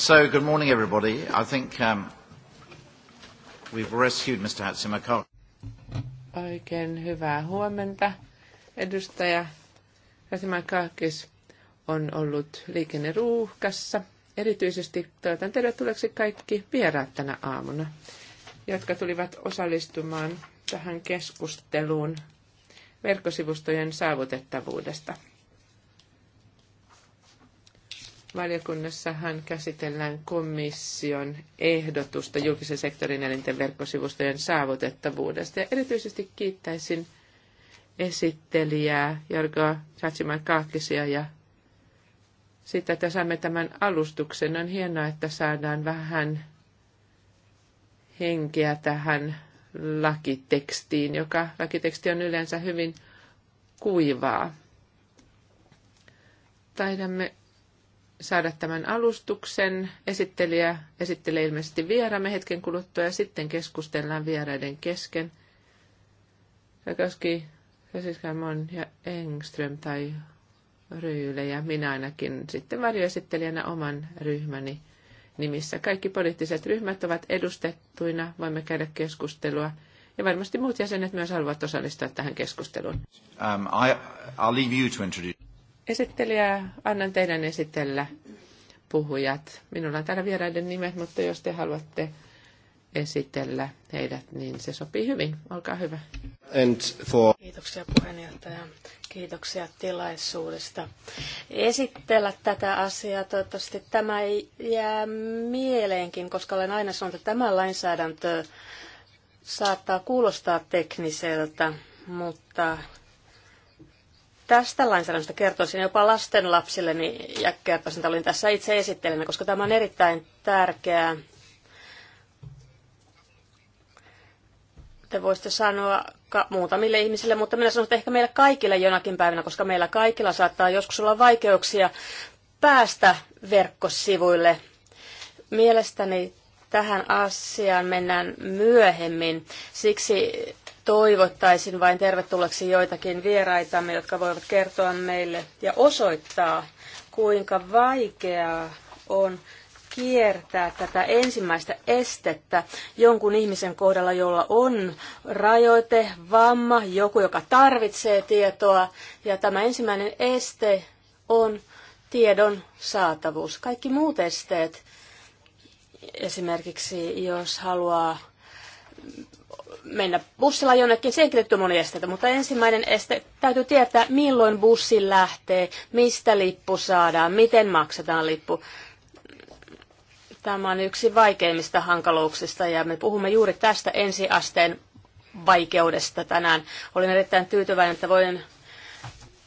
So, good morning everybody. I think um, we've rescued Mr. Hatzimakakis. Oikein hyvää huomenta. Edustaja Hatzimakakis on ollut liikenneruuhkassa. Erityisesti toivotan tervetulleeksi kaikki vieraat tänä aamuna, jotka tulivat osallistumaan tähän keskusteluun verkkosivustojen saavutettavuudesta. Valiokunnassahan käsitellään komission ehdotusta julkisen sektorin elinten verkkosivustojen saavutettavuudesta. Ja erityisesti kiittäisin esittelijää Jorgo Chachimakakisia ja sitä, että saamme tämän alustuksen. On hienoa, että saadaan vähän henkeä tähän lakitekstiin, joka lakiteksti on yleensä hyvin kuivaa. Taidamme saada tämän alustuksen. Esittelijä esittelee ilmeisesti vieraamme hetken kuluttua ja sitten keskustellaan vieraiden kesken. Sakaski, Sasiskamon ja Engström tai Ryyle ja minä ainakin sitten varjoesittelijänä oman ryhmäni nimissä. Kaikki poliittiset ryhmät ovat edustettuina, voimme käydä keskustelua ja varmasti muut jäsenet myös haluavat osallistua tähän keskusteluun. Um, I, I'll leave you to introduce esittelijä. Annan teidän esitellä puhujat. Minulla on täällä vieraiden nimet, mutta jos te haluatte esitellä heidät, niin se sopii hyvin. Olkaa hyvä. And for... Kiitoksia puheenjohtaja. Kiitoksia tilaisuudesta esitellä tätä asiaa. Toivottavasti tämä ei jää mieleenkin, koska olen aina sanonut, että tämä lainsäädäntö saattaa kuulostaa tekniseltä, mutta tästä lainsäädännöstä kertoisin jopa lastenlapsilleni ja kertoisin, että olin tässä itse esittelenä, koska tämä on erittäin tärkeää. Te voisitte sanoa muutamille ihmisille, mutta minä sanon, että ehkä meillä kaikilla jonakin päivänä, koska meillä kaikilla saattaa joskus olla vaikeuksia päästä verkkosivuille. Mielestäni tähän asiaan mennään myöhemmin. Siksi toivottaisin vain tervetulleeksi joitakin vieraitamme, jotka voivat kertoa meille ja osoittaa, kuinka vaikeaa on kiertää tätä ensimmäistä estettä jonkun ihmisen kohdalla, jolla on rajoite, vamma, joku, joka tarvitsee tietoa. Ja tämä ensimmäinen este on tiedon saatavuus. Kaikki muut esteet, esimerkiksi jos haluaa mennä bussilla jonnekin, se ei moni esteitä, mutta ensimmäinen este täytyy tietää, milloin bussi lähtee, mistä lippu saadaan, miten maksetaan lippu. Tämä on yksi vaikeimmista hankaluuksista ja me puhumme juuri tästä ensiasteen vaikeudesta tänään. Olin erittäin tyytyväinen, että voin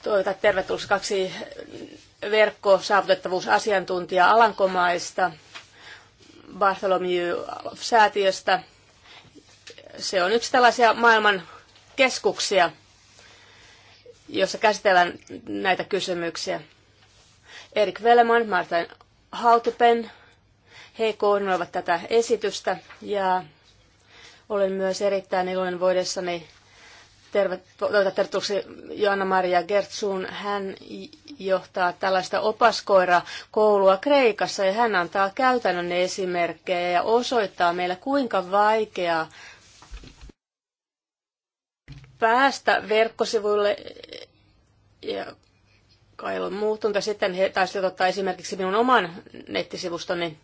toivottaa tervetulleeksi kaksi verkkosaavutettavuusasiantuntijaa Alankomaista, Bartholomew-säätiöstä se on yksi tällaisia maailman keskuksia, jossa käsitellään näitä kysymyksiä. Erik Veleman, Martin Haltupen, he koordinoivat tätä esitystä ja olen myös erittäin iloinen voidessani tervetuloksi Joanna-Maria Gertsun. Hän johtaa tällaista opaskoira-koulua Kreikassa ja hän antaa käytännön esimerkkejä ja osoittaa meille, kuinka vaikeaa päästä verkkosivuille ja kai on muuttunut. sitten he taisivat ottaa esimerkiksi minun oman nettisivustoni.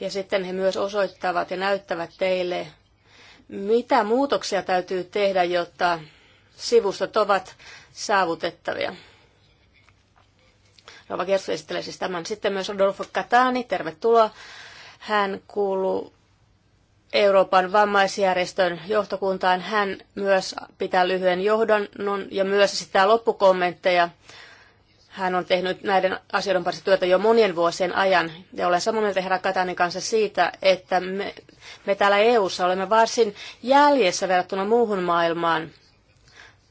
Ja sitten he myös osoittavat ja näyttävät teille, mitä muutoksia täytyy tehdä, jotta sivustot ovat saavutettavia. Rova Kersu esittelee siis tämän. Sitten myös Rodolfo Katani, tervetuloa. Hän kuuluu Euroopan vammaisjärjestön johtokuntaan. Hän myös pitää lyhyen johdonnon ja myös sitä loppukommentteja. Hän on tehnyt näiden asioiden parissa työtä jo monien vuosien ajan ja olen samaa mieltä herra Katainen kanssa siitä, että me, me täällä EU:ssa olemme varsin jäljessä verrattuna muuhun maailmaan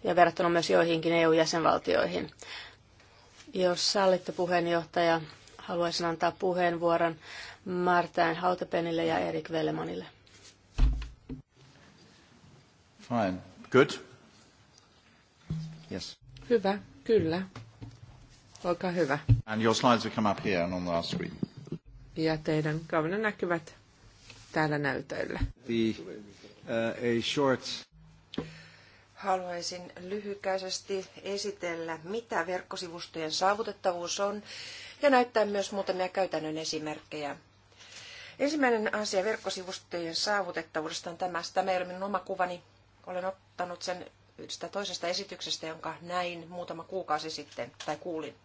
ja verrattuna myös joihinkin EU-jäsenvaltioihin. Jos sallitte puheenjohtaja, haluaisin antaa puheenvuoron Martain Hautepenille ja Erik Vellemanille. Fine. Good. Yes. Hyvä, kyllä. Olkaa hyvä. And your slides will come up here and on the screen. Ja teidän kaavana näkyvät täällä näytöllä. The, uh, a short... Haluaisin lyhykäisesti esitellä, mitä verkkosivustojen saavutettavuus on ja näyttää myös muutamia käytännön esimerkkejä. Ensimmäinen asia verkkosivustojen saavutettavuudesta on tämä, tämä ei ole minun oma kuvani, olen ottanut sen yhdestä toisesta esityksestä, jonka näin muutama kuukausi sitten tai kuulin.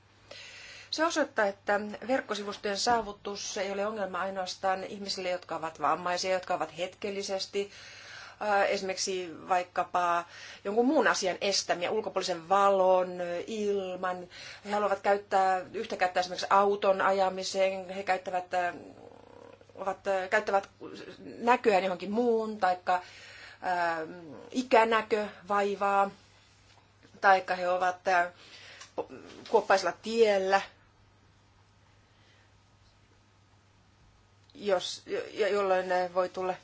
Se osoittaa, että verkkosivustojen saavutus ei ole ongelma ainoastaan ihmisille, jotka ovat vammaisia, jotka ovat hetkellisesti äh, esimerkiksi vaikkapa jonkun muun asian estämiä, ulkopuolisen valon, ilman. He haluavat käyttää yhtä käyttää esimerkiksi auton ajamiseen, he käyttävät, äh, ovat, äh, käyttävät näköään johonkin muun, taikka Ähm, ikänäkövaivaa, tai he ovat äh, kuoppaisella tiellä, jos, ja ne voi tulla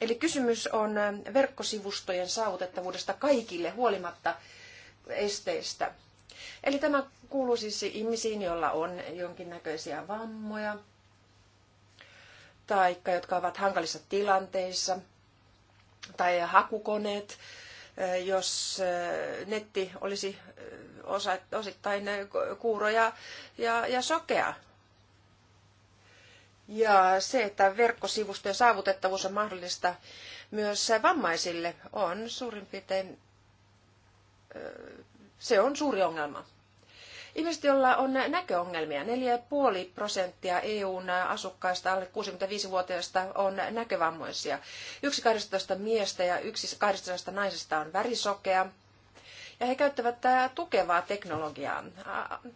Eli kysymys on äh, verkkosivustojen saavutettavuudesta kaikille huolimatta esteistä. Eli tämä kuuluu siis ihmisiin, joilla on jonkinnäköisiä vammoja tai jotka ovat hankalissa tilanteissa tai hakukoneet, eh, jos eh, netti olisi eh, osittain kuuro ja, ja, ja sokea. Ja se, että verkkosivustojen saavutettavuus on mahdollista myös vammaisille, on suurin piirtein se on suuri ongelma. Ihmiset, joilla on näköongelmia, 4,5 prosenttia EUn asukkaista alle 65-vuotiaista on näkövammaisia. Yksi 12 miestä ja yksi 12 naisesta on värisokea. Ja he käyttävät tukevaa teknologiaa.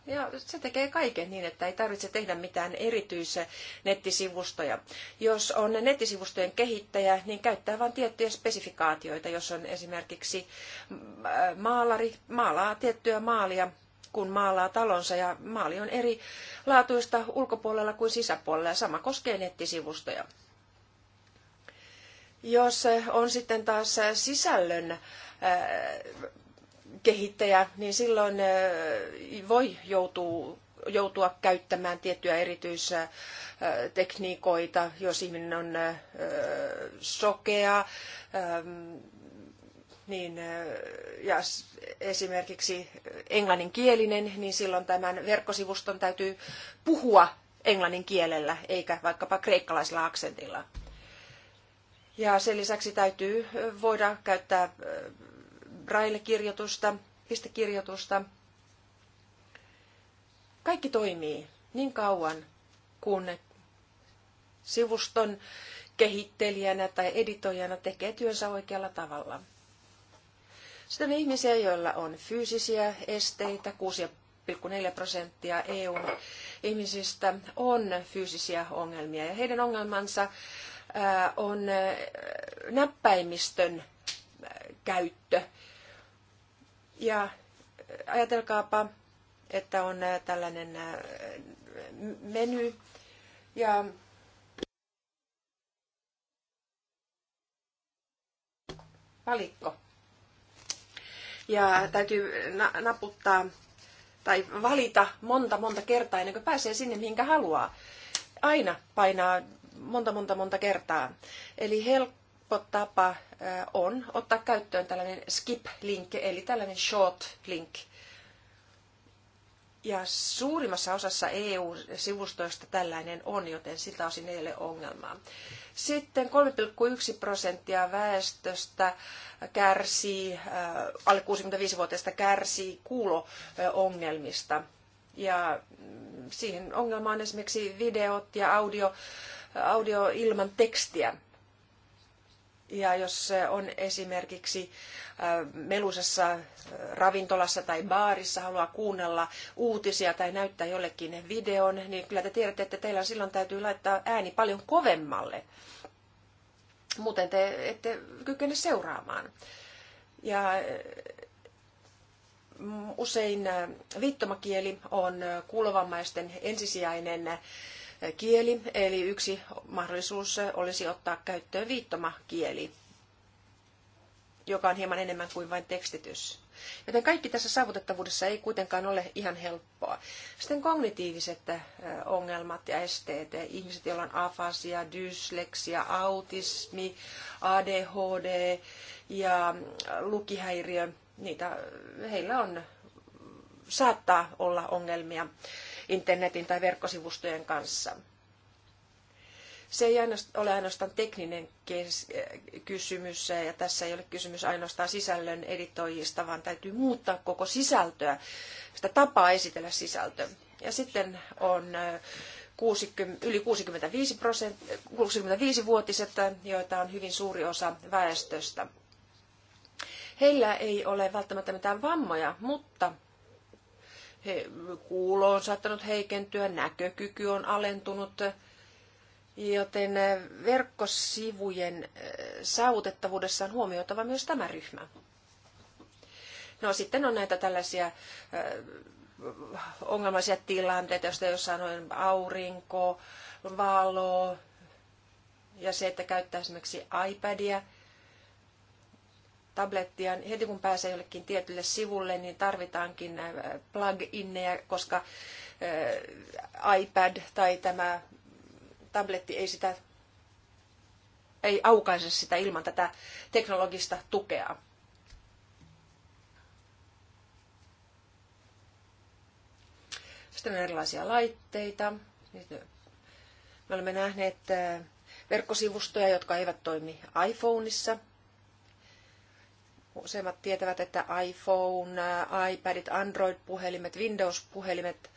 Ja se tekee kaiken niin, että ei tarvitse tehdä mitään erityisiä nettisivustoja. Jos on nettisivustojen kehittäjä, niin käyttää vain tiettyjä spesifikaatioita. Jos on esimerkiksi äh, maalari, maalaa tiettyä maalia, kun maalaa talonsa ja maali on eri laatuista ulkopuolella kuin sisäpuolella ja sama koskee nettisivustoja. Jos on sitten taas sisällön äh, kehittäjä, niin silloin voi joutua joutua käyttämään tiettyjä erityisiä tekniikoita, jos ihminen on sokea, niin, ja esimerkiksi englanninkielinen, niin silloin tämän verkkosivuston täytyy puhua englannin kielellä, eikä vaikkapa kreikkalaisella aksentilla. Ja sen lisäksi täytyy voida käyttää braille-kirjoitusta, pistekirjoitusta. Kaikki toimii niin kauan, kun sivuston kehittelijänä tai editoijana tekee työnsä oikealla tavalla. Sitten on ihmisiä, joilla on fyysisiä esteitä, 6,4 prosenttia eu ihmisistä on fyysisiä ongelmia ja heidän ongelmansa on näppäimistön käyttö ja äh, ajatelkaapa, että on äh, tällainen äh, menu ja valikko. Ja täytyy na- naputtaa tai valita monta monta kertaa ennen kuin pääsee sinne, mihinkä haluaa. Aina painaa monta monta monta kertaa. Eli help helppo tapa eh, on ottaa käyttöön tällainen skip-link, eli tällainen short-link. Ja suurimmassa osassa EU-sivustoista tällainen on, joten siltä osin ei ole ongelmaa. Sitten 3,1 prosenttia väestöstä kärsii, eh, alle 65-vuotiaista kärsii kuuloongelmista. Ja mm, siihen ongelmaan esimerkiksi videot ja audio, audio ilman tekstiä. Ja jos on esimerkiksi äh, melusassa äh, ravintolassa tai baarissa, haluaa kuunnella uutisia tai näyttää jollekin videon, niin kyllä te tiedätte, että teillä silloin täytyy laittaa ääni paljon kovemmalle. Muuten te ette kykene seuraamaan. Ja äh, usein viittomakieli on kuulovammaisten ensisijainen kieli, eli yksi mahdollisuus olisi ottaa käyttöön viittomakieli, joka on hieman enemmän kuin vain tekstitys. Joten kaikki tässä saavutettavuudessa ei kuitenkaan ole ihan helppoa. Sitten kognitiiviset äh, ongelmat ja esteet. Ihmiset, joilla on afasia, dysleksia, autismi, ADHD ja äh, lukihäiriö, niitä heillä on, saattaa olla ongelmia internetin tai verkkosivustojen kanssa. Se ei ole ainoastaan tekninen kysymys ja tässä ei ole kysymys ainoastaan sisällön editoijista, vaan täytyy muuttaa koko sisältöä, sitä tapaa esitellä sisältö. Ja sitten on 60, yli 65 65-vuotiset, joita on hyvin suuri osa väestöstä. Heillä ei ole välttämättä mitään vammoja, mutta he, kuulo on saattanut heikentyä, näkökyky on alentunut, joten eh, verkkosivujen eh, saavutettavuudessa on huomioitava myös tämä ryhmä. No sitten on näitä tällaisia eh, ongelmaisia tilanteita, joista jos sanoin aurinko, valo ja se, että käyttää esimerkiksi iPadia – tablettia. Heti kun pääsee jollekin tietylle sivulle, niin tarvitaankin äh, plug-inneja, koska äh, iPad tai tämä tabletti ei sitä ei aukaise sitä ilman tätä teknologista tukea. Sitten on erilaisia laitteita. Me olemme nähneet äh, verkkosivustoja, jotka eivät toimi iPhoneissa. Useimmat tietävät, että iPhone, iPadit, Android-puhelimet, Windows-puhelimet,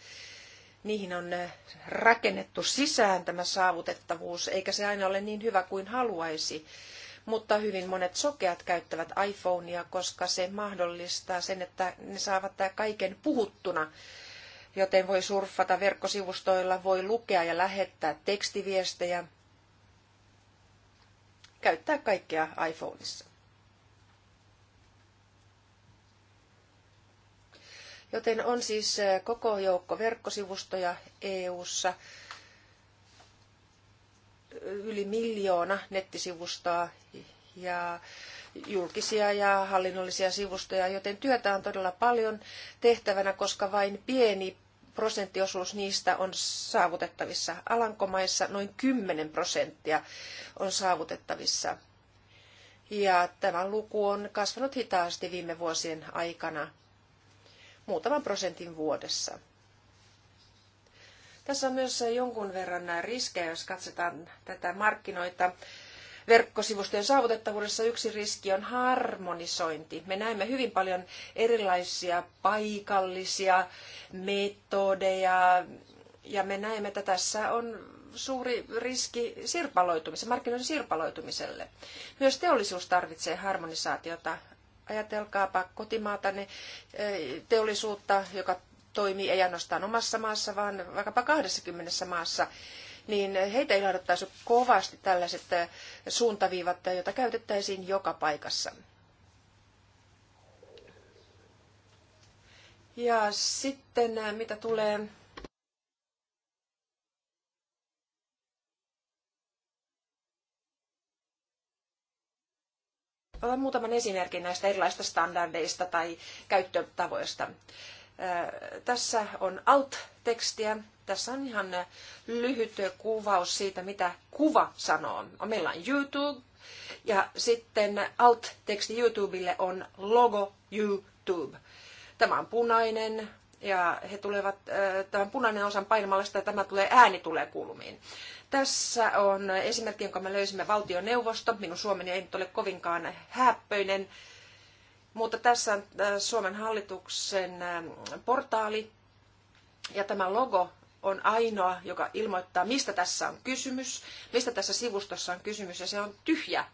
niihin on eh, rakennettu sisään tämä saavutettavuus, eikä se aina ole niin hyvä kuin haluaisi. Mutta hyvin monet sokeat käyttävät iPhonea, koska se mahdollistaa sen, että ne saavat tämä kaiken puhuttuna joten voi surffata verkkosivustoilla, voi lukea ja lähettää tekstiviestejä, käyttää kaikkea iPhoneissa. Joten on siis eh, koko joukko verkkosivustoja EU:ssa yli miljoona nettisivustoa ja julkisia ja hallinnollisia sivustoja, joten työtä on todella paljon tehtävänä, koska vain pieni prosenttiosuus niistä on saavutettavissa. Alankomaissa noin kymmenen prosenttia on saavutettavissa. Ja tämä luku on kasvanut hitaasti viime vuosien aikana muutaman prosentin vuodessa. Tässä on myös jonkun verran nämä riskejä, jos katsotaan tätä markkinoita. Verkkosivustojen saavutettavuudessa yksi riski on harmonisointi. Me näemme hyvin paljon erilaisia paikallisia metodeja ja me näemme, että tässä on suuri riski sirpaloitumiselle, markkinoiden sirpaloitumiselle. Myös teollisuus tarvitsee harmonisaatiota Ajatelkaapa kotimaatanne eh, teollisuutta, joka toimii ei ainoastaan omassa maassa, vaan vaikkapa 20 maassa, niin heitä ilahduttaisi kovasti tällaiset eh, suuntaviivat, eh, joita käytettäisiin joka paikassa. Ja sitten mitä tulee otan muutaman esimerkin näistä erilaisista standardeista tai käyttötavoista. Tässä on alt tekstiä Tässä on ihan lyhyt kuvaus siitä, mitä kuva sanoo. Meillä on YouTube ja sitten alt-teksti YouTubelle on logo YouTube. Tämä on punainen, ja he tulevat, äh, tämän punainen osan painamalla sitä tämä tulee, ääni tulee kuulumiin. Tässä on esimerkki, jonka me löysimme valtioneuvosto. Minun suomeni ei nyt ole kovinkaan häppöinen, mutta tässä on äh, Suomen hallituksen äh, portaali ja tämä logo on ainoa, joka ilmoittaa, mistä tässä on kysymys, mistä tässä sivustossa on kysymys, ja se on tyhjä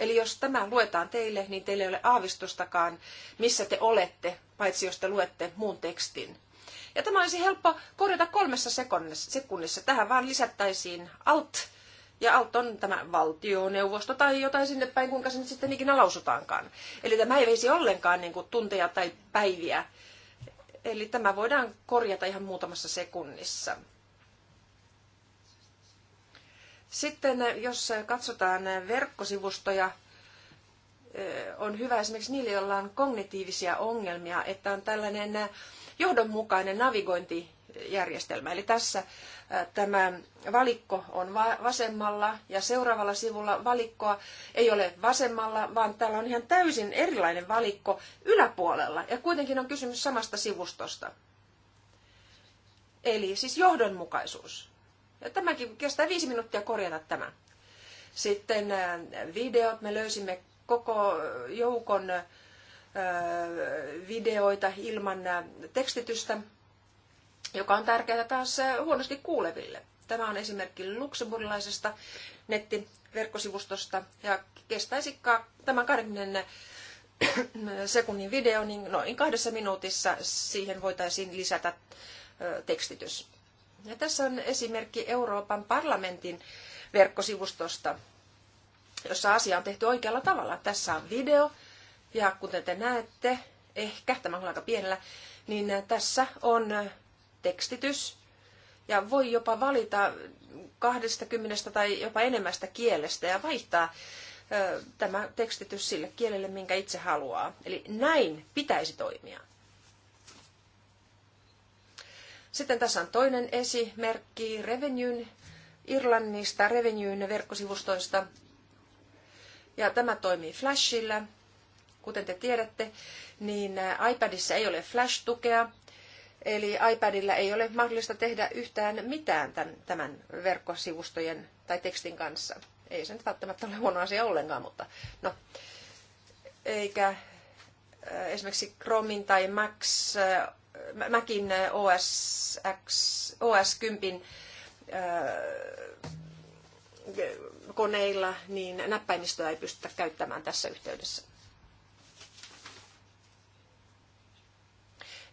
Eli jos tämä luetaan teille, niin teille ei ole aavistustakaan, missä te olette, paitsi jos te luette muun tekstin. Ja tämä olisi helppo korjata kolmessa sekunnissa. Tähän vaan lisättäisiin alt, ja alt on tämä valtioneuvosto tai jotain sinne päin, kuinka se nyt sitten ikinä lausutaankaan. Eli tämä ei veisi ollenkaan niin kuin tunteja tai päiviä. Eli tämä voidaan korjata ihan muutamassa sekunnissa. Sitten jos katsotaan verkkosivustoja, eh, on hyvä esimerkiksi niille, joilla on kognitiivisia ongelmia, että on tällainen johdonmukainen navigointijärjestelmä. Eli tässä eh, tämä valikko on vasemmalla ja seuraavalla sivulla valikkoa ei ole vasemmalla, vaan täällä on ihan täysin erilainen valikko yläpuolella. Ja kuitenkin on kysymys samasta sivustosta. Eli siis johdonmukaisuus. Tämäkin kestää viisi minuuttia korjata tämä. Sitten äh, videot, me löysimme koko joukon äh, videoita ilman äh, tekstitystä, joka on tärkeää taas huonosti kuuleville. Tämä on esimerkki luksemburilaisesta nettiverkkosivustosta ja kestäisi tämän 20 sekunnin video, niin noin kahdessa minuutissa siihen voitaisiin lisätä tekstitys. Ja tässä on esimerkki Euroopan parlamentin verkkosivustosta, jossa asia on tehty oikealla tavalla. Tässä on video, ja kuten te näette, ehkä, tämä on aika pienellä, niin tässä on tekstitys, ja voi jopa valita 20 tai jopa enemmästä kielestä ja vaihtaa tämä tekstitys sille kielelle, minkä itse haluaa. Eli näin pitäisi toimia. Sitten tässä on toinen esimerkki Revenuen Irlannista, Revenuen verkkosivustoista. Ja tämä toimii Flashilla. Kuten te tiedätte, niin iPadissa ei ole Flash-tukea, eli iPadilla ei ole mahdollista tehdä yhtään mitään tämän, verkkosivustojen tai tekstin kanssa. Ei se nyt välttämättä ole huono asia ollenkaan, mutta no. Eikä esimerkiksi Chromin tai Max Mäkin äh, OSX, OS10 äh, koneilla, niin näppäimistöä ei pystytä käyttämään tässä yhteydessä.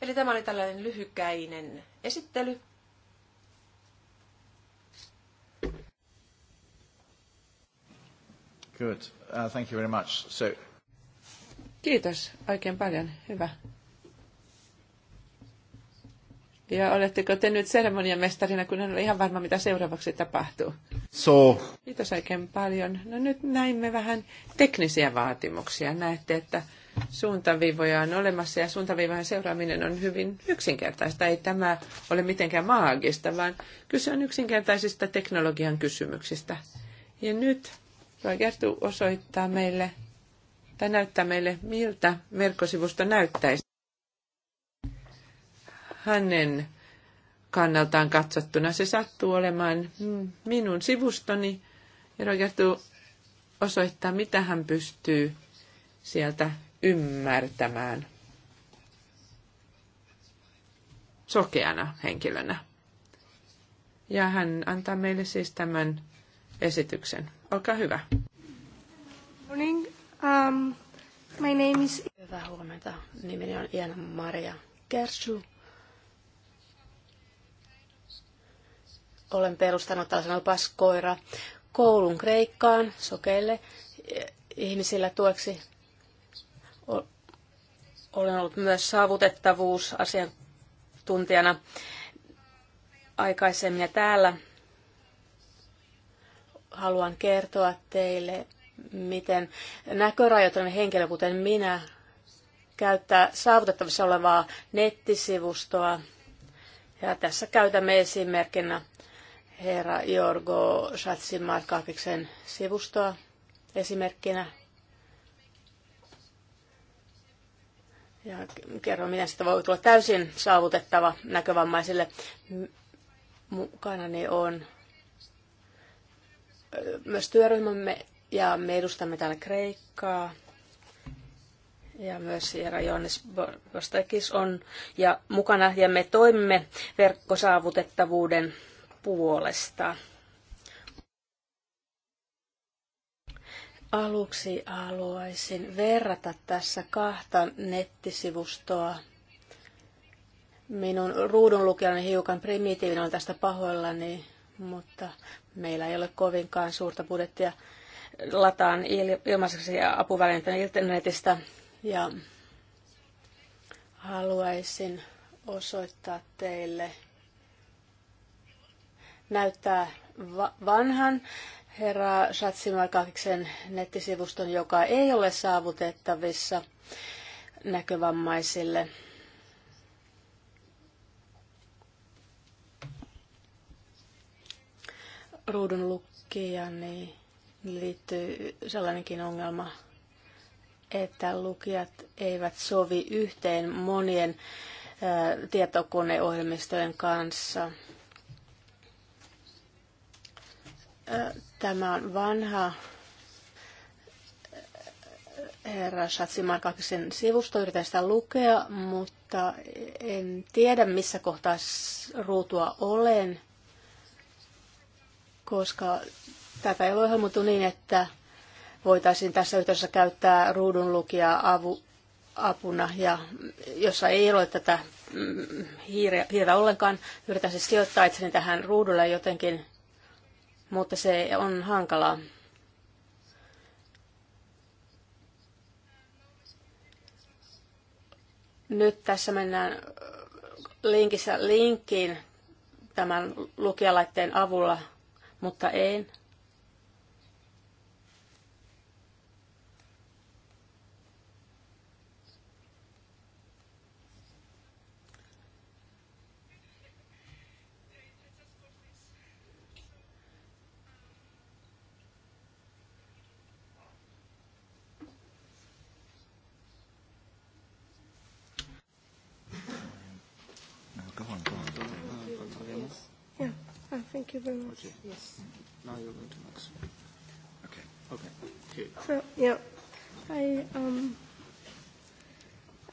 Eli tämä oli tällainen lyhykäinen esittely. Good. Uh, thank you very much. So... Kiitos oikein paljon. Hyvä. Ja oletteko te nyt seremoniamestarina, kun en ole ihan varma, mitä seuraavaksi tapahtuu? So. Kiitos oikein paljon. No nyt näimme vähän teknisiä vaatimuksia. Näette, että suuntaviivoja on olemassa ja suuntaviivojen seuraaminen on hyvin yksinkertaista. Ei tämä ole mitenkään maagista, vaan kyse on yksinkertaisista teknologian kysymyksistä. Ja nyt Gertu osoittaa meille tai näyttää meille, miltä verkkosivusto näyttäisi hänen kannaltaan katsottuna se sattuu olemaan mm, minun sivustoni ja Rogertu osoittaa, mitä hän pystyy sieltä ymmärtämään sokeana henkilönä. Ja hän antaa meille siis tämän esityksen. Olkaa hyvä. Morning. Um, my name is... Hyvää huomenta. Nimeni on Iana Maria Kersu. olen perustanut tällaisen opaskoira koulun Kreikkaan sokeille ihmisillä tueksi. Olen ollut myös saavutettavuusasiantuntijana aikaisemmin ja täällä haluan kertoa teille, miten näkörajoitunut henkilö, kuten niin minä, käyttää saavutettavissa olevaa nettisivustoa. Ja tässä käytämme esimerkkinä herra Jorgo Schatzin Markkaapiksen sivustoa esimerkkinä. Ja kerron, miten sitä voi tulla täysin saavutettava näkövammaisille. Mukanani on myös työryhmämme ja me edustamme täällä Kreikkaa. Ja myös Sierra Johannes Bostekis on ja mukana ja me toimimme verkkosaavutettavuuden puolesta. Aluksi haluaisin verrata tässä kahta nettisivustoa. Minun ruudunlukijani hiukan primitiivinen on tästä pahoillani, mutta meillä ei ole kovinkaan suurta budjettia. Lataan ilmaiseksi apuvälineitä internetistä ja haluaisin osoittaa teille – näyttää vanhan herra Shatsimarkaksen nettisivuston, joka ei ole saavutettavissa näkövammaisille. Ruudun lukijan, niin liittyy sellainenkin ongelma, että lukijat eivät sovi yhteen monien tietokoneohjelmistojen kanssa – Tämä on vanha herra Shatsimarkaksen sivusto, yritän sitä lukea, mutta en tiedä missä kohtaa ruutua olen, koska tätä ei ole ohjelmoitu niin, että voitaisiin tässä yhteydessä käyttää ruudunlukijaa avu, apuna, ja jossa ei ole tätä mm, hiirtä ollenkaan, yritän siis sijoittaa itseni tähän ruudulle jotenkin mutta se on hankalaa. Nyt tässä mennään äh, linkissä linkkiin tämän lukijalaitteen avulla, mutta en Thank you very much. Okay. Yes. Now you're going to Max. Okay. Okay. So, yeah, I um,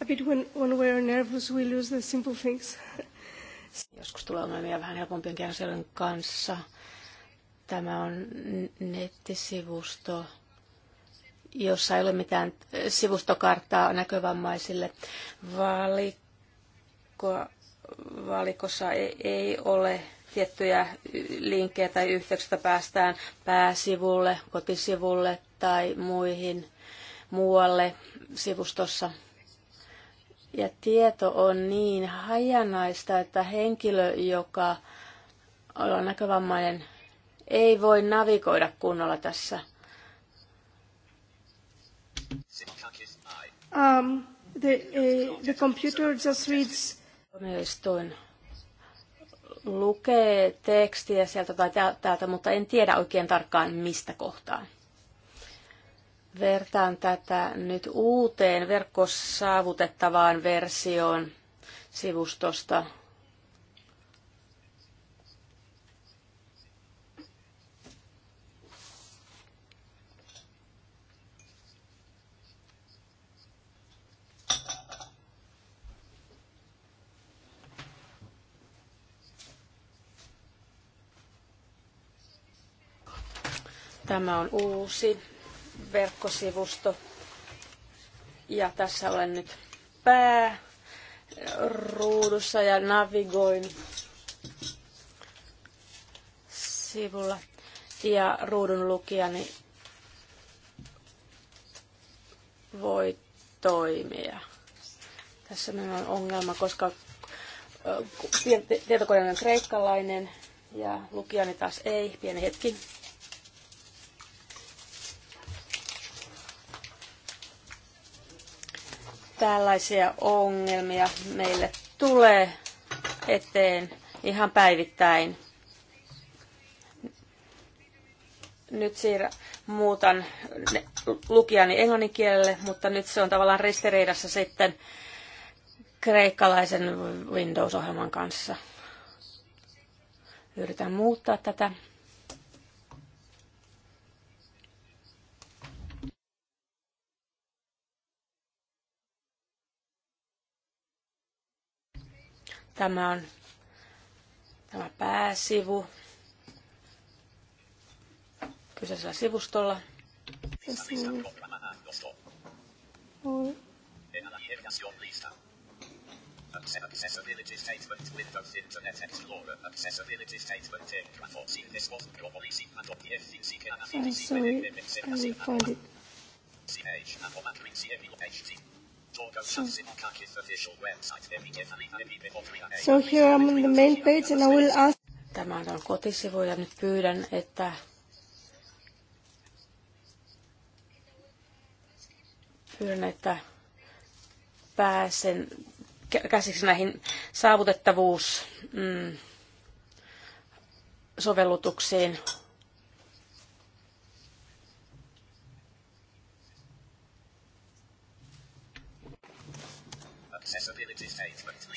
a bit when, when we're nervous, we lose the simple things. Joskus tulee ongelmia vähän helpompien asioiden kanssa. Tämä on nettisivusto, jossa ei ole mitään äh, sivustokarttaa näkövammaisille. Valikko, valikossa ei, ei ole tiettyjä linkkejä tai yhteyksistä päästään pääsivulle, kotisivulle tai muihin muualle sivustossa. Ja tieto on niin hajanaista, että henkilö, joka on näkövammainen, ei voi navigoida kunnolla tässä. Um, the, uh, the computer just reads lukee tekstiä sieltä tai täältä, mutta en tiedä oikein tarkkaan mistä kohtaa. Vertaan tätä nyt uuteen verkkosaavutettavaan versioon sivustosta Tämä on uusi verkkosivusto ja tässä olen nyt ruudussa ja navigoin sivulla ja ruudun lukijani voi toimia. Tässä meillä on ongelma, koska tietokone on kreikkalainen ja lukijani taas ei. Pieni hetki. Tällaisia ongelmia meille tulee eteen ihan päivittäin. Nyt siirrän, muutan lukijani englanninkielelle, mutta nyt se on tavallaan ristiriidassa sitten kreikkalaisen Windows-ohjelman kanssa. Yritän muuttaa tätä Tämä on tämä pääsivu kyseisellä sivustolla. Accessibility statement Windows Internet Explorer Accessibility statement Entra 14 This was globally signed on the FTC Canada 40 Sorry, I found it. Matrix, Emil, HD So here I'm on the main page and I will ask... Tämä on kotisivu ja nyt pyydän, että pyydän, että pääsen käsiksi näihin saavutettavuus mm, sovellutuksiin.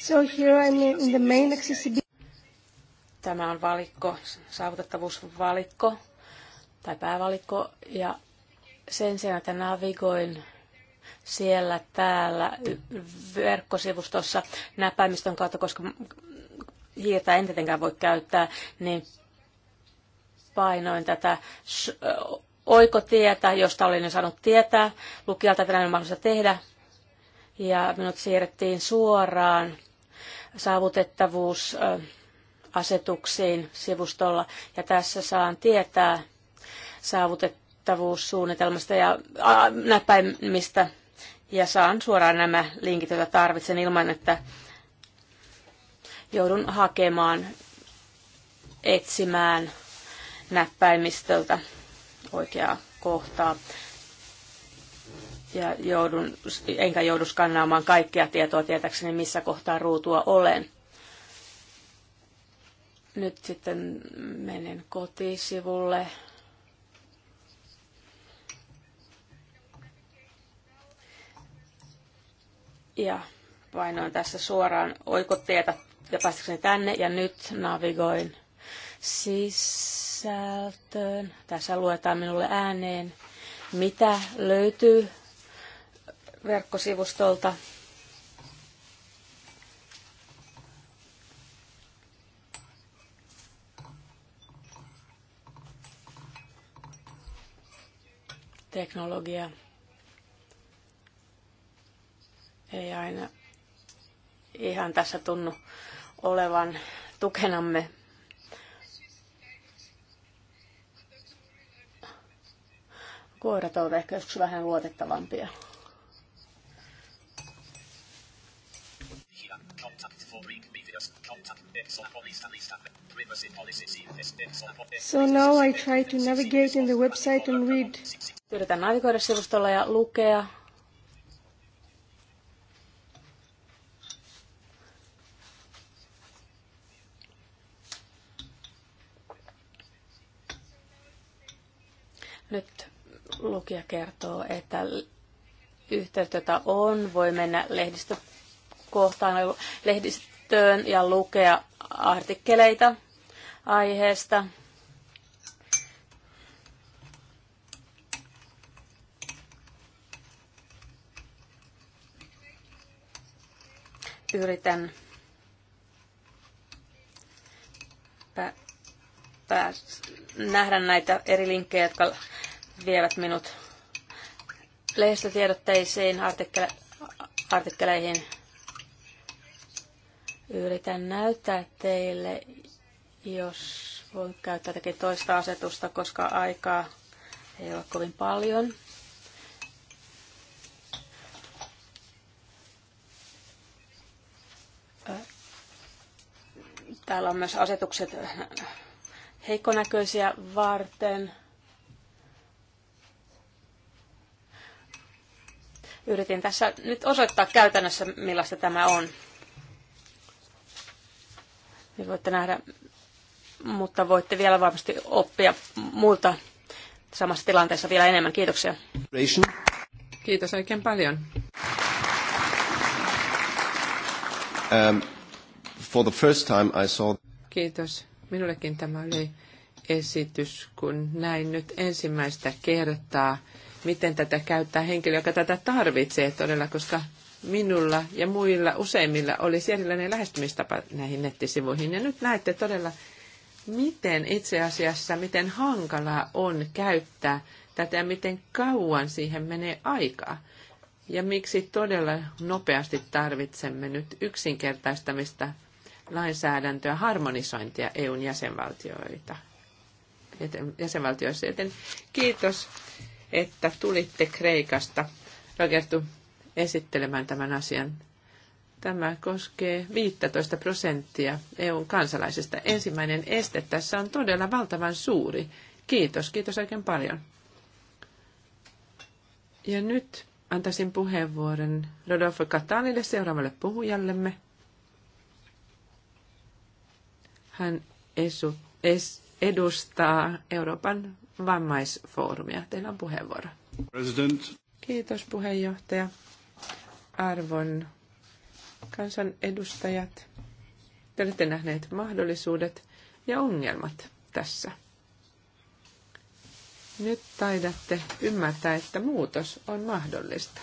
So here I'm in the main accessibility. Tämä on valikko, saavutettavuusvalikko tai päävalikko ja sen sijaan, että navigoin siellä täällä verkkosivustossa näppäimistön kautta, koska hiirtä en tietenkään voi käyttää, niin painoin tätä oikotietä, josta olin jo saanut tietää, lukijalta on mahdollista tehdä, ja minut siirrettiin suoraan saavutettavuusasetuksiin sivustolla ja tässä saan tietää saavutettavuussuunnitelmasta ja näppäimistä ja saan suoraan nämä linkit, joita tarvitsen ilman, että joudun hakemaan, etsimään näppäimistöltä oikeaa kohtaa ja joudun, enkä joudu skannaamaan kaikkea tietoa tietäkseni, missä kohtaa ruutua olen. Nyt sitten menen kotisivulle. Ja painoin tässä suoraan oikotietä ja päästäkseni tänne ja nyt navigoin sisältöön. Tässä luetaan minulle ääneen, mitä löytyy verkkosivustolta. Teknologia ei aina ihan tässä tunnu olevan tukenamme. Koirat ovat ehkä joskus vähän luotettavampia. So now I try to navigate in the website and read. Yritän navigoida sivustolla ja lukea. Nyt lukija kertoo, että yhteyttä on, voi mennä lehdistökohtaan, lehdistö käyttöön ja lukea artikkeleita aiheesta. Yritän pä- nähdä näitä eri linkkejä, jotka vievät minut lehdistötiedotteisiin, artikkele- artikkeleihin Yritän näyttää teille, jos voi käyttää jotakin toista asetusta, koska aikaa ei ole kovin paljon. Täällä on myös asetukset heikkonäköisiä varten. Yritin tässä nyt osoittaa käytännössä, millaista tämä on. Niin voitte nähdä, mutta voitte vielä varmasti oppia muilta samassa tilanteessa vielä enemmän. Kiitoksia. Kiitos oikein paljon. Um, for the first time I saw... Kiitos. Minullekin tämä oli esitys, kun näin nyt ensimmäistä kertaa, miten tätä käyttää henkilö, joka tätä tarvitsee todella, koska minulla ja muilla useimmilla oli erilainen lähestymistapa näihin nettisivuihin. Ja nyt näette todella, miten itse asiassa, miten hankalaa on käyttää tätä ja miten kauan siihen menee aikaa. Ja miksi todella nopeasti tarvitsemme nyt yksinkertaistamista lainsäädäntöä, harmonisointia EUn jäsenvaltioita, jäsenvaltioissa. Joten kiitos, että tulitte Kreikasta. Rogertu, esittelemään tämän asian. Tämä koskee 15 prosenttia EUn kansalaisista. Ensimmäinen este tässä on todella valtavan suuri. Kiitos, kiitos oikein paljon. Ja nyt antaisin puheenvuoron Rodolfo Katanille seuraavalle puhujallemme. Hän esu, es, edustaa Euroopan vammaisfoorumia. Teillä on puheenvuoro. President. Kiitos puheenjohtaja arvon kansanedustajat. Te olette nähneet mahdollisuudet ja ongelmat tässä. Nyt taidatte ymmärtää, että muutos on mahdollista.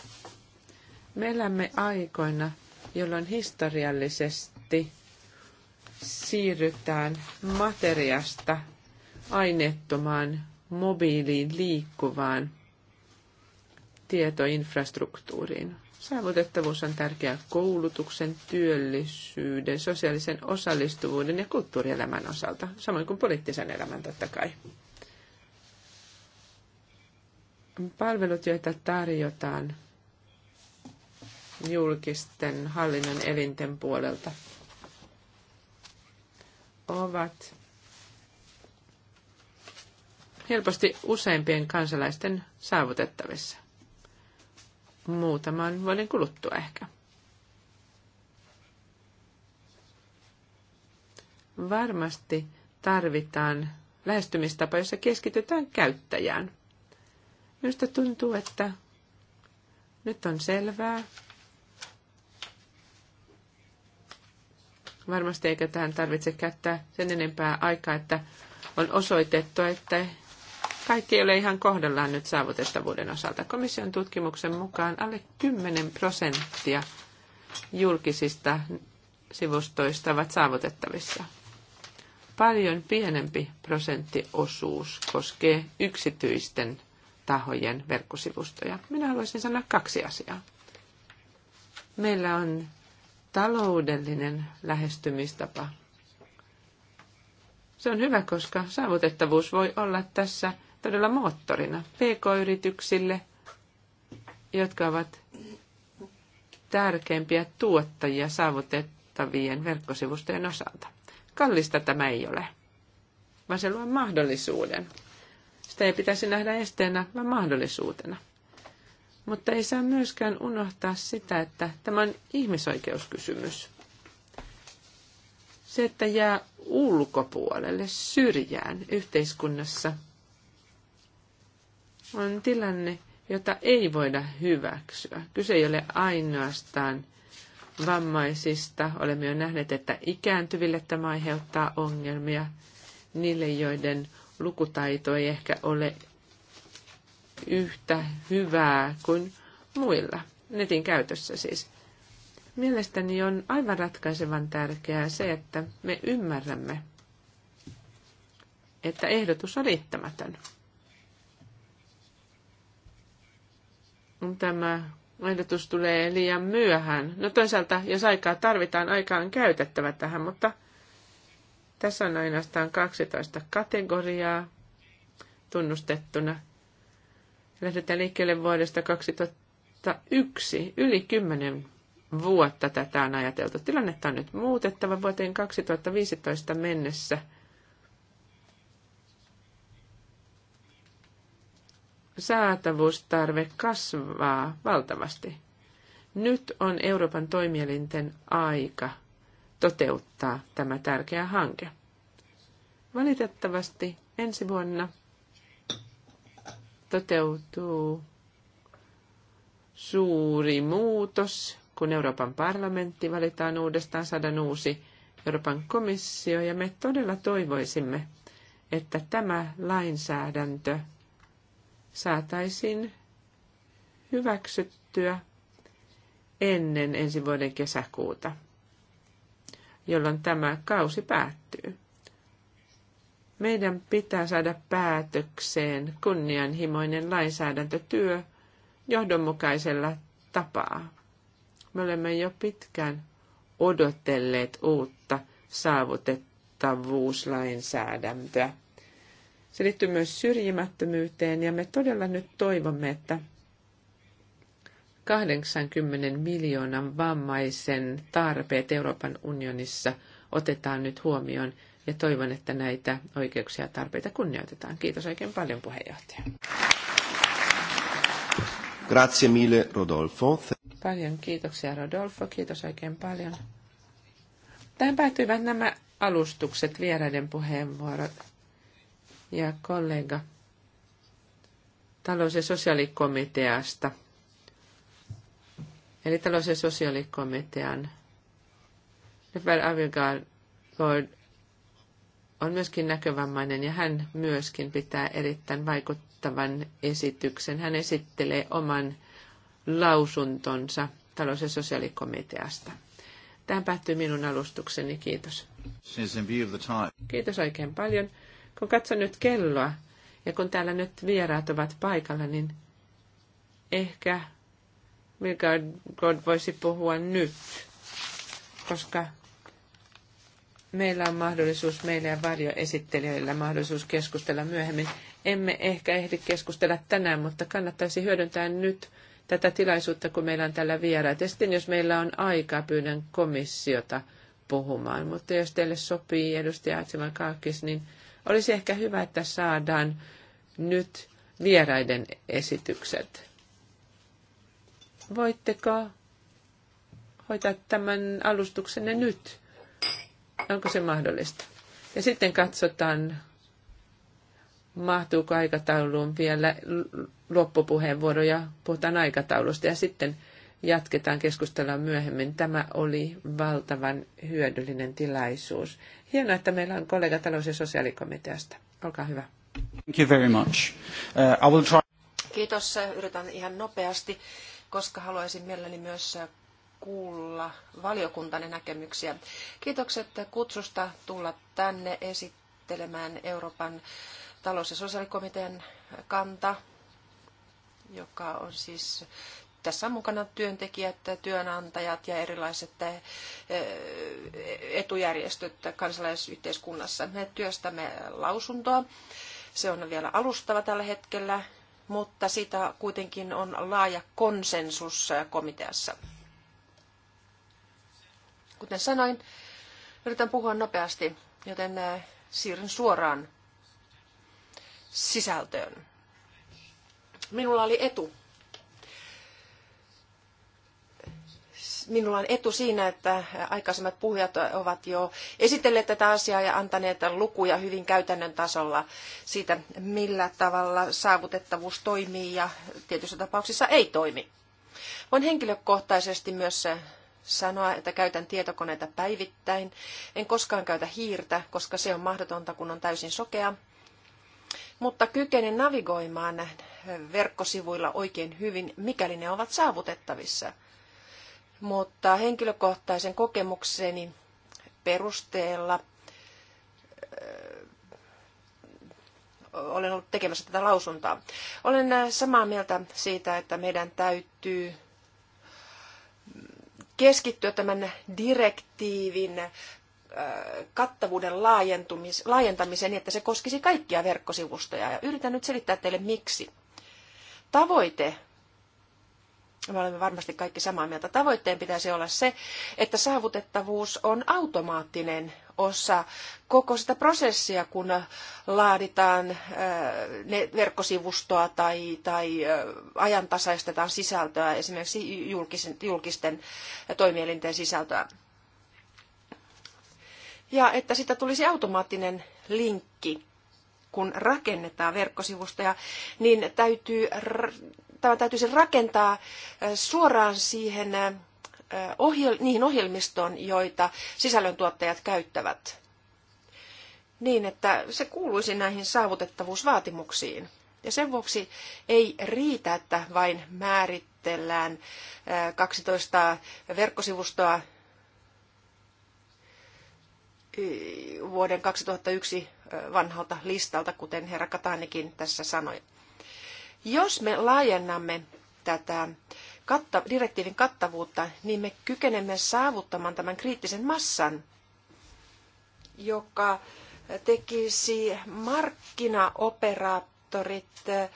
Me elämme aikoina, jolloin historiallisesti siirrytään materiasta aineettomaan mobiiliin liikkuvaan tietoinfrastruktuuriin. Saavutettavuus on tärkeää koulutuksen, työllisyyden, sosiaalisen osallistuvuuden ja kulttuurielämän osalta, samoin kuin poliittisen elämän totta kai. Palvelut, joita tarjotaan julkisten hallinnon elinten puolelta, ovat helposti useimpien kansalaisten saavutettavissa muutaman vuoden kuluttua ehkä. Varmasti tarvitaan lähestymistapa, jossa keskitytään käyttäjään. Minusta tuntuu, että nyt on selvää. Varmasti eikä tähän tarvitse käyttää sen enempää aikaa, että on osoitettu, että kaikki ei ole ihan kohdallaan nyt saavutettavuuden osalta. Komission tutkimuksen mukaan alle 10 prosenttia julkisista sivustoista ovat saavutettavissa. Paljon pienempi prosenttiosuus koskee yksityisten tahojen verkkosivustoja. Minä haluaisin sanoa kaksi asiaa. Meillä on taloudellinen lähestymistapa. Se on hyvä, koska saavutettavuus voi olla tässä todella moottorina pk-yrityksille, jotka ovat tärkeimpiä tuottajia saavutettavien verkkosivustojen osalta. Kallista tämä ei ole, vaan se luo mahdollisuuden. Sitä ei pitäisi nähdä esteenä, vaan mahdollisuutena. Mutta ei saa myöskään unohtaa sitä, että tämä on ihmisoikeuskysymys. Se, että jää ulkopuolelle, syrjään yhteiskunnassa – on tilanne, jota ei voida hyväksyä. Kyse ei ole ainoastaan vammaisista. Olemme jo nähneet, että ikääntyville tämä aiheuttaa ongelmia. Niille, joiden lukutaito ei ehkä ole yhtä hyvää kuin muilla. Netin käytössä siis. Mielestäni on aivan ratkaisevan tärkeää se, että me ymmärrämme, että ehdotus on riittämätön. tämä ehdotus tulee liian myöhään. No toisaalta, jos aikaa tarvitaan, aikaa on käytettävä tähän, mutta tässä on ainoastaan 12 kategoriaa tunnustettuna. Lähdetään liikkeelle vuodesta 2001. Yli 10 vuotta tätä on ajateltu. Tilannetta on nyt muutettava vuoteen 2015 mennessä – saatavuustarve kasvaa valtavasti. Nyt on Euroopan toimielinten aika toteuttaa tämä tärkeä hanke. Valitettavasti ensi vuonna toteutuu suuri muutos, kun Euroopan parlamentti valitaan uudestaan, saadaan uusi Euroopan komissio, ja me todella toivoisimme, että tämä lainsäädäntö – saataisiin hyväksyttyä ennen ensi vuoden kesäkuuta, jolloin tämä kausi päättyy. Meidän pitää saada päätökseen kunnianhimoinen lainsäädäntötyö johdonmukaisella tapaa. Me olemme jo pitkään odotelleet uutta saavutettavuuslainsäädäntöä. Se liittyy myös syrjimättömyyteen ja me todella nyt toivomme, että 80 miljoonan vammaisen tarpeet Euroopan unionissa otetaan nyt huomioon ja toivon, että näitä oikeuksia ja tarpeita kunnioitetaan. Kiitos oikein paljon puheenjohtaja. Grazie mille Rodolfo. Paljon kiitoksia Rodolfo, kiitos oikein paljon. Tähän päättyivät nämä alustukset, vieraiden puheenvuorot ja kollega talous- ja sosiaalikomiteasta, eli talous- ja sosiaalikomitean Lefer Avigard on myöskin näkövammainen ja hän myöskin pitää erittäin vaikuttavan esityksen. Hän esittelee oman lausuntonsa talous- ja sosiaalikomiteasta. Tähän päättyy minun alustukseni. Kiitos. Kiitos oikein paljon. Kun katson nyt kelloa, ja kun täällä nyt vieraat ovat paikalla, niin ehkä God voisi puhua nyt, koska meillä on mahdollisuus, meillä ja varjoesittelijöillä mahdollisuus keskustella myöhemmin. Emme ehkä ehdi keskustella tänään, mutta kannattaisi hyödyntää nyt tätä tilaisuutta, kun meillä on täällä vieraat. Ja sitten jos meillä on aikaa, pyydän komissiota puhumaan. Mutta jos teille sopii, edustaja Atsiman Kaakis, niin olisi ehkä hyvä, että saadaan nyt vieraiden esitykset. Voitteko hoitaa tämän alustuksenne nyt? Onko se mahdollista? Ja sitten katsotaan, mahtuuko aikatauluun vielä loppupuheenvuoroja puhutaan aikataulusta ja sitten jatketaan keskustelua myöhemmin. Tämä oli valtavan hyödyllinen tilaisuus Hienoa, että meillä on kollega talous- ja sosiaalikomiteasta. Olkaa hyvä. Thank you very much. Uh, I will try... Kiitos. Yritän ihan nopeasti, koska haluaisin mielelläni myös kuulla valiokuntanne näkemyksiä. Kiitokset kutsusta tulla tänne esittelemään Euroopan talous- ja sosiaalikomitean kanta, joka on siis tässä on mukana työntekijät, työnantajat ja erilaiset eh, etujärjestöt kansalaisyhteiskunnassa. Me työstämme lausuntoa. Se on vielä alustava tällä hetkellä, mutta siitä kuitenkin on laaja konsensus komiteassa. Kuten sanoin, yritän puhua nopeasti, joten eh, siirryn suoraan sisältöön. Minulla oli etu minulla on etu siinä, että aikaisemmat puhujat ovat jo esitelleet tätä asiaa ja antaneet lukuja hyvin käytännön tasolla siitä, millä tavalla saavutettavuus toimii ja tietyissä tapauksissa ei toimi. Voin henkilökohtaisesti myös sanoa, että käytän tietokoneita päivittäin. En koskaan käytä hiirtä, koska se on mahdotonta, kun on täysin sokea. Mutta kykenen navigoimaan verkkosivuilla oikein hyvin, mikäli ne ovat saavutettavissa – mutta henkilökohtaisen kokemukseni perusteella äh, olen ollut tekemässä tätä lausuntaa. Olen äh, samaa mieltä siitä, että meidän täytyy keskittyä tämän direktiivin äh, kattavuuden laajentamiseen niin, että se koskisi kaikkia verkkosivustoja. Ja yritän nyt selittää teille miksi. Tavoite me olemme varmasti kaikki samaa mieltä. Tavoitteen pitäisi olla se, että saavutettavuus on automaattinen osa koko sitä prosessia, kun laaditaan äh, ne verkkosivustoa tai, tai äh, ajantasaistetaan sisältöä, esimerkiksi julkisten toimielinten sisältöä. Ja että sitä tulisi automaattinen linkki kun rakennetaan verkkosivustoja, niin täytyy tämä täytyisi rakentaa suoraan siihen ohjel- niihin ohjelmistoon, joita sisällöntuottajat käyttävät. Niin, että se kuuluisi näihin saavutettavuusvaatimuksiin. Ja sen vuoksi ei riitä, että vain määritellään 12 verkkosivustoa vuoden 2001 vanhalta listalta, kuten herra Katanikin tässä sanoi. Jos me laajennamme tätä katta, direktiivin kattavuutta, niin me kykenemme saavuttamaan tämän kriittisen massan, joka tekisi markkinaoperaattorit, eh,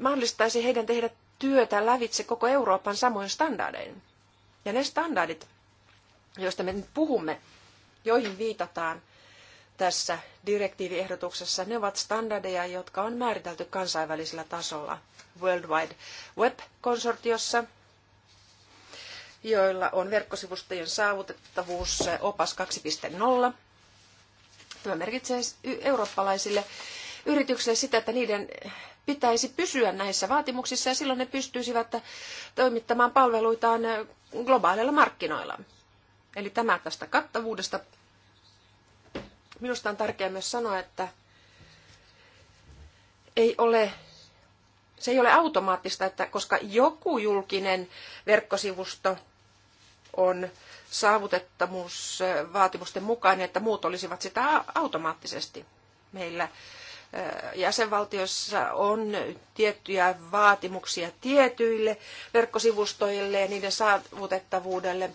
mahdollistaisi heidän tehdä työtä lävitse koko Euroopan samoin standardein. Ja ne standardit, joista me nyt puhumme, joihin viitataan – tässä direktiiviehdotuksessa, ne ovat standardeja, jotka on määritelty kansainvälisellä tasolla World Wide Web-konsortiossa, joilla on verkkosivustojen saavutettavuus opas 2.0. Tämä merkitsee eurooppalaisille yrityksille sitä, että niiden pitäisi pysyä näissä vaatimuksissa ja silloin ne pystyisivät toimittamaan palveluitaan globaaleilla markkinoilla. Eli tämä tästä kattavuudesta Minusta on tärkeää myös sanoa, että ei ole, se ei ole automaattista, että koska joku julkinen verkkosivusto on saavutettavuusvaatimusten mukainen, niin että muut olisivat sitä automaattisesti. Meillä eh, jäsenvaltiossa on tiettyjä vaatimuksia tietyille verkkosivustoille ja niiden saavutettavuudelle,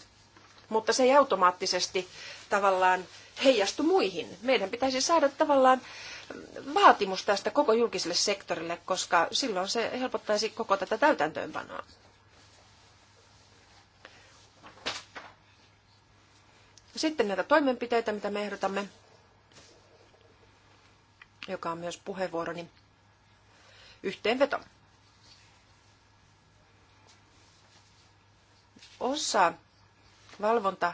mutta se ei automaattisesti tavallaan heijastu muihin. Meidän pitäisi saada tavallaan vaatimus tästä koko julkiselle sektorille, koska silloin se helpottaisi koko tätä täytäntöönpanoa. Sitten näitä toimenpiteitä, mitä me ehdotamme, joka on myös puheenvuoroni yhteenveto. Osa valvonta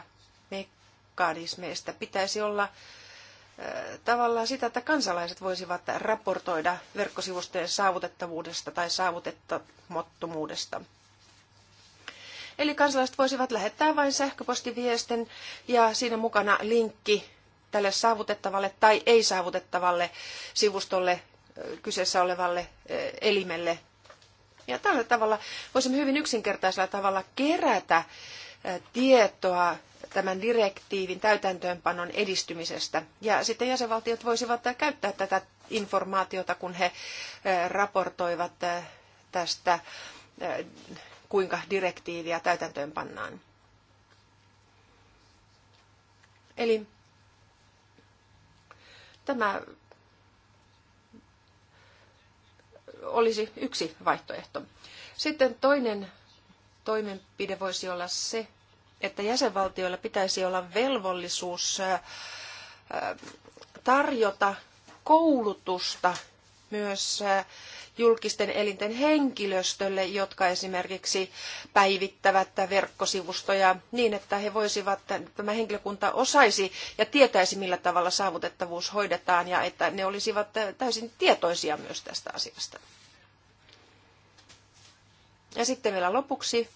mekanismeista pitäisi olla eh, tavallaan sitä, että kansalaiset voisivat raportoida verkkosivustojen saavutettavuudesta tai saavutettamattomuudesta. Eli kansalaiset voisivat lähettää vain sähköpostiviestin ja siinä mukana linkki tälle saavutettavalle tai ei-saavutettavalle sivustolle eh, kyseessä olevalle eh, elimelle. Ja tällä tavalla voisimme hyvin yksinkertaisella tavalla kerätä tietoa tämän direktiivin täytäntöönpanon edistymisestä. Ja sitten jäsenvaltiot voisivat käyttää tätä informaatiota, kun he raportoivat tästä, kuinka direktiiviä täytäntöönpannaan. Eli tämä olisi yksi vaihtoehto. Sitten toinen toimenpide voisi olla se, että jäsenvaltioilla pitäisi olla velvollisuus tarjota koulutusta myös julkisten elinten henkilöstölle, jotka esimerkiksi päivittävät verkkosivustoja niin, että he voisivat, tämä henkilökunta osaisi ja tietäisi, millä tavalla saavutettavuus hoidetaan ja että ne olisivat täysin tietoisia myös tästä asiasta. Ja sitten vielä lopuksi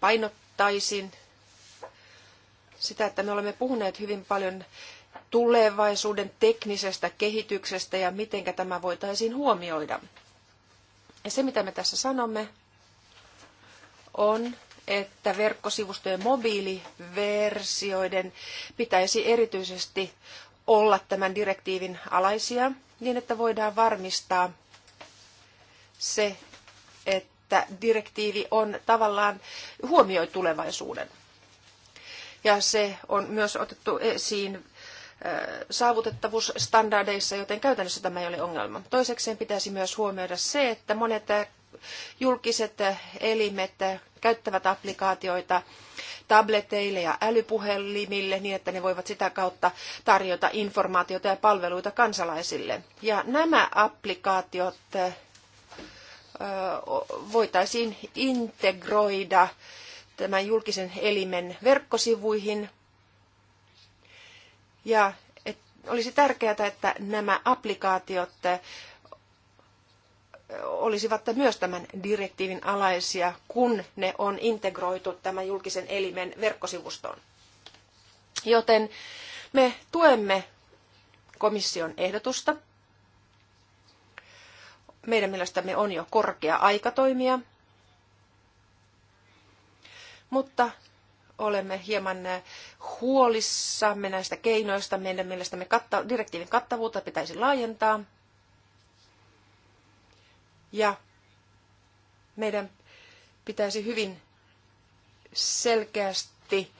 painottaisin sitä, että me olemme puhuneet hyvin paljon tulevaisuuden teknisestä kehityksestä ja miten tämä voitaisiin huomioida. Ja se, mitä me tässä sanomme, on, että verkkosivustojen mobiiliversioiden pitäisi erityisesti olla tämän direktiivin alaisia niin, että voidaan varmistaa se, että että direktiivi on tavallaan huomioi tulevaisuuden. Ja se on myös otettu esiin saavutettavuusstandardeissa, joten käytännössä tämä ei ole ongelma. Toisekseen pitäisi myös huomioida se, että monet julkiset elimet käyttävät applikaatioita tableteille ja älypuhelimille niin, että ne voivat sitä kautta tarjota informaatiota ja palveluita kansalaisille. Ja nämä applikaatiot voitaisiin integroida tämän julkisen elimen verkkosivuihin. Ja et, olisi tärkeää, että nämä applikaatiot olisivat myös tämän direktiivin alaisia, kun ne on integroitu tämän julkisen elimen verkkosivustoon. Joten me tuemme komission ehdotusta – meidän mielestämme on jo korkea aika toimia, mutta olemme hieman huolissamme näistä keinoista. Meidän mielestämme katta, direktiivin kattavuutta pitäisi laajentaa. Ja meidän pitäisi hyvin selkeästi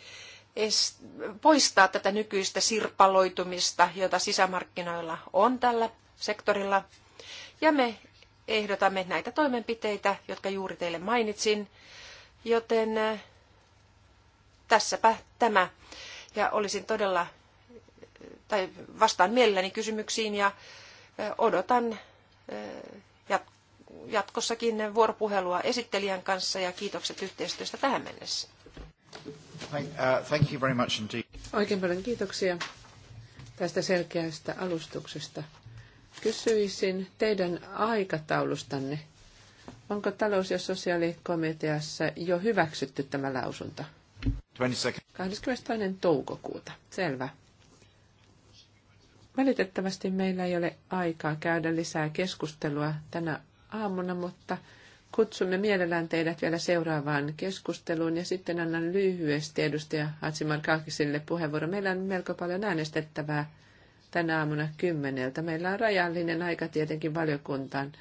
poistaa tätä nykyistä sirpaloitumista, jota sisämarkkinoilla on tällä sektorilla. Ja me ehdotamme näitä toimenpiteitä, jotka juuri teille mainitsin. Joten äh, tässäpä tämä. Ja olisin todella, äh, tai vastaan mielelläni kysymyksiin ja äh, odotan jatkossakin vuoropuhelua esittelijän kanssa ja kiitokset yhteistyöstä tähän mennessä. Uh, Oikein paljon kiitoksia tästä selkeästä alustuksesta. Kysyisin teidän aikataulustanne. Onko talous- ja sosiaalikomiteassa jo hyväksytty tämä lausunto? 22. toukokuuta. Selvä. Valitettavasti meillä ei ole aikaa käydä lisää keskustelua tänä aamuna, mutta kutsumme mielellään teidät vielä seuraavaan keskusteluun ja sitten annan lyhyesti edustaja Hatsimar Kaakisille puheenvuoro. Meillä on melko paljon äänestettävää tänä aamuna kymmeneltä. Meillä on rajallinen aika tietenkin valiokuntaan,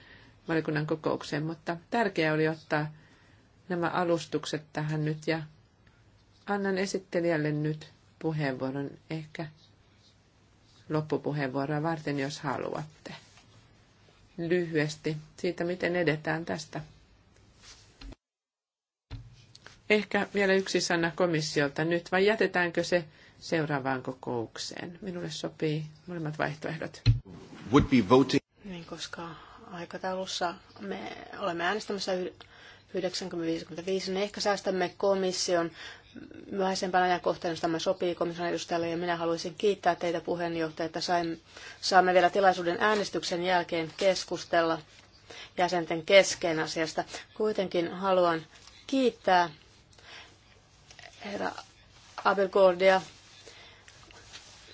valiokunnan kokoukseen, mutta tärkeää oli ottaa nämä alustukset tähän nyt ja annan esittelijälle nyt puheenvuoron ehkä loppupuheenvuoroa varten, jos haluatte. Lyhyesti siitä, miten edetään tästä. Ehkä vielä yksi sana komissiolta nyt, vai jätetäänkö se seuraavaan kokoukseen. Minulle sopii molemmat vaihtoehdot. Would be voting. Niin, koska aikataulussa me olemme äänestämässä 90-55, niin ehkä säästämme komission myöhäisempänä kohteen, josta tämä sopii komission edustajalle, ja minä haluaisin kiittää teitä puheenjohtaja, että saimme, saamme vielä tilaisuuden äänestyksen jälkeen keskustella jäsenten kesken asiasta. Kuitenkin haluan kiittää herra Abel Gordia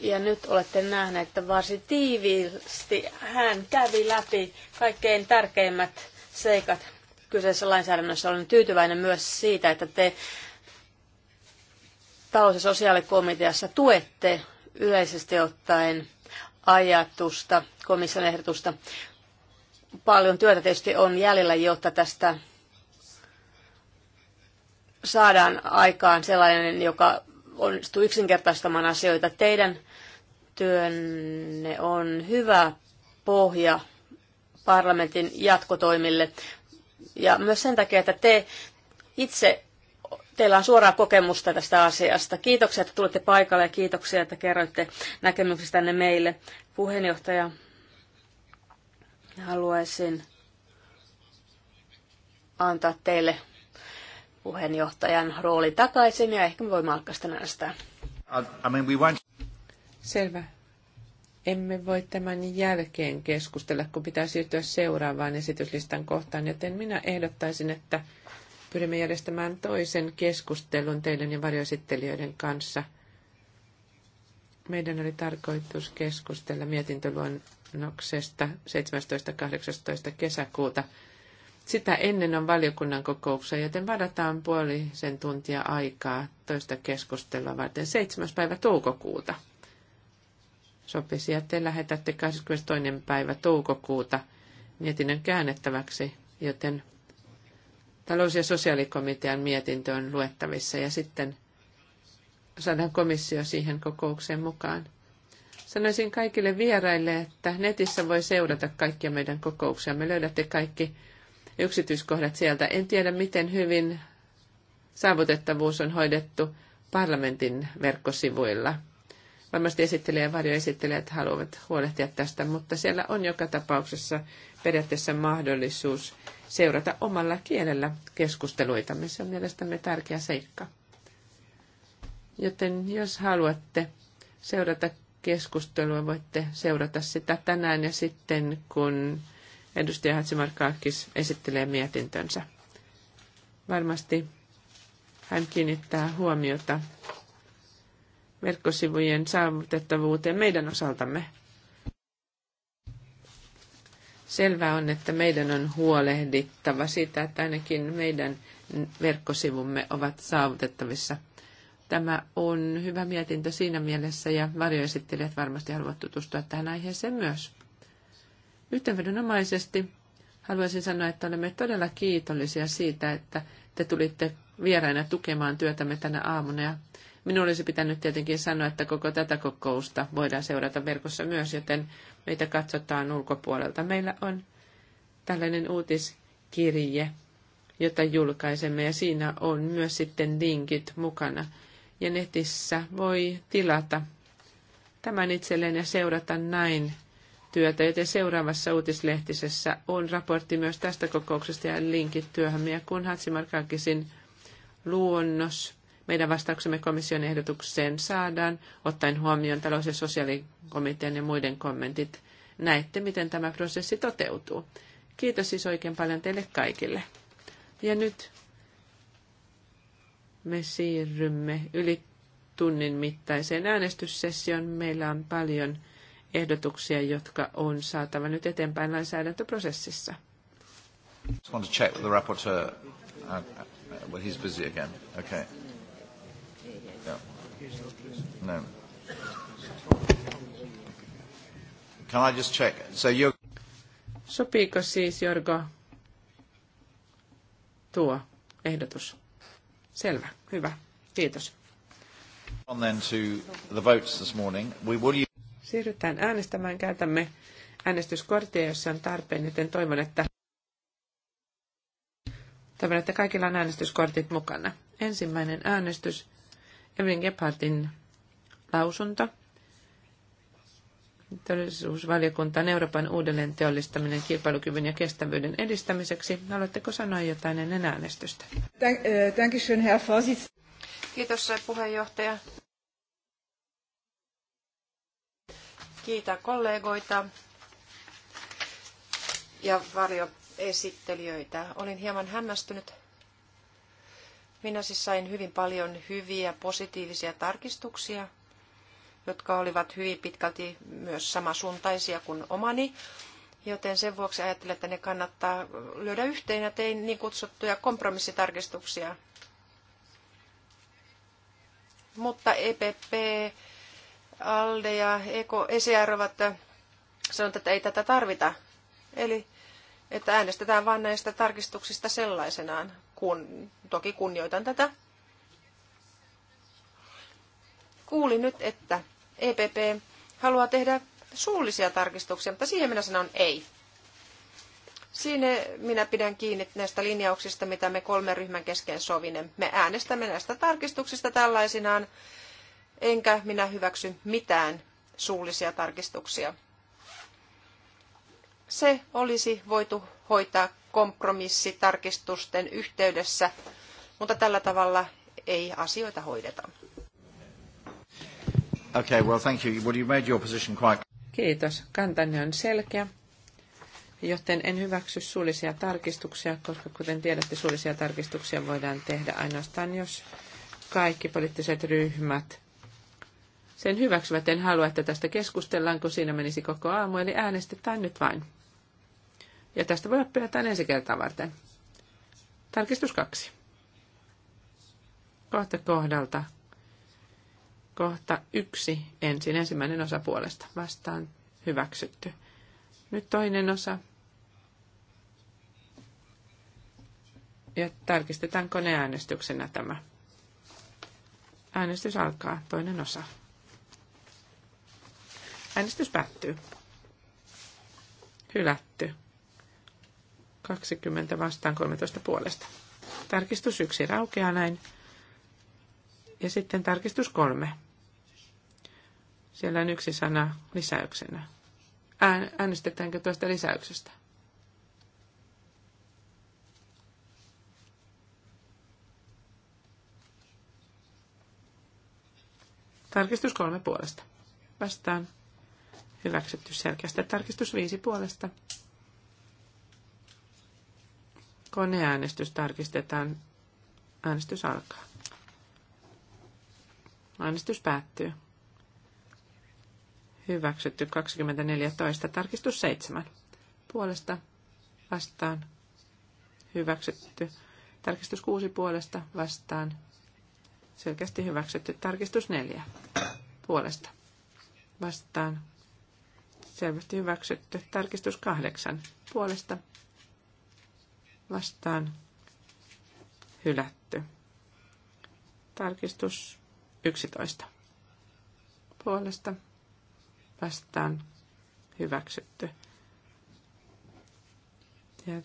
ja nyt olette nähneet, että varsin tiiviisti hän kävi läpi kaikkein tärkeimmät seikat kyseisessä lainsäädännössä. Olen tyytyväinen myös siitä, että te talous- ja sosiaalikomiteassa tuette yleisesti ottaen ajatusta, komission ehdotusta. Paljon työtä tietysti on jäljellä, jotta tästä saadaan aikaan sellainen, joka onnistuu yksinkertaistamaan asioita. Teidän työnne on hyvä pohja parlamentin jatkotoimille. Ja myös sen takia, että te itse, teillä on suoraa kokemusta tästä asiasta. Kiitoksia, että tulitte paikalle ja kiitoksia, että kerroitte tänne meille. Puheenjohtaja, haluaisin antaa teille puheenjohtajan rooli takaisin ja ehkä me voimme alkaa sitä näistä. I mean, we won't... Selvä. Emme voi tämän jälkeen keskustella, kun pitää siirtyä seuraavaan esityslistan kohtaan, joten minä ehdottaisin, että pyrimme järjestämään toisen keskustelun teidän ja varjoesittelijöiden kanssa. Meidän oli tarkoitus keskustella mietintöluonnoksesta 17.–18. kesäkuuta. Sitä ennen on valiokunnan kokouksia, joten varataan puolisen tuntia aikaa toista keskustelua varten 7. päivä toukokuuta sopisi. Ja te lähetätte 22. päivä toukokuuta mietinnön käännettäväksi, joten talous- ja sosiaalikomitean mietintö on luettavissa ja sitten saadaan komissio siihen kokoukseen mukaan. Sanoisin kaikille vieraille, että netissä voi seurata kaikkia meidän kokouksiamme. Löydätte kaikki yksityiskohdat sieltä. En tiedä, miten hyvin saavutettavuus on hoidettu parlamentin verkkosivuilla varmasti esittelee ja varjoesittelijät haluavat huolehtia tästä, mutta siellä on joka tapauksessa periaatteessa mahdollisuus seurata omalla kielellä keskusteluita, Se on mielestämme tärkeä seikka. Joten jos haluatte seurata keskustelua, voitte seurata sitä tänään ja sitten, kun edustaja Hatsimarkaakis esittelee mietintönsä. Varmasti hän kiinnittää huomiota verkkosivujen saavutettavuuteen meidän osaltamme. Selvää on, että meidän on huolehdittava siitä, että ainakin meidän verkkosivumme ovat saavutettavissa. Tämä on hyvä mietintö siinä mielessä ja varjoesittelijät varmasti haluavat tutustua tähän aiheeseen myös. Yhteenvedonomaisesti haluaisin sanoa, että olemme todella kiitollisia siitä, että te tulitte vieraina tukemaan työtämme tänä aamuna ja Minun olisi pitänyt tietenkin sanoa, että koko tätä kokousta voidaan seurata verkossa myös, joten meitä katsotaan ulkopuolelta. Meillä on tällainen uutiskirje, jota julkaisemme ja siinä on myös sitten linkit mukana. Ja netissä voi tilata tämän itselleen ja seurata näin työtä, joten seuraavassa uutislehtisessä on raportti myös tästä kokouksesta ja linkit työhön. Ja kun Hatsimarkakisin luonnos meidän vastauksemme komission ehdotukseen saadaan, ottaen huomioon talous- ja sosiaalikomitean ja muiden kommentit. Näette, miten tämä prosessi toteutuu. Kiitos siis oikein paljon teille kaikille. Ja nyt me siirrymme yli tunnin mittaiseen äänestyssessioon. Meillä on paljon ehdotuksia, jotka on saatava nyt eteenpäin lainsäädäntöprosessissa. Just want to check with the rapporteur. Uh, uh well, he's busy again. Okay. Ja. No. Can I just check? So you... Sopiiko siis, Jorgo, tuo ehdotus? Selvä. Hyvä. Kiitos. On then to the votes this morning. We will... Siirrytään äänestämään. Käytämme äänestyskorttia, jos se on tarpeen, joten toivon, että toivon, että kaikilla on äänestyskortit mukana. Ensimmäinen äänestys Evelyn Gebhardin lausunto. on Euroopan uudelleen teollistaminen kilpailukyvyn ja kestävyyden edistämiseksi. Haluatteko sanoa jotain ennen äänestystä? Kiitos puheenjohtaja. Kiitän kollegoita ja varjoesittelijöitä. Olin hieman hämmästynyt minä siis sain hyvin paljon hyviä positiivisia tarkistuksia, jotka olivat hyvin pitkälti myös samansuuntaisia kuin omani. Joten sen vuoksi ajattelin, että ne kannattaa lyödä yhteen ja tein niin kutsuttuja kompromissitarkistuksia. Mutta EPP, ALDE ja ECR e ovat sanoneet, että ei tätä tarvita. Eli että äänestetään vain näistä tarkistuksista sellaisenaan kun, toki kunnioitan tätä. Kuulin nyt, että EPP haluaa tehdä suullisia tarkistuksia, mutta siihen minä sanon ei. Siinä minä pidän kiinni näistä linjauksista, mitä me kolmen ryhmän kesken sovimme. Me äänestämme näistä tarkistuksista tällaisinaan, enkä minä hyväksy mitään suullisia tarkistuksia. Se olisi voitu hoitaa kompromissitarkistusten yhteydessä, mutta tällä tavalla ei asioita hoideta. Okay, well, thank you. Well, you made your position quite... Kiitos. Kantani on selkeä, joten en hyväksy suullisia tarkistuksia, koska kuten tiedätte, suullisia tarkistuksia voidaan tehdä ainoastaan, jos kaikki poliittiset ryhmät sen hyväksyvät. En halua, että tästä keskustellaan, kun siinä menisi koko aamu, eli äänestetään nyt vain. Ja tästä voi oppia jotain ensi kertaa varten. Tarkistus kaksi. Kohta kohdalta. Kohta yksi ensin, ensimmäinen osa puolesta. Vastaan hyväksytty. Nyt toinen osa. Ja tarkistetaan koneäänestyksenä tämä. Äänestys alkaa, toinen osa. Äänestys päättyy. Hylätty. 20 vastaan 13 puolesta. Tarkistus 1 raukeaa näin. Ja sitten tarkistus 3. Siellä on yksi sana lisäyksenä. Äänestetäänkö tuosta lisäyksestä? Tarkistus kolme puolesta. Vastaan. Hyväksytty selkeästi. Tarkistus viisi puolesta. Koneäänestys tarkistetaan. Äänestys alkaa. Äänestys päättyy. Hyväksytty 2014. Tarkistus 7. Puolesta vastaan. Hyväksytty. Tarkistus 6 puolesta vastaan. Selkeästi hyväksytty. Tarkistus 4 puolesta vastaan. Selvästi hyväksytty. Tarkistus 8 puolesta vastaan hylätty. Tarkistus 11. Puolesta vastaan hyväksytty. Ja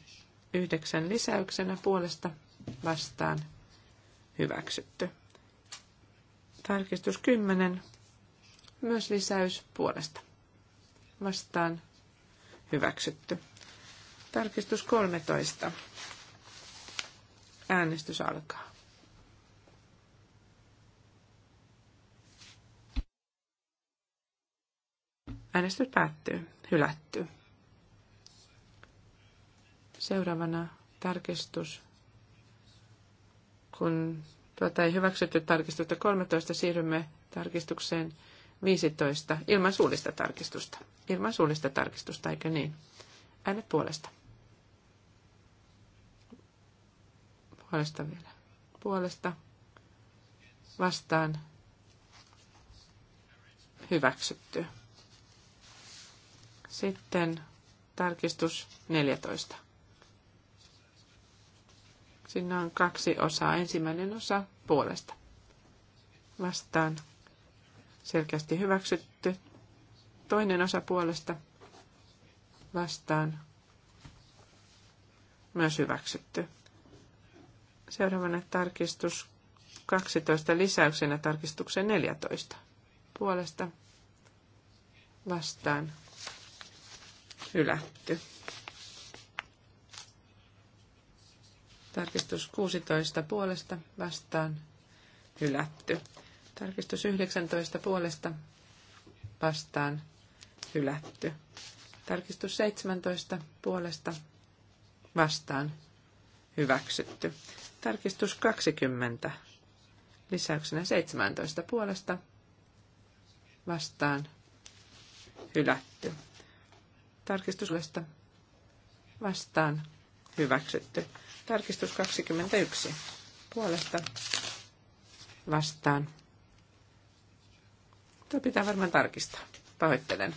yhdeksän lisäyksenä puolesta vastaan hyväksytty. Tarkistus 10. Myös lisäys puolesta vastaan hyväksytty. Tarkistus 13. Äänestys alkaa. Äänestys päättyy. Hylätty. Seuraavana tarkistus. Kun tuota ei hyväksytty tarkistusta 13, siirrymme tarkistukseen 15 ilman suullista tarkistusta. Ilman suullista tarkistusta, eikö niin? Äänet puolesta. puolesta vielä. Puolesta vastaan hyväksytty. Sitten tarkistus 14. Siinä on kaksi osaa. Ensimmäinen osa puolesta. Vastaan selkeästi hyväksytty. Toinen osa puolesta vastaan myös hyväksytty. Seuraavana tarkistus 12 lisäyksenä tarkistukseen 14 puolesta vastaan hylätty. Tarkistus 16 puolesta vastaan hylätty. Tarkistus 19 puolesta vastaan hylätty. Tarkistus 17 puolesta vastaan hyväksytty. Tarkistus 20. Lisäyksenä 17 puolesta vastaan hylätty. Tarkistuslesta vastaan hyväksytty. Tarkistus 21 puolesta vastaan. Tuo pitää varmaan tarkistaa. Pahoittelen.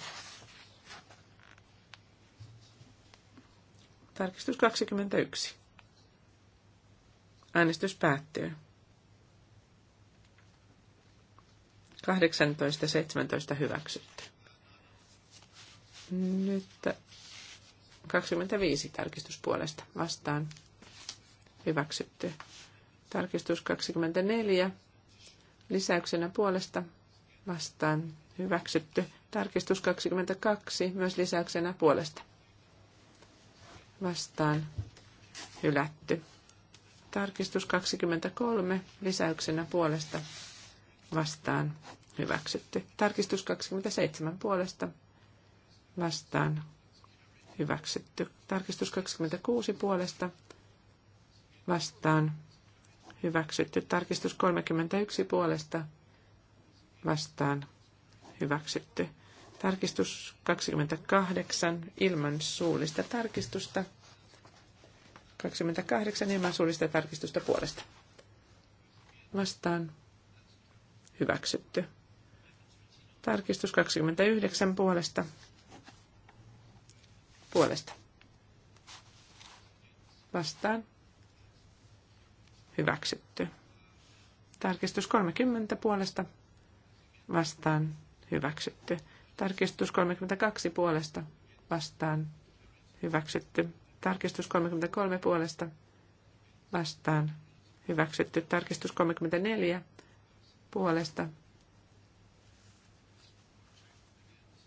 Tarkistus 21. Äänestys päättyy. 18.17 hyväksytty. Nyt 25 tarkistuspuolesta vastaan hyväksytty. Tarkistus 24 lisäyksenä puolesta vastaan hyväksytty. Tarkistus 22 myös lisäyksenä puolesta vastaan hylätty. Tarkistus 23 lisäyksenä puolesta vastaan hyväksytty. Tarkistus 27 puolesta vastaan hyväksytty. Tarkistus 26 puolesta vastaan hyväksytty. Tarkistus 31 puolesta vastaan hyväksytty. Tarkistus 28 ilman suullista tarkistusta 28 ilman suullista tarkistusta puolesta. Vastaan. Hyväksytty. Tarkistus 29 puolesta. Puolesta. Vastaan. Hyväksytty. Tarkistus 30 puolesta. Vastaan. Hyväksytty. Tarkistus 32 puolesta. Vastaan. Hyväksytty. Tarkistus 33 puolesta vastaan hyväksytty. Tarkistus 34 puolesta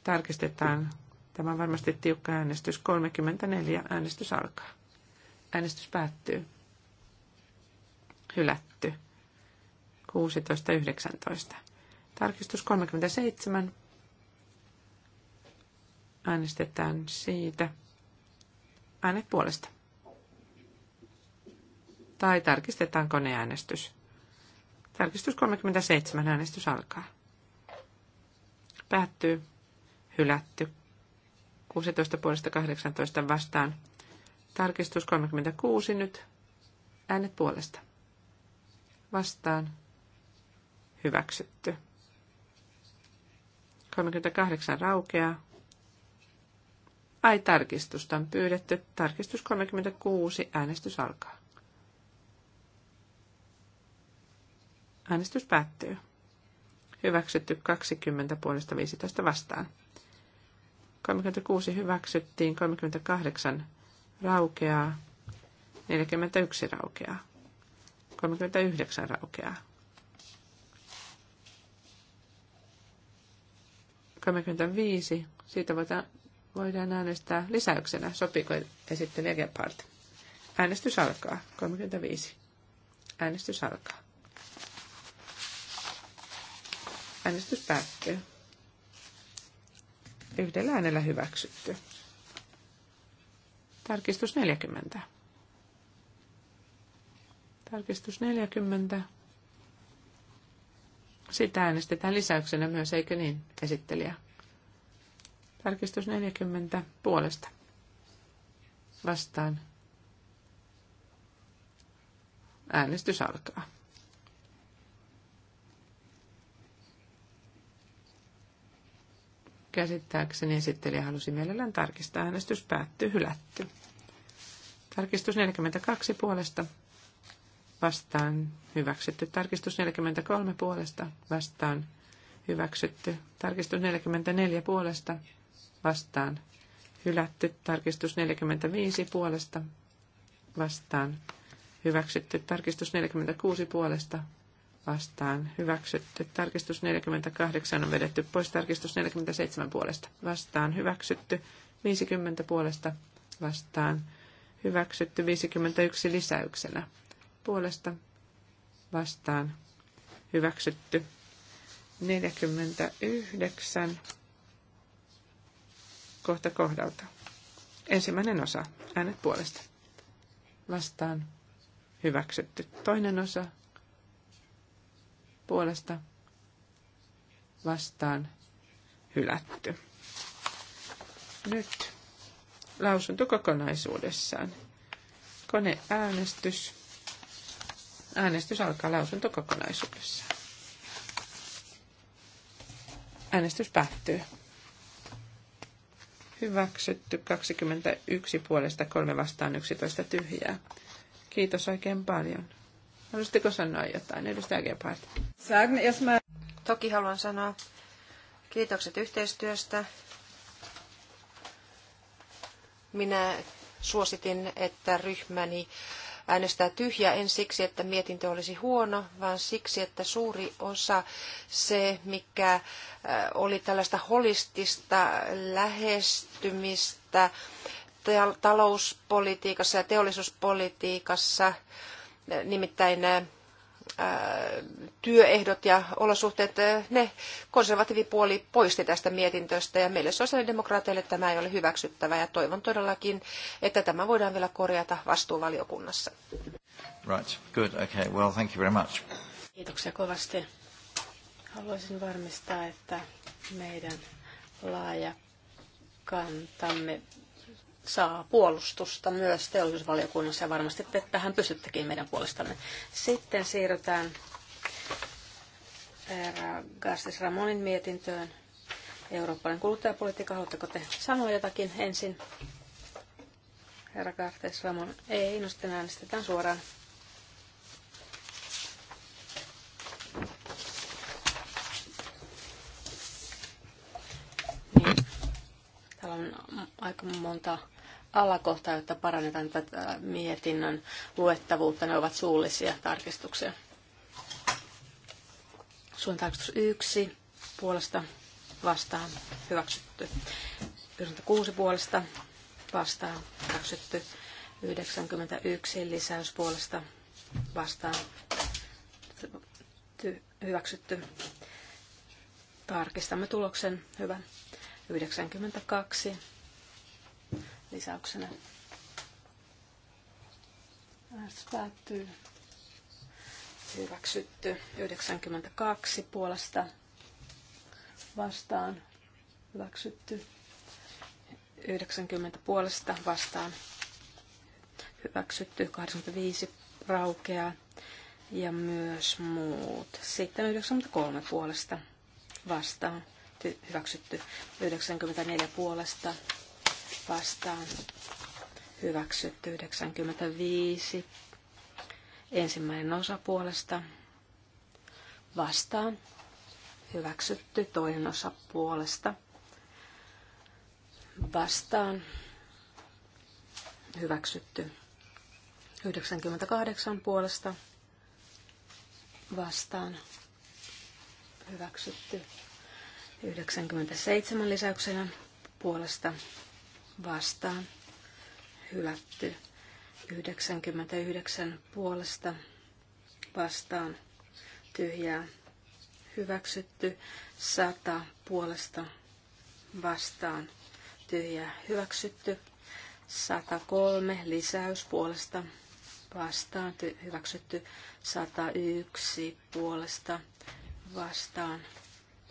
tarkistetaan. Tämä on varmasti tiukka äänestys. 34 äänestys alkaa. Äänestys päättyy. Hylätty. 16.19. Tarkistus 37. Äänestetään siitä. Äänet puolesta. Tai tarkistetaan koneäänestys. Tarkistus 37. Äänestys alkaa. Päättyy. Hylätty. 16 puolesta 18 vastaan. Tarkistus 36 nyt. Äänet puolesta. Vastaan. Hyväksytty. 38 raukeaa. Ai tarkistusta on pyydetty. Tarkistus 36. Äänestys alkaa. Äänestys päättyy. Hyväksytty 20 puolesta 15 vastaan. 36 hyväksyttiin, 38 raukeaa, 41 raukeaa, 39 raukeaa. 35, siitä voidaan voidaan äänestää lisäyksenä. Sopiiko esittelijä Gebhardt? Äänestys alkaa. 35. Äänestys alkaa. Äänestys päättyy. Yhdellä äänellä hyväksytty. Tarkistus 40. Tarkistus 40. Sitä äänestetään lisäyksenä myös, eikö niin, esittelijä? Tarkistus 40 puolesta. Vastaan. Äänestys alkaa. Käsittääkseni esittelijä halusi mielellään tarkistaa. Äänestys päättyy hylätty. Tarkistus 42 puolesta vastaan hyväksytty. Tarkistus 43 puolesta vastaan hyväksytty. Tarkistus 44 puolesta vastaan hylätty. Tarkistus 45 puolesta vastaan hyväksytty. Tarkistus 46 puolesta vastaan hyväksytty. Tarkistus 48 on vedetty pois. Tarkistus 47 puolesta vastaan hyväksytty. 50 puolesta vastaan hyväksytty. 51 lisäyksenä puolesta vastaan hyväksytty. 49 kohta kohdalta. Ensimmäinen osa. Äänet puolesta. Vastaan. Hyväksytty. Toinen osa. Puolesta. Vastaan. Hylätty. Nyt lausunto kokonaisuudessaan. Koneäänestys. Äänestys alkaa lausunto kokonaisuudessaan. Äänestys päättyy. Hyväksytty 21 puolesta 3 vastaan 11 tyhjää. Kiitos oikein paljon. Haluaisitteko sanoa jotain, edustaja Gebhardt? Toki haluan sanoa kiitokset yhteistyöstä. Minä suositin, että ryhmäni äänestää tyhjää en siksi, että mietintö olisi huono, vaan siksi, että suuri osa se, mikä äh, oli tällaista holistista lähestymistä talouspolitiikassa ja teollisuuspolitiikassa, nimittäin äh, työehdot ja olosuhteet, ne konservatiivipuoli poisti tästä mietintöstä ja meille sosiaalidemokraateille tämä ei ole hyväksyttävää ja toivon todellakin, että tämä voidaan vielä korjata vastuuvaliokunnassa. Right, good, okay, well thank you very much. Kiitoksia kovasti. Haluaisin varmistaa, että meidän laaja kantamme saa puolustusta myös teollisuusvaliokunnassa ja varmasti te tähän pystyttekin meidän puolestamme. Sitten siirrytään eh, Garces Ramonin mietintöön. Eurooppalainen kuluttajapolitiikka, haluatteko te sanoa jotakin ensin? Herra Garces Ramon, ei, no sitten äänestetään suoraan. on aika monta alakohtaa, jotta parannetaan tätä äh, mietinnön luettavuutta. Ne ovat suullisia tarkistuksia. Suun tarkistus 1 puolesta vastaan hyväksytty. 96 puolesta vastaan hyväksytty. 91 lisäys puolesta vastaan hyväksytty. Tarkistamme tuloksen. Hyvä. 92 lisäyksenä. Äänestys päättyy. Hyväksytty 92 puolesta vastaan. Hyväksytty 90 puolesta vastaan. Hyväksytty 85 raukeaa ja myös muut. Sitten 93 puolesta vastaan hylätty, hyväksytty 94 puolesta vastaan, hyväksytty 95 ensimmäinen osa puolesta vastaan, hyväksytty toinen osa puolesta vastaan, hyväksytty 98 puolesta vastaan, hyväksytty 97 lisäyksenä puolesta vastaan hylätty. 99 puolesta vastaan tyhjää hyväksytty. 100 puolesta vastaan tyhjää hyväksytty. 103 lisäys puolesta vastaan hyväksytty. 101 puolesta vastaan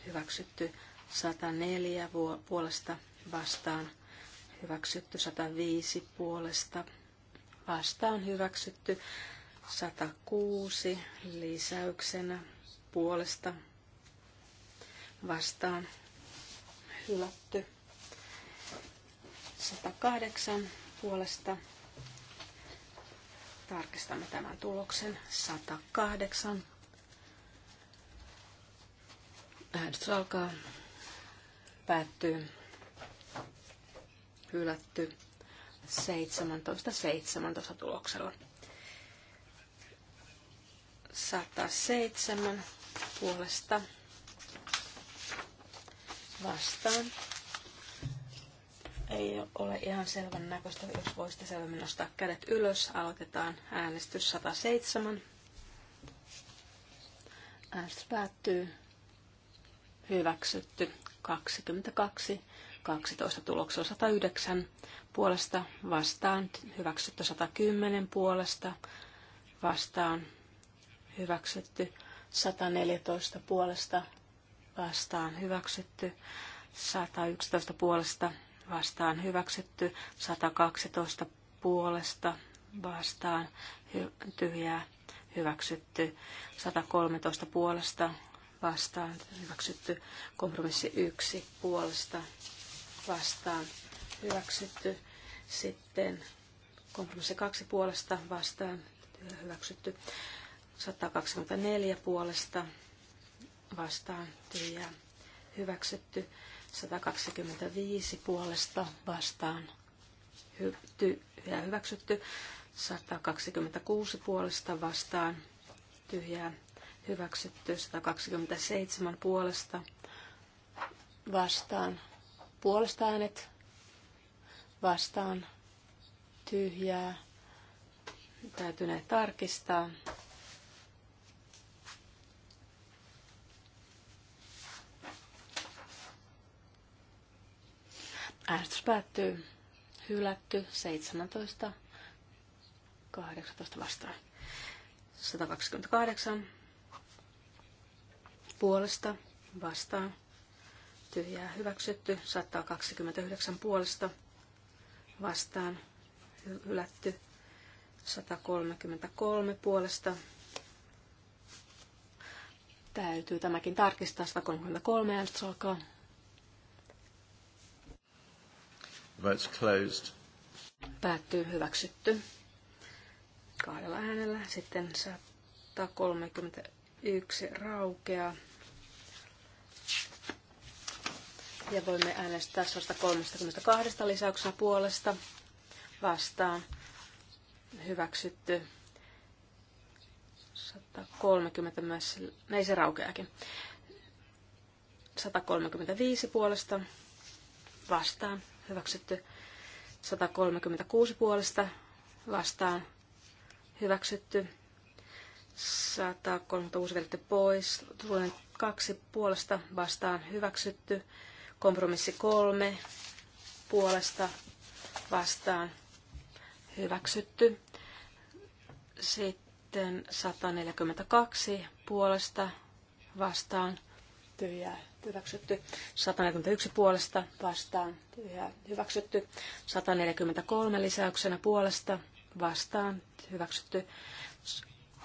hyväksytty 104 puolesta vastaan, hyväksytty 105 puolesta vastaan, hyväksytty 106 lisäyksenä puolesta vastaan, hylätty 108 puolesta tarkistamme tämän tuloksen. 108 Äänestys alkaa. Päättyy. Hylätty. 17, 17 tuloksella. 107 puolesta vastaan. Ei ole ihan selvän näköistä, jos voisitte selvemmin nostaa kädet ylös. Aloitetaan äänestys 107. Äänestys päättyy hyväksytty 22, 12 tuloksella 109 puolesta vastaan, hyväksytty 110 puolesta vastaan, hyväksytty 114 puolesta vastaan, hyväksytty 111 puolesta vastaan, hyväksytty 112 puolesta vastaan, tyhjää, hyväksytty 113 puolesta vastaan hyväksytty. Kompromissi yksi puolesta vastaan hyväksytty. Sitten kompromissi kaksi puolesta vastaan hyväksytty. 124 puolesta vastaan tyhjää hyväksytty. 125 puolesta vastaan hy- tyhjää hyväksytty. 126 puolesta vastaan tyhjää hyväksytty 127 puolesta vastaan puolesta äänet vastaan tyhjää. Täytyy ne tarkistaa. Äänestys päättyy. Hylätty 17, 18 vastaan. 128 puolesta vastaan tyhjää hyväksytty, 129 puolesta vastaan hylätty, 133 puolesta. Täytyy tämäkin tarkistaa, 133 äänestys alkaa. Votes closed. Päättyy hyväksytty kahdella äänellä. Sitten 131 raukeaa. Ja voimme äänestää 132 lisäyksenä puolesta vastaan. Hyväksytty. 130 myös, ei se raukeakin. 135 puolesta vastaan. Hyväksytty. 136 puolesta vastaan. Hyväksytty. 136 vedetty pois. tulee kaksi puolesta vastaan hyväksytty. Kompromissi kolme puolesta vastaan hyväksytty. Sitten 142 puolesta vastaan tyhjää hyväksytty. 141 puolesta vastaan tyhjää hyväksytty. 143 lisäyksenä puolesta vastaan hyväksytty.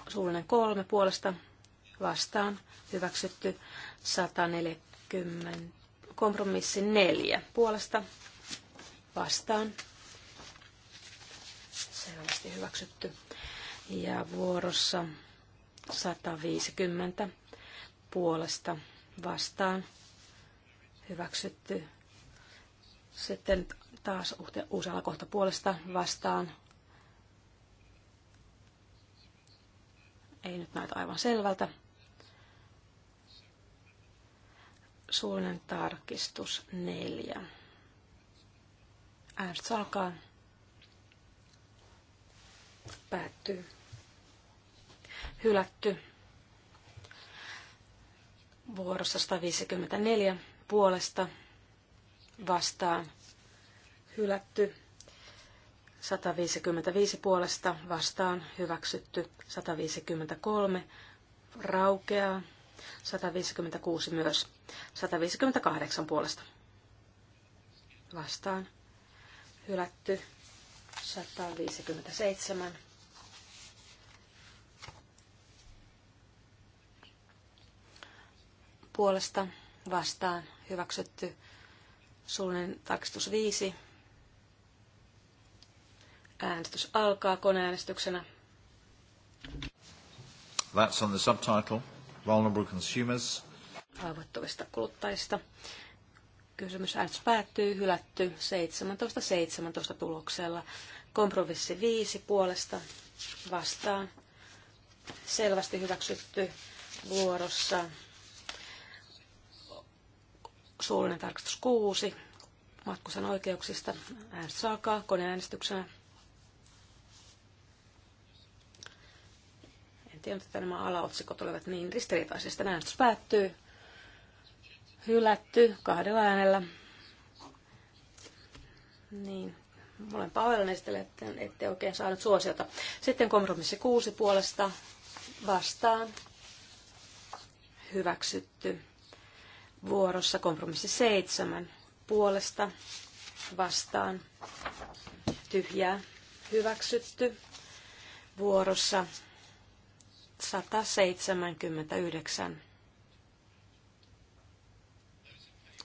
Suullinen kolme puolesta vastaan hyväksytty. 140 Kompromissi neljä puolesta vastaan. Selvästi hyväksytty. Ja vuorossa 150 puolesta vastaan hyväksytty. Sitten taas uusi alakohta puolesta vastaan. Ei nyt näytä aivan selvältä. suullinen tarkistus neljä. Äänestys alkaa. Päättyy. Hylätty. Vuorossa 154 puolesta vastaan. Hylätty. 155 puolesta vastaan hyväksytty. 153 raukeaa. 156 myös. 158 puolesta. Vastaan. Hylätty. 157. Puolesta vastaan hyväksytty suullinen tarkistus 5. Äänestys alkaa koneäänestyksenä. That's on the subtitle vulnerable consumers. Haavoittuvista kuluttajista. Kysymys äänestys päättyy, hylätty 17.17 17 tuloksella. Kompromissi 5 puolesta vastaan. Selvästi hyväksytty vuorossa. Suullinen tarkastus 6. Matkusan oikeuksista äänestys alkaa koneäänestyksenä. En tiennyt, että nämä alaotsikot olivat niin ristiriitaisista. Äänestys päättyy. Hylätty kahdella äänellä. Niin, olen pahoillani sille, että ette oikein saanut suosiota. Sitten kompromissi kuusi puolesta vastaan. Hyväksytty. Vuorossa kompromissi seitsemän puolesta vastaan. Tyhjää. Hyväksytty. Vuorossa 179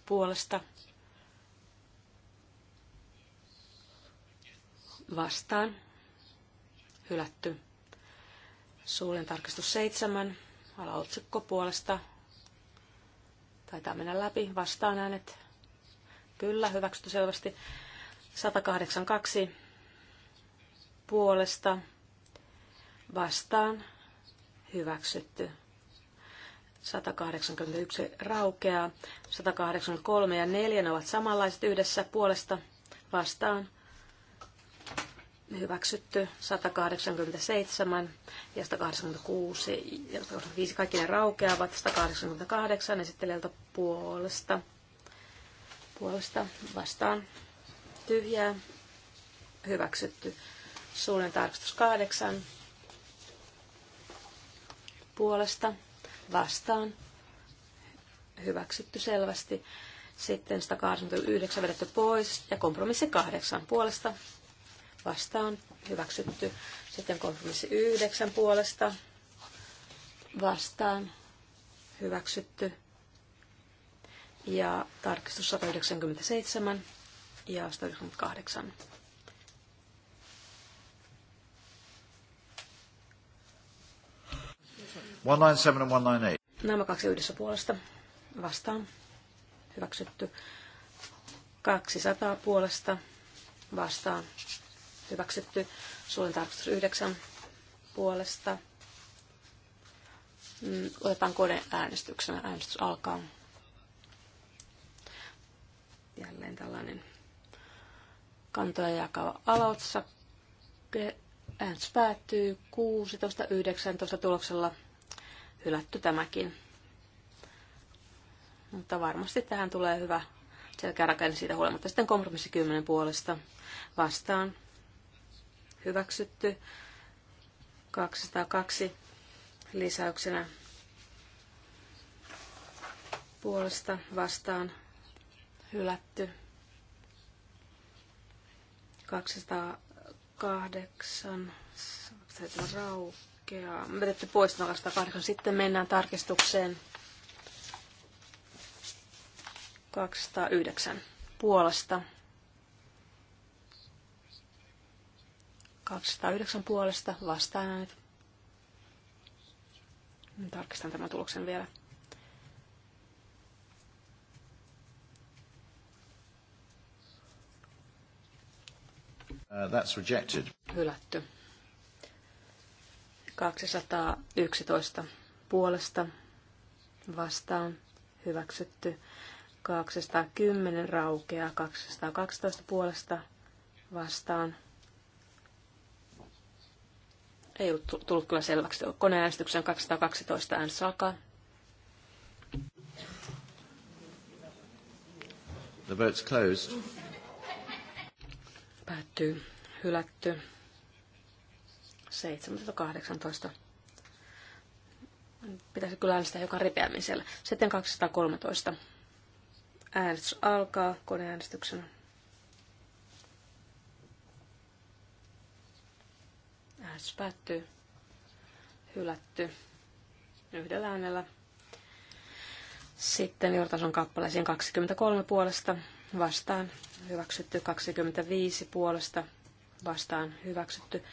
puolesta vastaan hylätty. Suullinen tarkistus 7 alaotsikko puolesta. Taitaa mennä läpi. Vastaan äänet. Kyllä, hyväksytty selvästi. 182 puolesta vastaan hyväksytty. 181 raukeaa, 183 ja 4 ne ovat samanlaiset yhdessä puolesta vastaan. Hyväksytty 187 ja 186 ja 185 kaikki ne raukeavat, 188 esittelijältä puolesta, puolesta vastaan tyhjää, hyväksytty. Suullinen tarkistus 8 puolesta vastaan hyväksytty selvästi. Sitten 189 vedetty pois ja kompromissi 8 puolesta vastaan hyväksytty. Sitten kompromissi 9 puolesta vastaan hyväksytty. Ja tarkistus 197 ja 198 197 and 198. Nämä kaksi yhdessä puolesta vastaan. Hyväksytty. 200 puolesta vastaan. Hyväksytty. Suullinen tarkastus 9 puolesta. Mm, otetaan kone äänestyksenä. Äänestys alkaa. Jälleen tällainen kantoja jakava aloitsa. Äänestys päättyy 16.19 tuloksella hylätty tämäkin. Mutta varmasti tähän tulee hyvä selkärakenne siitä huolimatta. Sitten kompromissi 10 puolesta vastaan hyväksytty 202 lisäyksenä puolesta vastaan hylätty 208 rauhaa ja Vedetty pois 208. Sitten mennään tarkistukseen 209 puolesta. 209 puolesta vastaan nyt Tarkistan tämän tuloksen vielä. Uh, that's rejected. Hylätty. 211 puolesta vastaan hyväksytty. 210 raukeaa 212 puolesta vastaan. Ei ollut tullut kyllä selväksi. Koneäänestyksen 212 ään alkaa. The vote's closed. Päättyy. Hylätty. 17.18. Pitäisi kyllä äänestää joka ripeämmin siellä. Sitten 213. Äänestys alkaa koneäänestyksenä. Äänestys päättyy. Hylätty. Yhdellä äänellä. Sitten Jortason kappaleisiin 23 puolesta vastaan hyväksytty, 25 puolesta vastaan hyväksytty,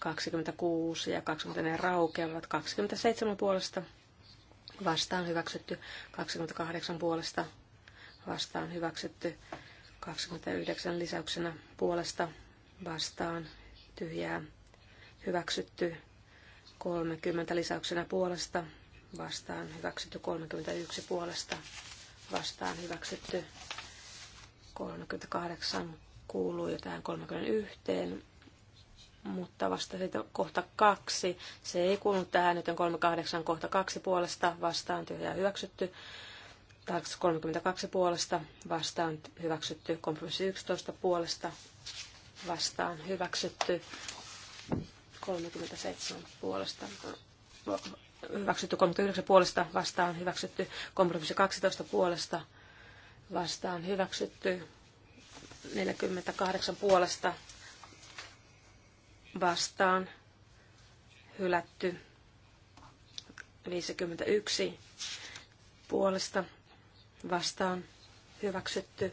26 ja 24 raukeavat. 27 puolesta vastaan hyväksytty. 28 puolesta vastaan hyväksytty. 29 lisäyksenä puolesta vastaan tyhjää hyväksytty. 30 lisäyksenä puolesta vastaan hyväksytty. 31 puolesta vastaan hyväksytty. 38 kuuluu jotain 31 mutta vasta siitä kohta kaksi. Se ei kuulu tähän, joten 38 kohta kaksi puolesta vastaan tyhjää hyväksytty. Tarkastus 32 puolesta vastaan hyväksytty. Kompromissi 11 puolesta vastaan hyväksytty. 37 puolesta hyväksytty. 39 puolesta vastaan hyväksytty. Kompromissi 12 puolesta vastaan hyväksytty. 48 puolesta vastaan hylätty 51 puolesta vastaan hyväksytty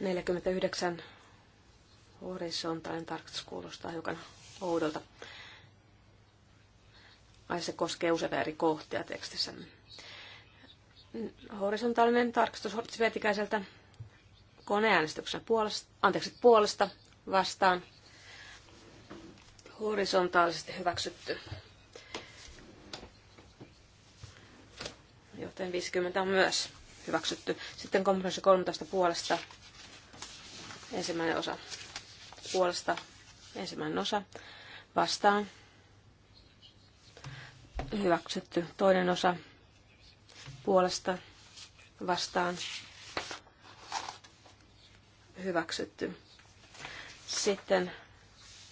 49 horisontaalinen tarkastus kuulostaa hiukan oudolta. Ai se koskee useita eri kohtia tekstissä. Horisontaalinen tarkastus Hortsvetikäiseltä koneäänestyksen puolesta, anteeksi, puolesta vastaan horisontaalisesti hyväksytty. Joten 50 on myös hyväksytty. Sitten kompromissi 13 puolesta ensimmäinen osa. Puolesta ensimmäinen osa vastaan. Hyväksytty toinen osa puolesta vastaan. Hyväksytty. Sitten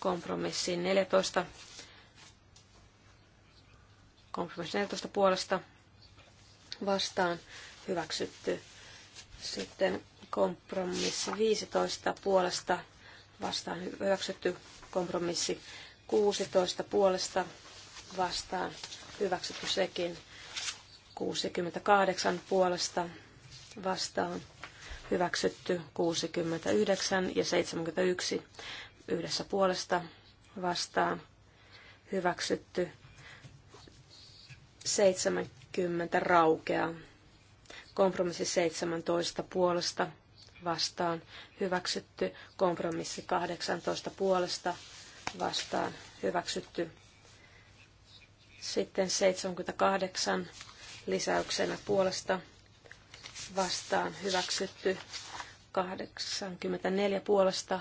kompromissiin 14. Kompromissi 14 puolesta vastaan hyväksytty. Sitten kompromissi 15 puolesta vastaan hyväksytty. Kompromissi 16 puolesta vastaan hyväksytty sekin. 68 puolesta vastaan hyväksytty 69 ja 71 yhdessä puolesta vastaan hyväksytty 70 raukeaa. Kompromissi 17 puolesta vastaan hyväksytty. Kompromissi 18 puolesta vastaan hyväksytty. Sitten 78 lisäyksenä puolesta vastaan hyväksytty. 84 puolesta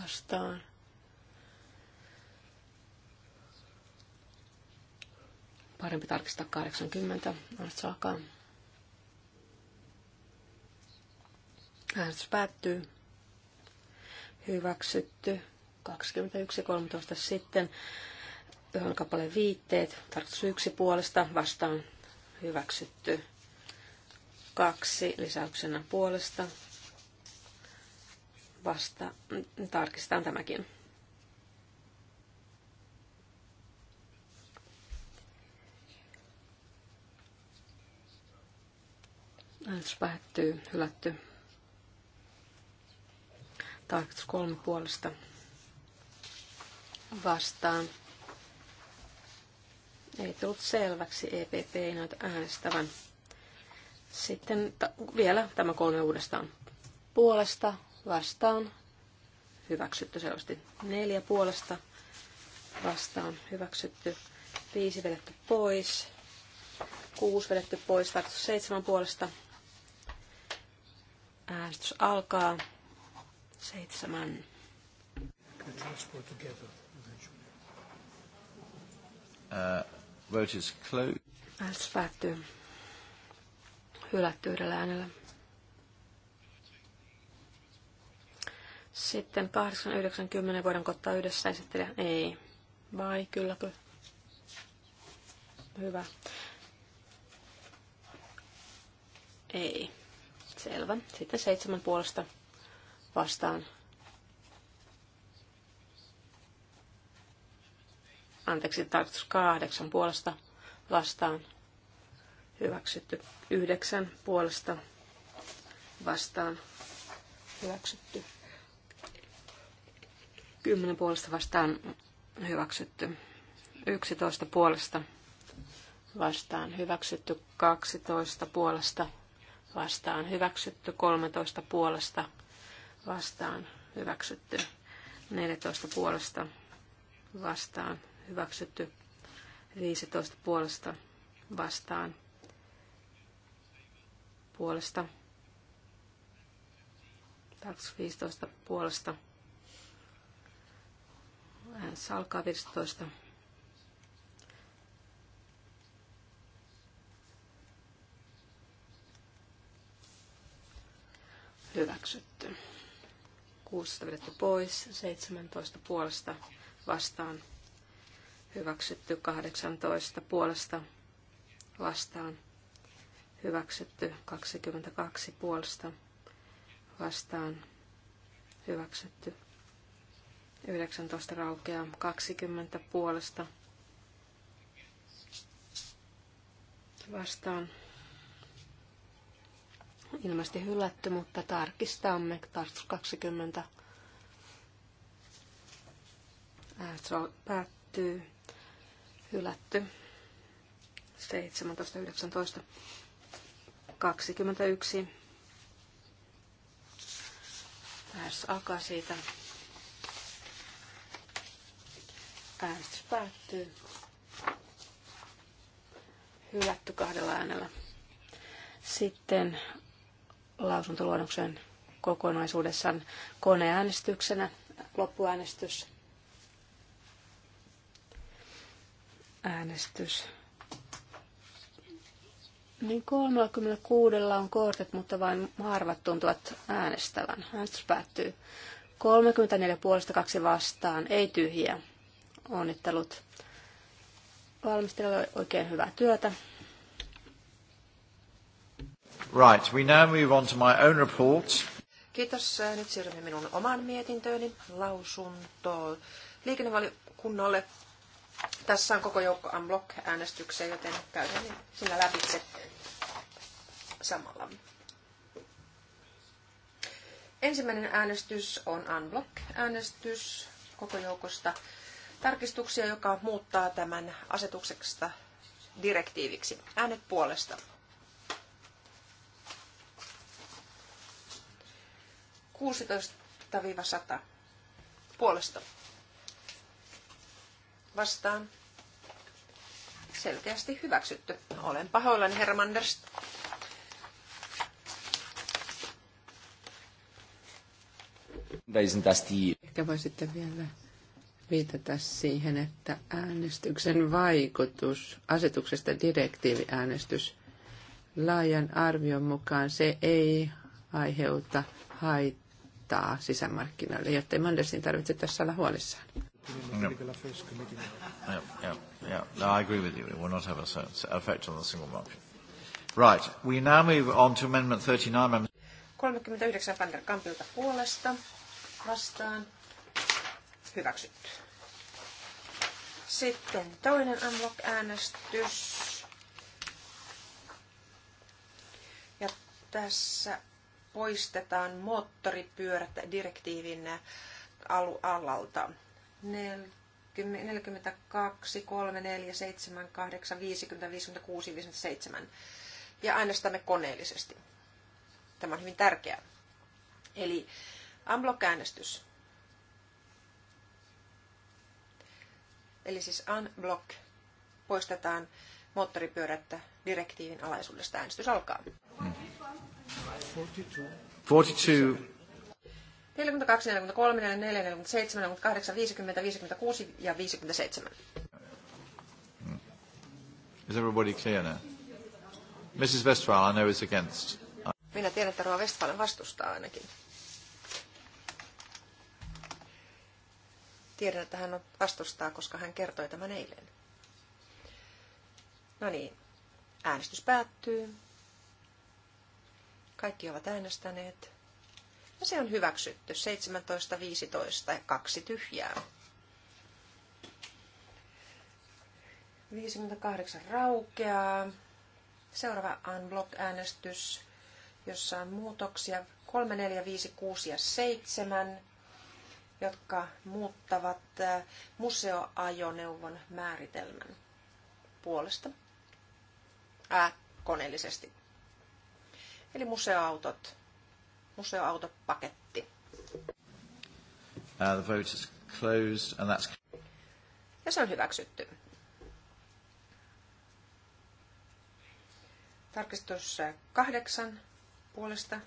vastaan. Parempi tarkistaa 80. Äänestys alkaa. Äänestys päättyy. Hyväksytty. 21.13. Sitten yhden kappaleen viitteet. Tarkistus yksi puolesta vastaan hyväksytty. Kaksi lisäyksenä puolesta vasta tarkistetaan tämäkin. Äänestys päättyy, hylätty. Tarkistus kolme puolesta vastaan. Ei tullut selväksi, EPP ei näytä äänestävän. Sitten vielä tämä kolme uudestaan puolesta vastaan hyväksytty selvästi. Neljä puolesta vastaan hyväksytty. Viisi vedetty pois. Kuusi vedetty pois. vastaus seitsemän puolesta. Äänestys alkaa. Seitsemän. Uh, vote is Äänestys päättyy. Hylätty yhdellä äänellä. Sitten 8, 9, 10 voidaanko ottaa yhdessä esittelijä? Ei. Vai kylläkö Hyvä. Ei. Selvä. Sitten seitsemän puolesta vastaan. Anteeksi, tarkoitus kahdeksan puolesta vastaan. Hyväksytty yhdeksän puolesta vastaan. Hyväksytty 10 puolesta vastaan hyväksytty. 11 puolesta vastaan hyväksytty. 12 puolesta vastaan hyväksytty. 13 puolesta vastaan hyväksytty. 14 puolesta vastaan hyväksytty. 15 puolesta vastaan puolesta. 15 puolesta Äänestys alkaa 15. Hyväksytty. 16 vedetty pois, 17 puolesta vastaan. Hyväksytty 18 puolesta vastaan. Hyväksytty 22 puolesta vastaan. Hyväksytty 19 raukeaa 20 puolesta vastaan. Ilmeisesti hylätty, mutta tarkistamme. Tarkistus 20. Äänestys päättyy. Hylätty. 17, 19, 21. Äänestys alkaa siitä. Äänestys päättyy. Hylätty kahdella äänellä. Sitten lausuntoluonnoksen kokonaisuudessaan koneäänestyksenä loppuäänestys. Äänestys. Niin 36 on kortit, mutta vain harvat tuntuvat äänestävän. Äänestys päättyy. 34 puolesta kaksi vastaan, ei tyhjiä. Onnittelut valmistelijoille oikein hyvää työtä. Right, we now move on to my own report. Kiitos. Nyt siirrymme minun oman mietintööni, lausuntoon liikennevaliokunnalle. Tässä on koko joukko unblock äänestykseen, joten käydään sinä lävitse samalla. Ensimmäinen äänestys on unblock-äänestys koko joukosta tarkistuksia, joka muuttaa tämän asetuksesta direktiiviksi. Äänet puolesta. sata puolesta. Vastaan. Selkeästi hyväksytty. Olen pahoillani, herra Manders. Ehkä sitten vielä viitata siihen, että äänestyksen vaikutus asetuksesta direktiiviäänestys laajan arvion mukaan se ei aiheuta haittaa sisämarkkinoille, jotta Mandersin tarvitse tässä olla huolissaan. No. No, I agree with you. It will not have effect on the single market. Right. We now move on to amendment 39. 39 Kampilta puolesta vastaan. Hyväksytty. Sitten toinen unlock-äänestys. Ja tässä poistetaan moottoripyörät direktiivin alalta. 42, 3, 4, 7, 8, 50, 56, 57. Ja äänestämme koneellisesti. Tämä on hyvin tärkeää. Eli unblock-äänestys. Eli siis unblock poistetaan moottoripyörättä direktiivin alaisuudesta. Äänestys alkaa. 42. 43, 44, 47, 48, 50, 56 ja 57. Is everybody clear now? Mrs. Westphal, I know is against. Minä tiedän, että Rova Westphalen vastustaa ainakin. Tiedän, että hän vastustaa, koska hän kertoi tämän eilen. No niin, äänestys päättyy. Kaikki ovat äänestäneet. Ja se on hyväksytty. 17, 15 ja kaksi tyhjää. 58 raukeaa. Seuraava unblock-äänestys, jossa on muutoksia 3, 4, 5, 6 ja 7 jotka muuttavat äh, museoajoneuvon määritelmän puolesta ää, koneellisesti. Eli museoautot, museoautopaketti. Uh, the vote is closed and that's... Ja se on hyväksytty. Tarkistus äh, kahdeksan puolesta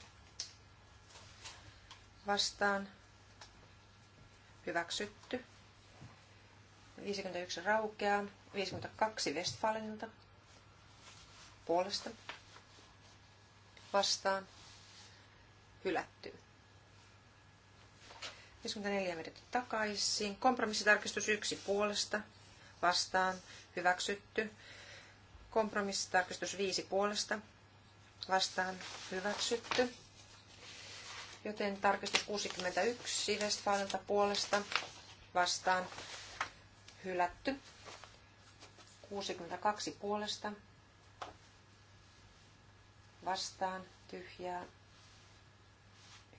vastaan hyväksytty. 51 raukeaa. 52 Westfalenilta puolesta vastaan hylätty. 54 vedetty takaisin. Kompromissitarkistus 1 puolesta vastaan hyväksytty. Kompromissitarkistus 5 puolesta vastaan hyväksytty. Joten tarkistus 61 Westfalenilta puolesta vastaan hylätty. 62 puolesta vastaan tyhjää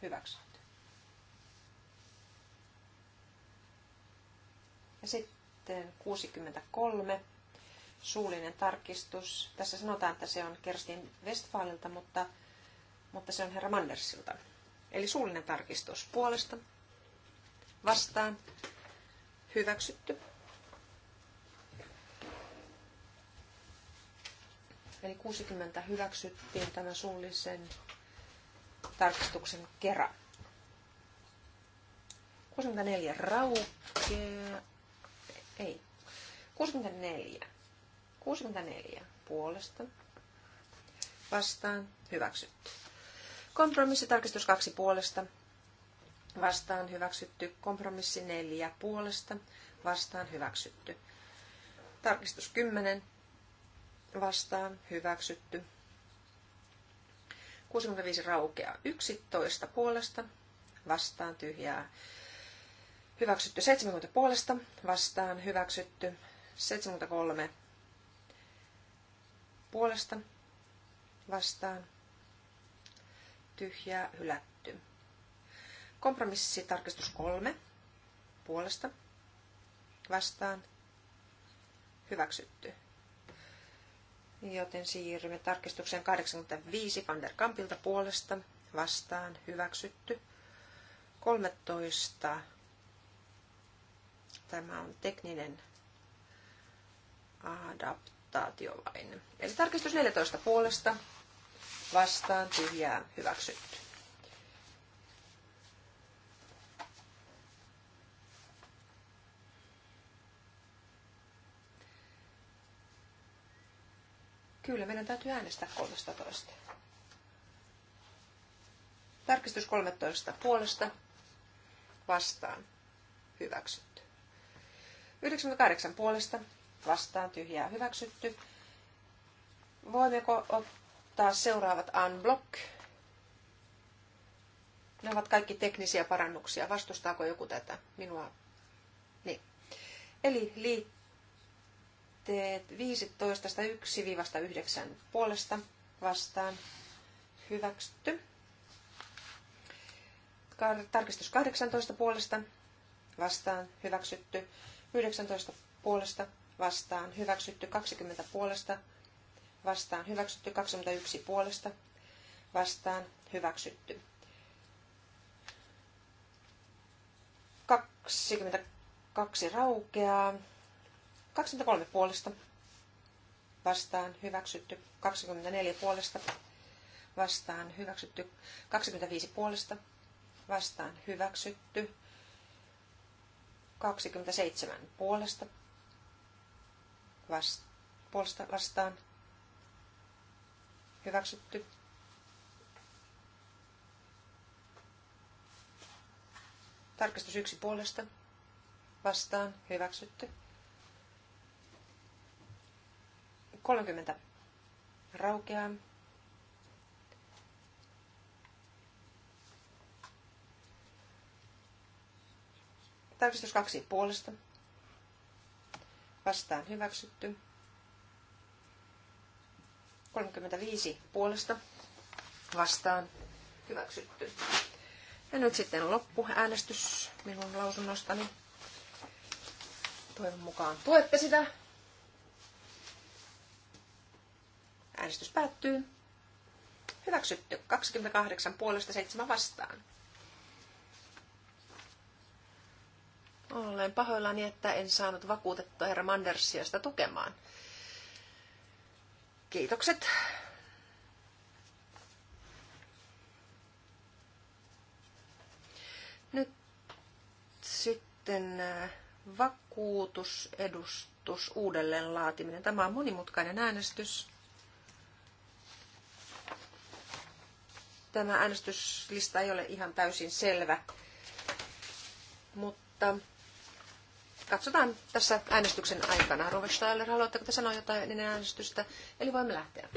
hyväksytty. Ja sitten 63 suullinen tarkistus. Tässä sanotaan, että se on Kerstin Westfalilta, mutta, mutta se on herra Mandersilta. Eli suullinen tarkistus puolesta. Vastaan. Hyväksytty. Eli 60 hyväksyttiin tämän suullisen tarkistuksen kerran. 64 raukea. Ei. 64. 64 puolesta. Vastaan hyväksytty. Kompromissitarkistus kaksi puolesta. Vastaan hyväksytty. Kompromissi neljä puolesta. Vastaan hyväksytty. Tarkistus kymmenen Vastaan hyväksytty. 65 raukeaa 11 puolesta. Vastaan tyhjää. Hyväksytty 70 puolesta. Vastaan hyväksytty 73 puolesta. Vastaan tyhjää, hylätty. Kompromissitarkistus kolme puolesta vastaan hyväksytty. Joten siirrymme tarkistukseen 85 Van der Kampilta puolesta vastaan hyväksytty. 13. Tämä on tekninen adaptaatio vain. Eli tarkistus 14 puolesta vastaan tyhjää hyväksytty. Kyllä, meidän täytyy äänestää 13. Tarkistus 13 puolesta vastaan hyväksytty. 98 puolesta vastaan tyhjää hyväksytty. Voimmeko ottaa taas seuraavat unblock. Ne ovat kaikki teknisiä parannuksia. Vastustaako joku tätä? Minua. Niin. Eli liitteet 151 9 puolesta vastaan hyväksytty. Tarkistus 18 puolesta vastaan hyväksytty. 19 puolesta vastaan hyväksytty. 20 puolesta vastaan hyväksytty, 21 puolesta vastaan hyväksytty. 22 raukeaa, 23 puolesta vastaan hyväksytty, 24 puolesta vastaan hyväksytty, 25 puolesta vastaan hyväksytty, 27 puolesta, vast, puolesta vastaan Hyväksytty. Tarkastus yksi puolesta. Vastaan. Hyväksytty. 30 raukeaa. Tarkistus kaksi puolesta. Vastaan hyväksytty. 35 puolesta vastaan hyväksytty. Ja nyt sitten loppuäänestys minun lausunnostani. Toivon mukaan tuette sitä. Äänestys päättyy. Hyväksytty. 28 puolesta 7 vastaan. Olen pahoillani, että en saanut vakuutettua herra Mandersiasta tukemaan. Kiitokset. Nyt sitten äh, vakuutusedustus uudelleen laatiminen. Tämä on monimutkainen äänestys. Tämä äänestyslista ei ole ihan täysin selvä, mutta Katsotaan tässä äänestyksen aikana. Rove Steiler, haluatteko te sanoa jotain ennen äänestystä? Eli voimme lähteä.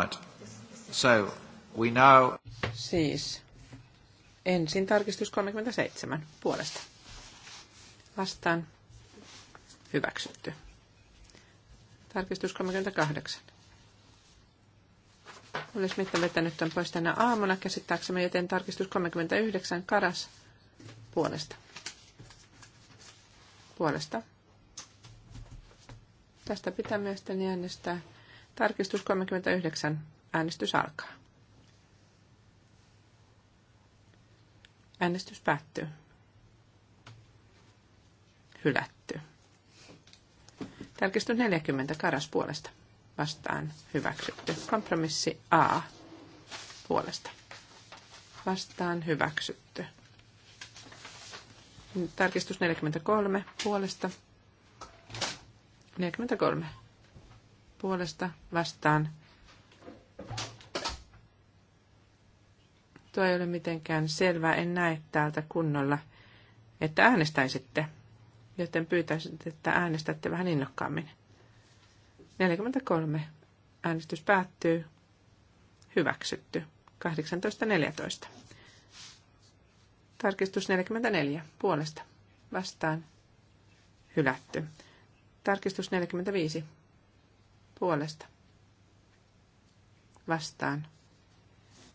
Right. So, we now... Siis, ensin tarkistus 37 puolesta. Vastaan hyväksytty. Tarkistus 38. Olis Smith vetänyt on pois tänä aamuna käsittääksemme, joten tarkistus 39 karas puolesta puolesta. Tästä pitää mielestäni äänestää. Tarkistus 39. Äänestys alkaa. Äänestys päättyy. Hylätty. Tarkistus 40. Karas puolesta. Vastaan hyväksytty. Kompromissi A puolesta. Vastaan hyväksytty Tarkistus 43 puolesta. 43 puolesta vastaan. Tuo ei ole mitenkään selvää, en näe täältä kunnolla, että äänestäisitte, joten pyytäisin, että äänestätte vähän innokkaammin. 43. Äänestys päättyy. Hyväksytty. 18.14. Tarkistus 44 puolesta vastaan hylätty. Tarkistus 45 puolesta vastaan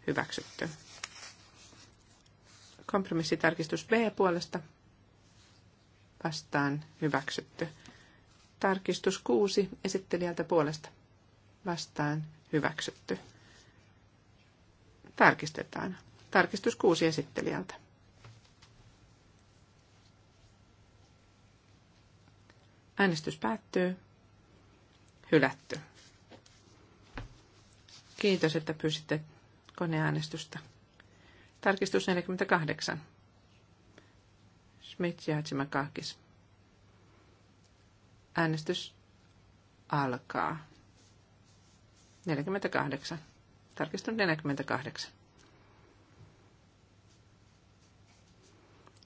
hyväksytty. Kompromissitarkistus B puolesta vastaan hyväksytty. Tarkistus 6 esittelijältä puolesta vastaan hyväksytty. Tarkistetaan. Tarkistus 6 esittelijältä. Äänestys päättyy. Hylätty. Kiitos, että pyysitte koneäänestystä. Tarkistus 48. Smith ja Hatsimakakis. Äänestys alkaa. 48. Tarkistus 48.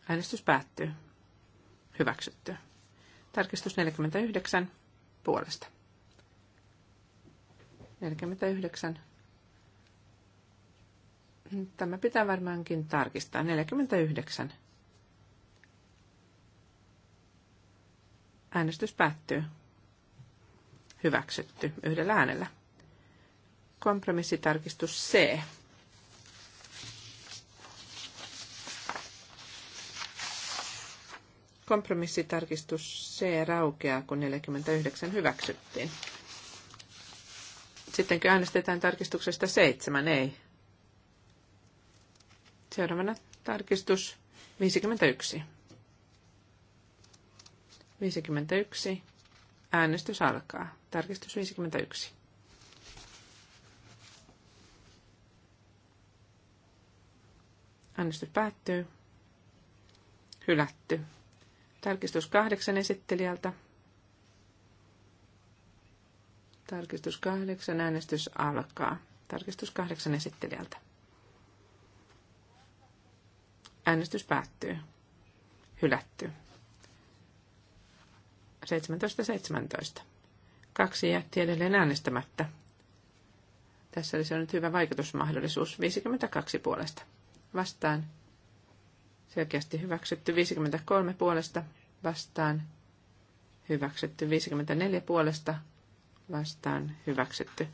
Äänestys päättyy. Hyväksytty. Tarkistus 49 puolesta. 49. Tämä pitää varmaankin tarkistaa. 49. Äänestys päättyy. Hyväksytty yhdellä äänellä. Kompromissitarkistus C Kompromissitarkistus C raukeaa, kun 49 hyväksyttiin. Sittenkö äänestetään tarkistuksesta 7? Ei. Seuraavana tarkistus 51. 51. Äänestys alkaa. Tarkistus 51. Äänestys päättyy. Hylätty. Tarkistus kahdeksan esittelijältä. Tarkistus kahdeksan, äänestys alkaa. Tarkistus kahdeksan esittelijältä. Äänestys päättyy. Hylätty. 17.17. Kaksi jätti edelleen äänestämättä. Tässä olisi ollut hyvä vaikutusmahdollisuus 52 puolesta. Vastaan Selkeästi hyväksytty 53 puolesta vastaan. Hyväksytty 54 puolesta vastaan. Hyväksytty.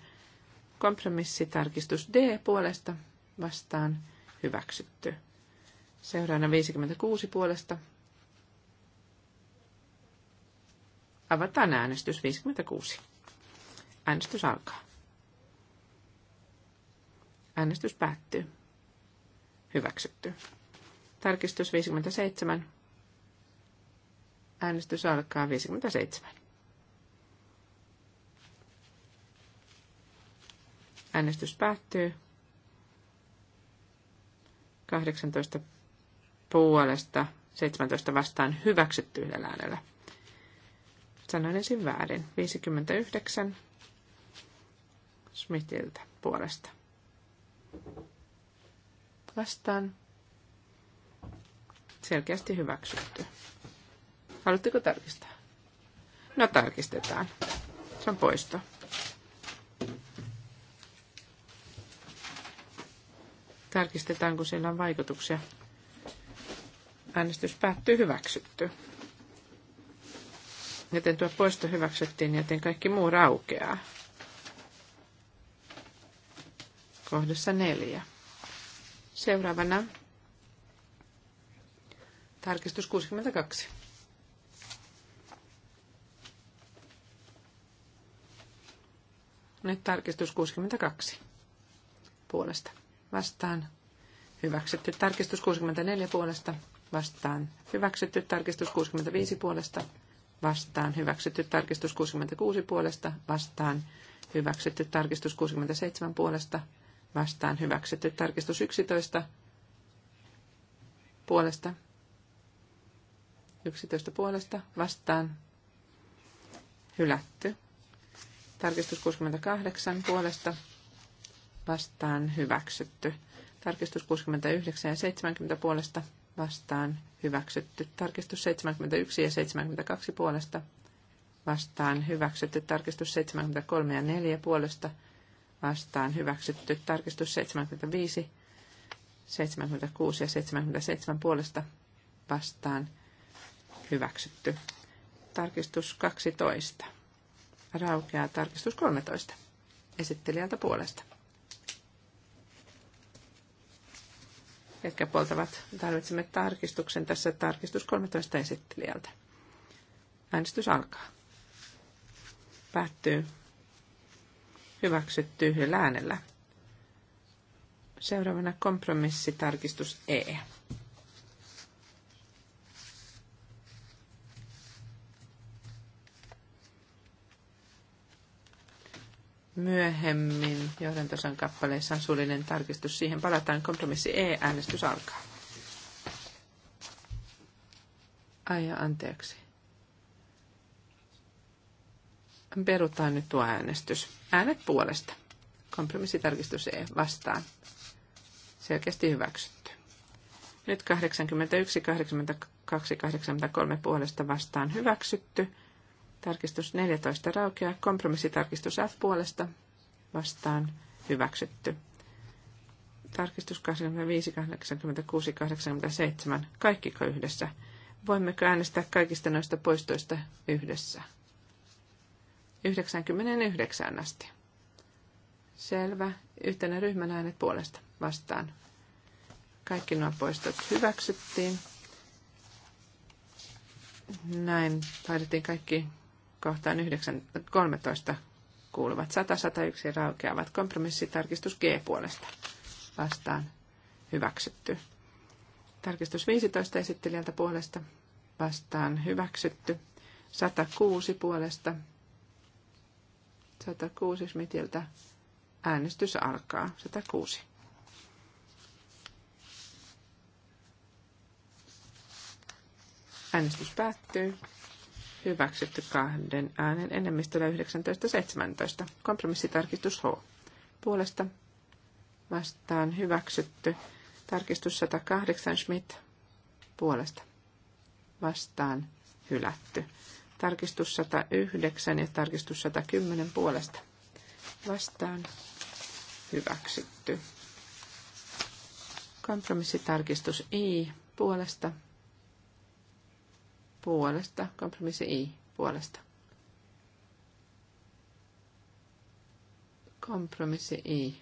Kompromissitarkistus D puolesta vastaan. Hyväksytty. Seuraavana 56 puolesta Avataan äänestys 56. Äänestys alkaa. Äänestys päättyy. Hyväksytty. Tarkistus 57. Äänestys alkaa 57. Äänestys päättyy. 18 puolesta, 17 vastaan hyväksytty yhdellä äänellä. Sanoin ensin väärin. 59 Smithiltä puolesta. Vastaan Selkeästi hyväksytty. Haluatteko tarkistaa? No tarkistetaan. Se on poisto. Tarkistetaan, kun siellä on vaikutuksia. Äänestys päättyy hyväksytty. Joten tuo poisto hyväksyttiin, joten kaikki muu raukeaa. Kohdassa neljä. Seuraavana Tarkistus 62. Nyt tarkistus 62 puolesta vastaan. Hyväksytty tarkistus 64 puolesta vastaan. Hyväksytty tarkistus 65 puolesta vastaan. Hyväksytty tarkistus 66 puolesta vastaan. Hyväksytty tarkistus 67 puolesta vastaan. Hyväksytty tarkistus 11 puolesta 11 puolesta vastaan hylätty. Tarkistus 68 puolesta vastaan hyväksytty. Tarkistus 69 ja 70 puolesta vastaan hyväksytty. Tarkistus 71 ja 72 puolesta vastaan hyväksytty. Tarkistus 73 ja 4 puolesta vastaan hyväksytty. Tarkistus 75, 76 ja 77 puolesta vastaan hyväksytty hyväksytty. Tarkistus 12. Raukeaa tarkistus 13. Esittelijältä puolesta. Ketkä puoltavat tarvitsemme tarkistuksen tässä tarkistus 13 esittelijältä. Äänestys alkaa. Päättyy. Hyväksytty yhdellä äänellä. Seuraavana kompromissitarkistus E myöhemmin johdantosan kappaleissa on suullinen tarkistus. Siihen palataan kompromissi E-äänestys alkaa. Ai anteeksi. Perutaan nyt tuo äänestys. Äänet puolesta. Kompromissitarkistus E vastaan. Selkeästi hyväksytty. Nyt 81, 82, 83 puolesta vastaan hyväksytty. Tarkistus 14 raukeaa. Kompromissitarkistus F puolesta vastaan hyväksytty. Tarkistus 25, 86, 87. Kaikkiko yhdessä? Voimmeko äänestää kaikista noista poistoista yhdessä? 99 asti. Selvä. Yhtenä ryhmän äänet puolesta vastaan. Kaikki nuo poistot hyväksyttiin. Näin taidettiin kaikki kohtaan 9, 13 kuuluvat 100, 101 raukeavat kompromissitarkistus G puolesta vastaan hyväksytty. Tarkistus 15 esittelijältä puolesta vastaan hyväksytty. 106 puolesta. 106 Smithiltä äänestys alkaa. 106. Äänestys päättyy. Hyväksytty kahden äänen enemmistöllä 19.17. Kompromissitarkistus H. Puolesta vastaan hyväksytty. Tarkistus 108 Schmidt puolesta vastaan hylätty. Tarkistus 109 ja tarkistus 110 puolesta vastaan hyväksytty. Kompromissitarkistus I puolesta puolesta, kompromissi I puolesta. Kompromissi I.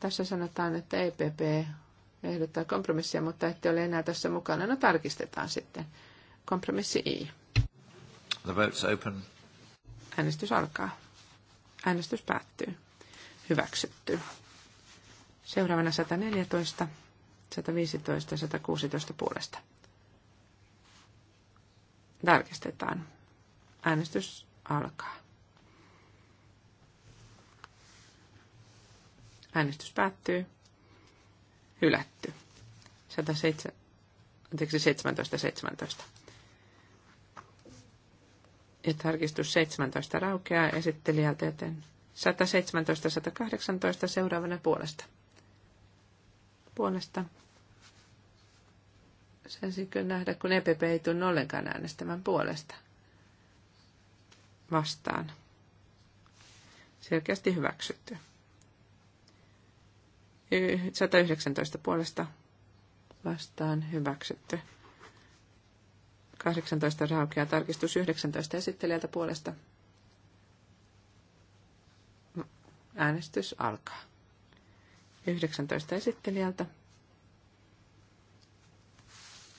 Tässä sanotaan, että EPP ehdottaa kompromissia, mutta ette ole enää tässä mukana. No tarkistetaan sitten. Kompromissi I. The vote's open. Äänestys alkaa. Äänestys päättyy. Hyväksytty. Seuraavana 114, 115, 116 puolesta Tarkistetaan. Äänestys alkaa. Äänestys päättyy. Hylätty. 107, 17, 17. Ja tarkistus 17 raukeaa esittelijältä, joten 117, 118 seuraavana puolesta. Puolesta sen kyllä nähdä, kun EPP ei tunnu ollenkaan äänestämään puolesta. Vastaan. Selkeästi hyväksytty. 119 puolesta vastaan hyväksytty. 18 raukia tarkistus 19 esittelijältä puolesta. Äänestys alkaa. 19 esittelijältä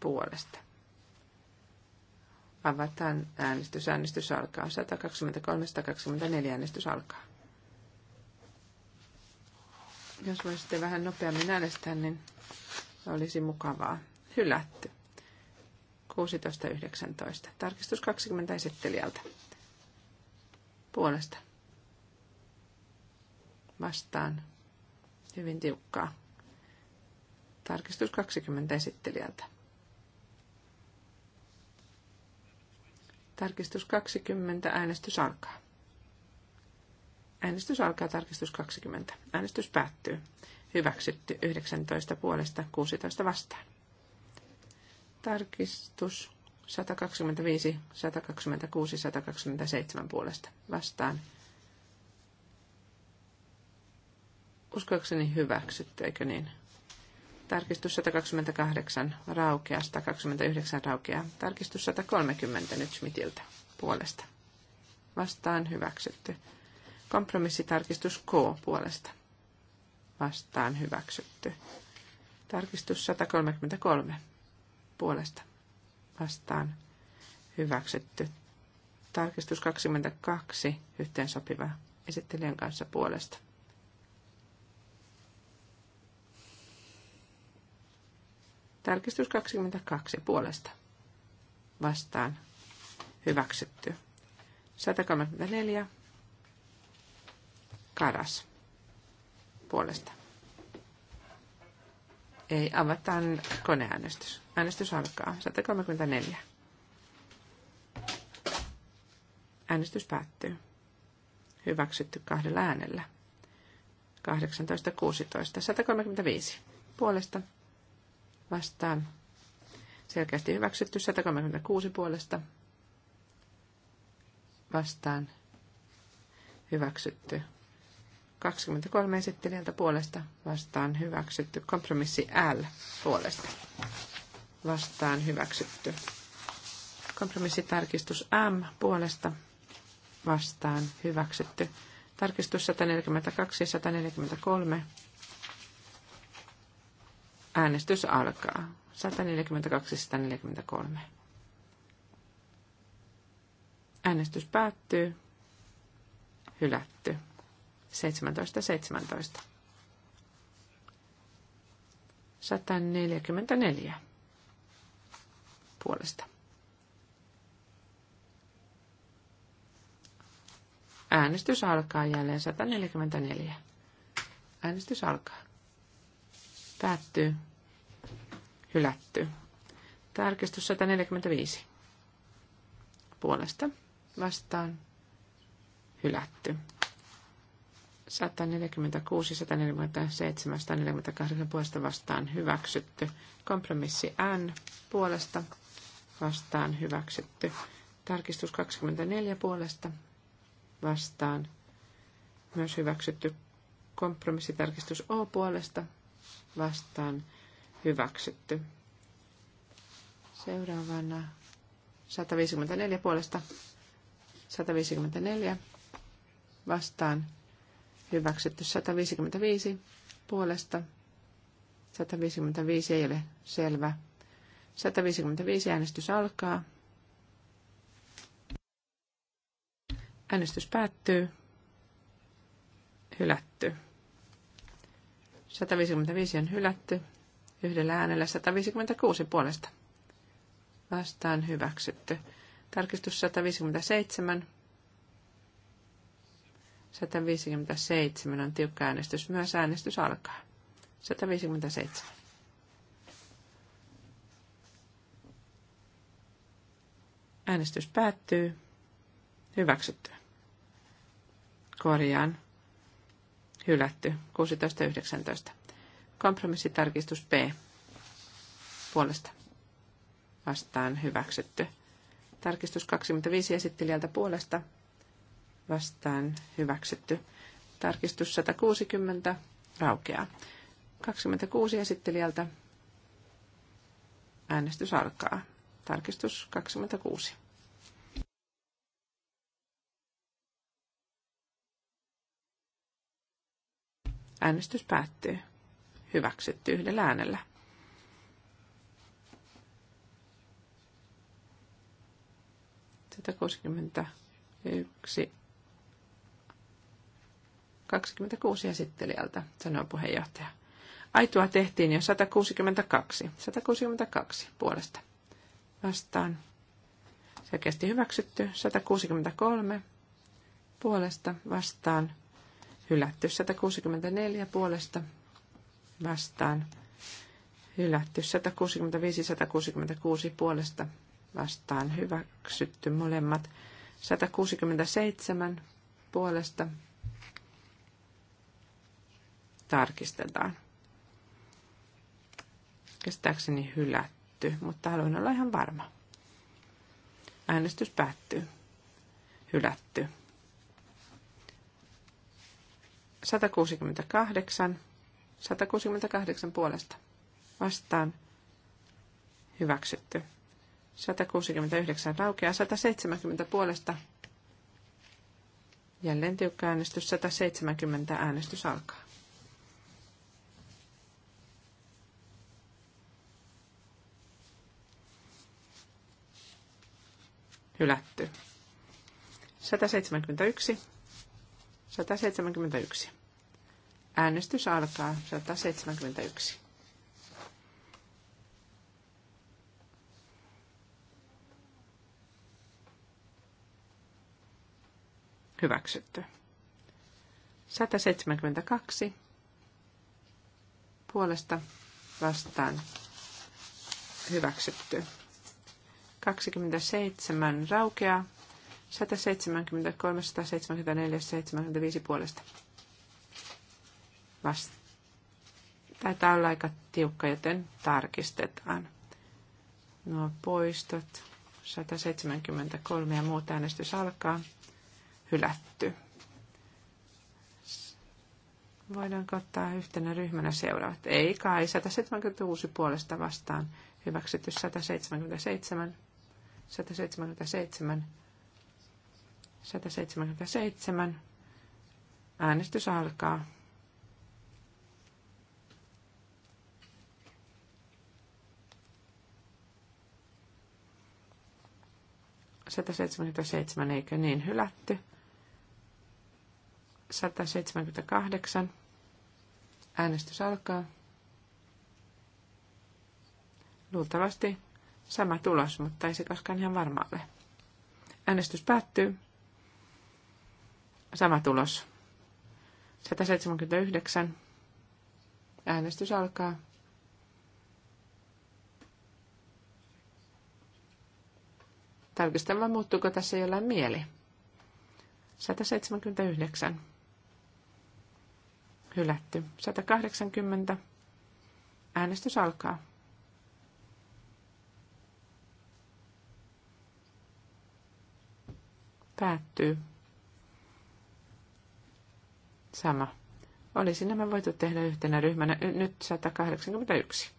puolesta. Avataan äänestys. Äänestys alkaa. 123-124 äänestys alkaa. Jos voisitte vähän nopeammin äänestää, niin olisi mukavaa. Hylätty. 16.19. Tarkistus 20 esittelijältä. Puolesta. Vastaan. Hyvin tiukkaa. Tarkistus 20 esittelijältä. 16.19. Tarkistus 20. Äänestys alkaa. Äänestys alkaa tarkistus 20. Äänestys päättyy. Hyväksytty 19 puolesta 16 vastaan. Tarkistus 125, 126, 127 puolesta vastaan. Uskoakseni hyväksytty, eikö niin? Tarkistus 128 raukeaa, 129 raukeaa. Tarkistus 130 nyt Schmidtiltä puolesta. Vastaan hyväksytty. Kompromissitarkistus K puolesta. Vastaan hyväksytty. Tarkistus 133 puolesta. Vastaan hyväksytty. Tarkistus 22 yhteensopiva esittelijän kanssa puolesta. Tarkistus 22 puolesta. Vastaan. Hyväksytty. 134. Karas. Puolesta. Ei, avataan koneäänestys. Äänestys alkaa. 134. Äänestys päättyy. Hyväksytty kahdella äänellä. 18.16. 135. Puolesta vastaan. Selkeästi hyväksytty 136 puolesta vastaan. Hyväksytty 23 esittelijältä puolesta vastaan hyväksytty. Kompromissi L puolesta vastaan hyväksytty. Kompromissitarkistus M puolesta vastaan hyväksytty. Tarkistus 142 ja 143 Äänestys alkaa. 142-143. Äänestys päättyy. Hylätty. 17.17. 17. 144 puolesta. Äänestys alkaa jälleen 144. Äänestys alkaa. Päättyy. Hylätty. Tarkistus 145. Puolesta. Vastaan. Hylätty. 146, 147, 148 puolesta vastaan hyväksytty. Kompromissi N puolesta vastaan hyväksytty. Tarkistus 24 puolesta vastaan myös hyväksytty. Kompromissitarkistus O puolesta vastaan hyväksytty. Seuraavana 154 puolesta 154 vastaan hyväksytty 155 puolesta 155 ei ole selvä. 155 äänestys alkaa. Äänestys päättyy. Hylätty. 155 on hylätty. Yhdellä äänellä 156 puolesta. Vastaan hyväksytty. Tarkistus 157. 157 on tiukka äänestys. Myös äänestys alkaa. 157. Äänestys päättyy. Hyväksytty. Korjaan. Hylätty. 16.19. Kompromissitarkistus B. Puolesta. Vastaan hyväksytty. Tarkistus 25 esittelijältä puolesta. Vastaan hyväksytty. Tarkistus 160 raukeaa. 26 esittelijältä. Äänestys alkaa. Tarkistus 26. Äänestys päättyy. Hyväksytty yhdellä äänellä. Sitä 61 26 esittelijältä, sanoo puheenjohtaja. Aitua tehtiin jo 162. 162 puolesta. Vastaan. Selkeästi hyväksytty. 163 puolesta vastaan hylätty 164 puolesta vastaan, hylätty 165-166 puolesta vastaan, hyväksytty molemmat 167 puolesta tarkistetaan. Kestääkseni hylätty, mutta haluan olla ihan varma. Äänestys päättyy. Hylätty. 168. 168 puolesta. Vastaan. Hyväksytty. 169 raukeaa. 170 puolesta. Jälleen tiukka äänestys. 170 äänestys alkaa. Hylätty. 171. 171 Äänestys alkaa 171. Hyväksytty. 172 puolesta vastaan hyväksytty. 27 raukeaa, 173, 174, 75 puolesta Vast- Taitaa olla aika tiukka, joten tarkistetaan. Nuo poistot, 173 ja muut äänestys alkaa, hylätty. Voidaanko ottaa yhtenä ryhmänä seuraavat? Ei kai, 176 puolesta vastaan, hyväksytty 177, 177, 177. Äänestys alkaa. 177, eikö niin hylätty? 178. Äänestys alkaa. Luultavasti sama tulos, mutta ei se koskaan ihan varma ole. Äänestys päättyy. Sama tulos. 179. Äänestys alkaa. tarkistamaan, muuttuuko tässä jollain mieli. 179. Hylätty. 180. Äänestys alkaa. Päättyy. Sama. Olisi nämä voitu tehdä yhtenä ryhmänä nyt 181.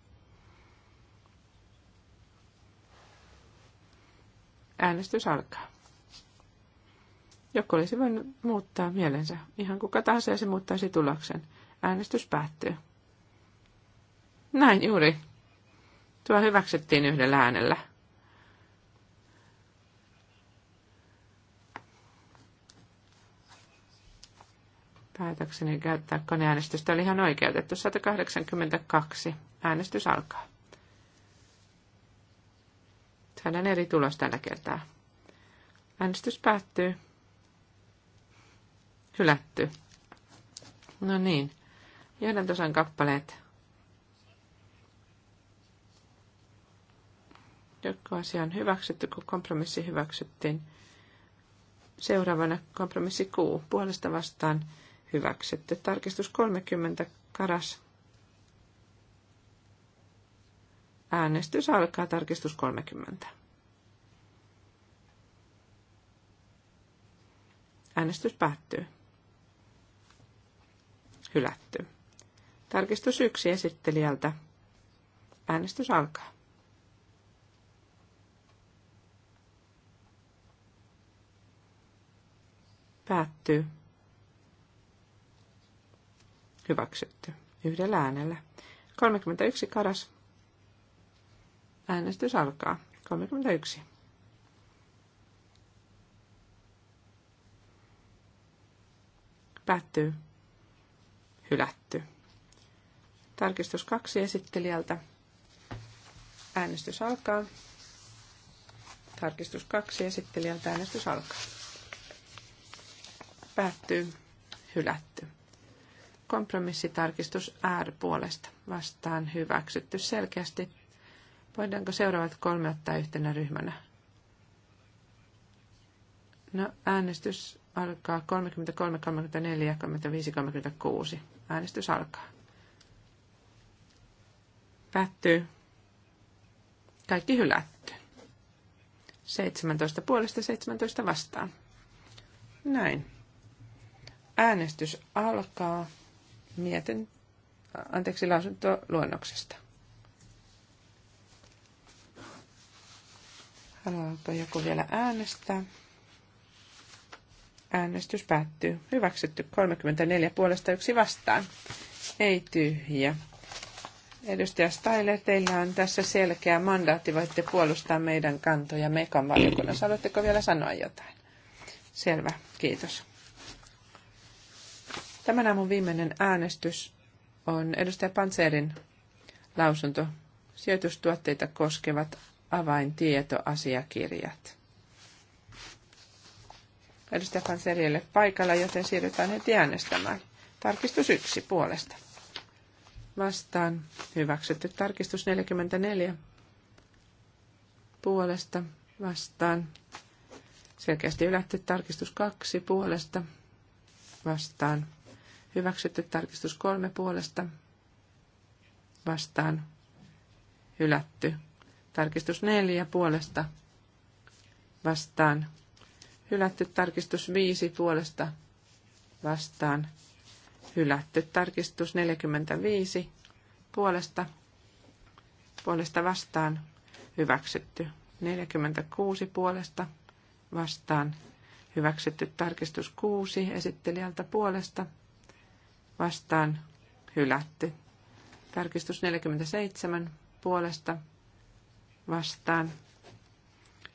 Äänestys alkaa. Joku olisi voinut muuttaa mielensä. Ihan kuka tahansa ja se muuttaisi tuloksen. Äänestys päättyy. Näin juuri. Tuo hyväksyttiin yhdellä äänellä. Päätökseni käyttää koneäänestystä oli ihan oikeutettu. 182. Äänestys alkaa. Saadaan eri tulos tällä kertaa. Äänestys päättyy. Hylätty. No niin. Johdantosan kappaleet. Joku asia on hyväksytty, kun kompromissi hyväksyttiin. Seuraavana kompromissi Q. Puolesta vastaan hyväksytty. Tarkistus 30. Karas Äänestys alkaa tarkistus 30. Äänestys päättyy. Hylätty. Tarkistus 1 esittelijältä. Äänestys alkaa. Päättyy. Hyväksytty. Yhdellä äänellä. 31 karas Äänestys alkaa. 31. Päättyy. Hylätty. Tarkistus kaksi esittelijältä. Äänestys alkaa. Tarkistus kaksi esittelijältä. Äänestys alkaa. Päättyy. Hylätty. Kompromissitarkistus R puolesta vastaan hyväksytty selkeästi Voidaanko seuraavat kolme ottaa yhtenä ryhmänä? No, äänestys alkaa 33, 34, 35, 36. Äänestys alkaa. Päättyy. Kaikki hylätty. 17 puolesta 17 vastaan. Näin. Äänestys alkaa Mietin anteeksi, lausunto luonnoksesta. Haluaako joku vielä äänestää? Äänestys päättyy. Hyväksytty 34 puolesta yksi vastaan. Ei tyhjä. Edustaja Staile, teillä on tässä selkeä mandaatti. Voitte puolustaa meidän kantoja Mekan valiokunnassa. Haluatteko vielä sanoa jotain? Selvä, kiitos. Tämän aamun viimeinen äänestys on edustaja Panserin lausunto sijoitustuotteita koskevat avaintietoasiakirjat. Edustaja Panserielle paikalla, joten siirrytään heti äänestämään. Tarkistus 1 puolesta. Vastaan. Hyväksytty. Tarkistus 44 puolesta. Vastaan. Selkeästi ylätty. Tarkistus 2 puolesta. Vastaan. Hyväksytty. Tarkistus 3 puolesta. Vastaan. Hylätty. Tarkistus neljä puolesta vastaan. Hylätty tarkistus viisi puolesta vastaan. Hylätty tarkistus 45 puolesta puolesta vastaan. Hyväksytty 46 puolesta vastaan. Hyväksytty tarkistus 6 esittelijältä puolesta vastaan. Hylätty. Tarkistus 47 puolesta vastaan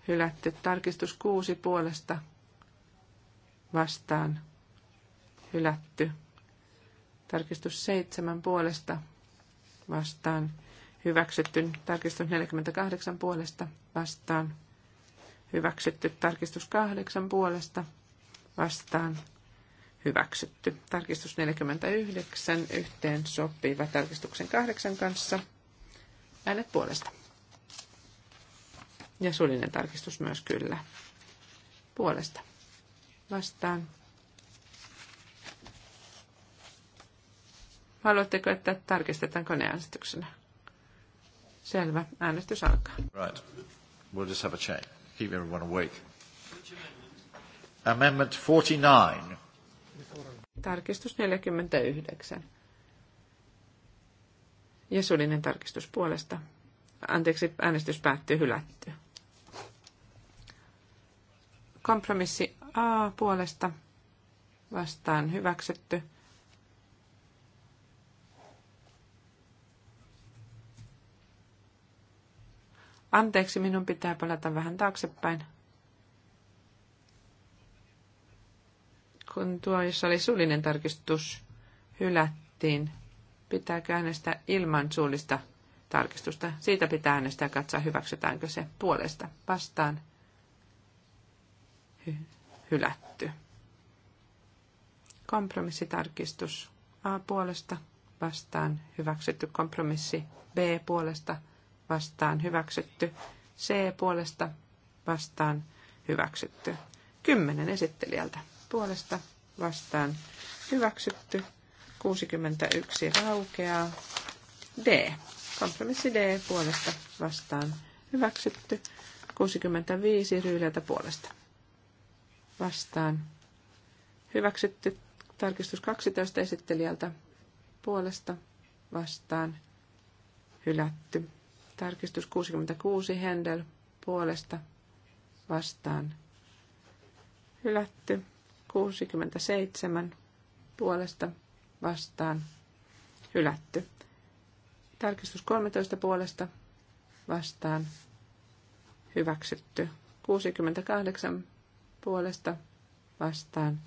hylätty. Tarkistus 6 puolesta vastaan hylätty. Tarkistus 7 puolesta vastaan hyväksytty. Tarkistus 48 puolesta vastaan hyväksytty. Tarkistus 8 puolesta vastaan hyväksytty. Tarkistus 49 yhteen sopiva tarkistuksen kahdeksan kanssa. Äänet puolesta ja suullinen tarkistus myös kyllä. Puolesta. Vastaan. Haluatteko, että tarkistetaan koneäänestyksenä? Selvä. Äänestys alkaa. Right. We'll just have a check. Keep everyone awake. Amendment 49. Tarkistus 49. Ja suullinen tarkistus puolesta. Anteeksi, äänestys päättyy hylättyä. Kompromissi A puolesta vastaan hyväksytty. Anteeksi, minun pitää palata vähän taaksepäin. Kun tuo, jossa oli suullinen tarkistus, hylättiin, pitää äänestää ilman suullista tarkistusta. Siitä pitää äänestää ja katsoa, hyväksytäänkö se puolesta vastaan hylätty. Kompromissitarkistus A puolesta vastaan hyväksytty. Kompromissi B puolesta vastaan hyväksytty. C puolesta vastaan hyväksytty. Kymmenen esittelijältä puolesta vastaan hyväksytty. 61 raukeaa. D. Kompromissi D puolesta vastaan hyväksytty. 65 ryhdeltä puolesta vastaan. Hyväksytty tarkistus 12 esittelijältä puolesta vastaan. Hylätty. Tarkistus 66 Händel puolesta vastaan. Hylätty. 67 puolesta vastaan. Hylätty. Tarkistus 13 puolesta vastaan. Hyväksytty. 68 puolesta vastaan.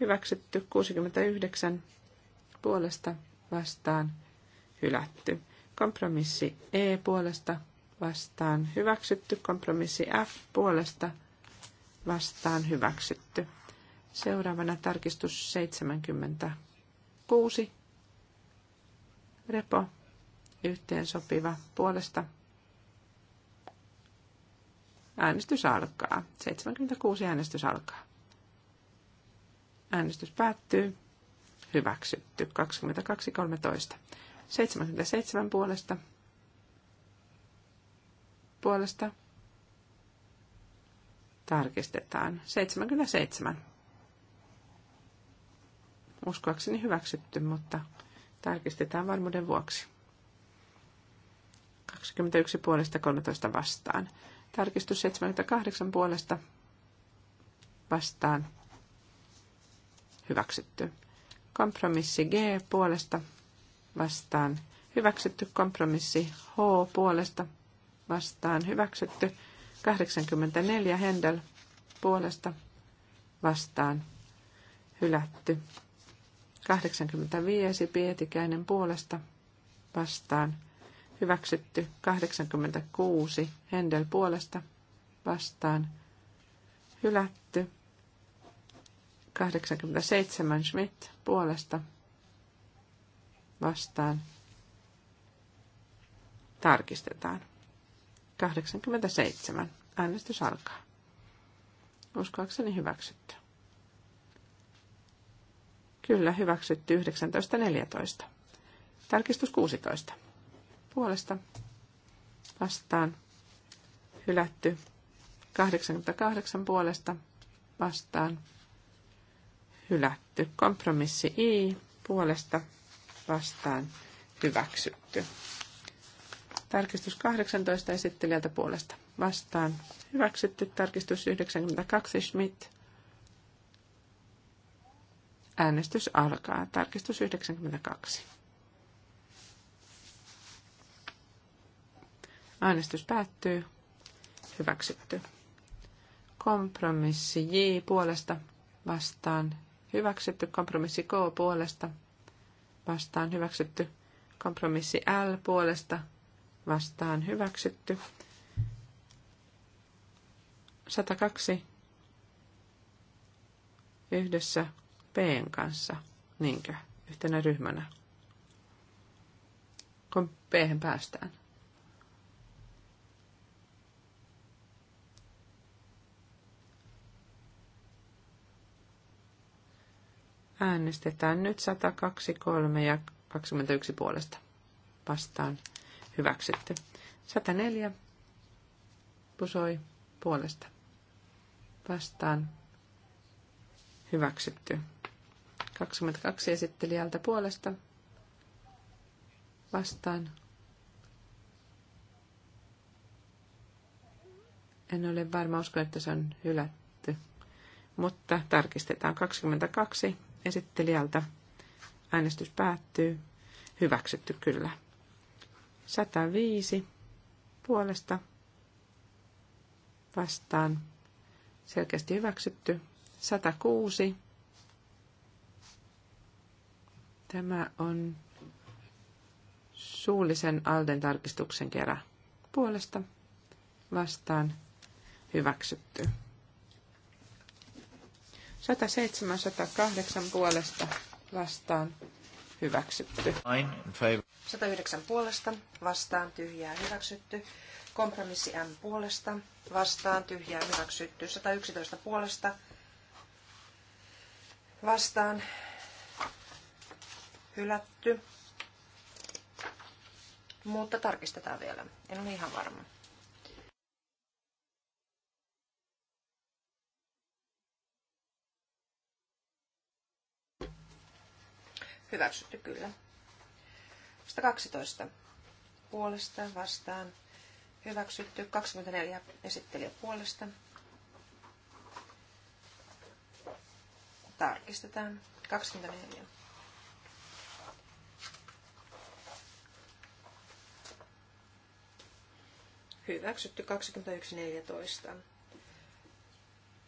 Hyväksytty 69 puolesta vastaan. Hylätty. Kompromissi E puolesta vastaan. Hyväksytty. Kompromissi F puolesta vastaan. Hyväksytty. Seuraavana tarkistus 76. Repo. Yhteensopiva puolesta Äänestys alkaa. 76 äänestys alkaa. Äänestys päättyy. Hyväksytty. 13. 77 puolesta. Puolesta. Tarkistetaan. 77. Uskoakseni hyväksytty, mutta tarkistetaan varmuuden vuoksi. 21 puolesta 13 vastaan. Tarkistus 78 puolesta vastaan hyväksytty. Kompromissi G puolesta vastaan hyväksytty. Kompromissi H puolesta vastaan hyväksytty. 84 Händel puolesta vastaan hylätty. 85 Pietikäinen puolesta vastaan Hyväksytty 86. Händel puolesta vastaan. Hylätty 87. Schmidt puolesta vastaan. Tarkistetaan. 87. Äänestys alkaa. Uskoakseni hyväksytty. Kyllä, hyväksytty 19.14. Tarkistus 16 puolesta vastaan hylätty. 88 puolesta vastaan hylätty. Kompromissi I puolesta vastaan hyväksytty. Tarkistus 18 esittelijältä puolesta vastaan hyväksytty. Tarkistus 92 Schmidt. Äänestys alkaa. Tarkistus 92. Äänestys päättyy. Hyväksytty. Kompromissi J puolesta vastaan. Hyväksytty. Kompromissi K puolesta vastaan. Hyväksytty. Kompromissi L puolesta vastaan. Hyväksytty. 102 yhdessä Pn kanssa, niinkö, yhtenä ryhmänä, kun Phen päästään. Äänestetään nyt 123 ja 21 puolesta vastaan hyväksytty. 104 pusoi puolesta vastaan hyväksytty. 22 esittelijältä puolesta vastaan. En ole varma, usko, että se on hylätty. Mutta tarkistetaan 22 esittelijältä. Äänestys päättyy. Hyväksytty kyllä. 105 puolesta vastaan. Selkeästi hyväksytty. 106. Tämä on suullisen Alden tarkistuksen kerä. Puolesta vastaan hyväksytty. 107, puolesta vastaan hyväksytty. 109 puolesta vastaan tyhjää hyväksytty. Kompromissi M puolesta vastaan tyhjää hyväksytty. 111 puolesta vastaan hylätty. Mutta tarkistetaan vielä. En ole ihan varma. Hyväksytty kyllä. 112 puolesta vastaan. Hyväksytty 24 esittelijä puolesta. Tarkistetaan 24. Hyväksytty 21.14.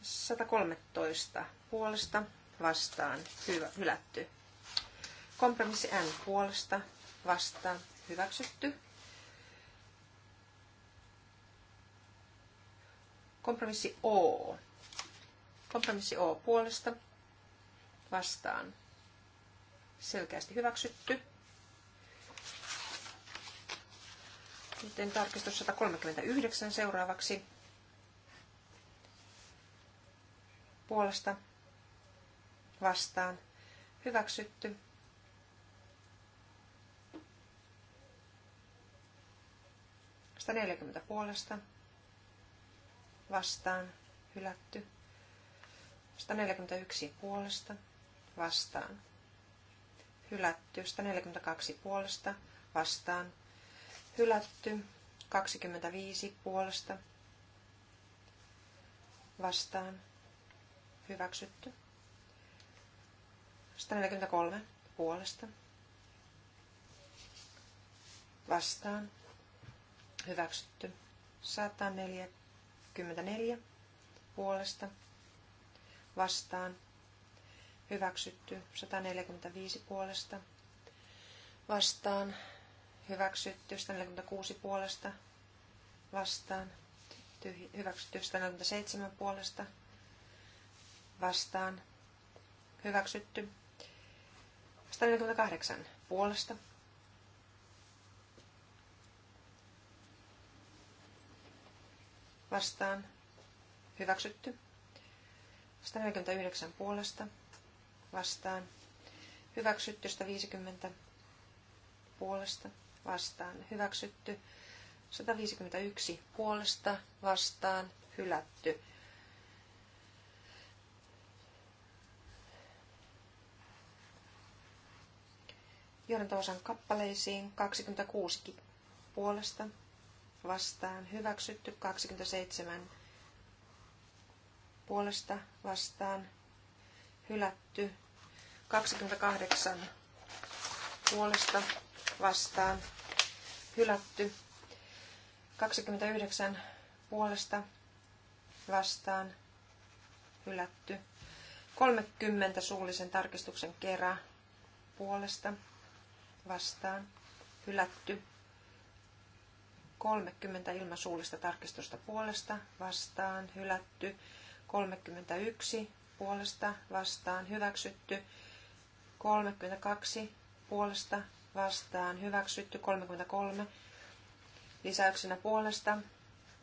113 puolesta vastaan hyvä, hylätty Kompromissi N puolesta vastaan hyväksytty. Kompromissi O. Kompromissi O puolesta vastaan selkeästi hyväksytty. Sitten tarkistus 139 seuraavaksi. Puolesta vastaan hyväksytty. 140 puolesta vastaan hylätty. 141 puolesta vastaan hylätty. 142 puolesta vastaan hylätty. 25 puolesta vastaan hyväksytty. 143 puolesta vastaan Hyväksytty. 144 puolesta vastaan. Hyväksytty. 145 puolesta vastaan. Hyväksytty. 146 puolesta vastaan. hyväksytty. 147 puolesta vastaan. Hyväksytty. 148 puolesta vastaan hyväksytty. 149 puolesta vastaan hyväksytty. 150 puolesta vastaan hyväksytty. 151 puolesta vastaan hylätty. Johdantavasan kappaleisiin 26 puolesta vastaan hyväksytty, 27 puolesta vastaan hylätty, 28 puolesta vastaan hylätty, 29 puolesta vastaan hylätty, 30 suullisen tarkistuksen kerran puolesta vastaan hylätty, 30 ilman suullista tarkistusta puolesta vastaan hylätty. 31 puolesta vastaan hyväksytty. 32 puolesta vastaan hyväksytty. 33 lisäyksenä puolesta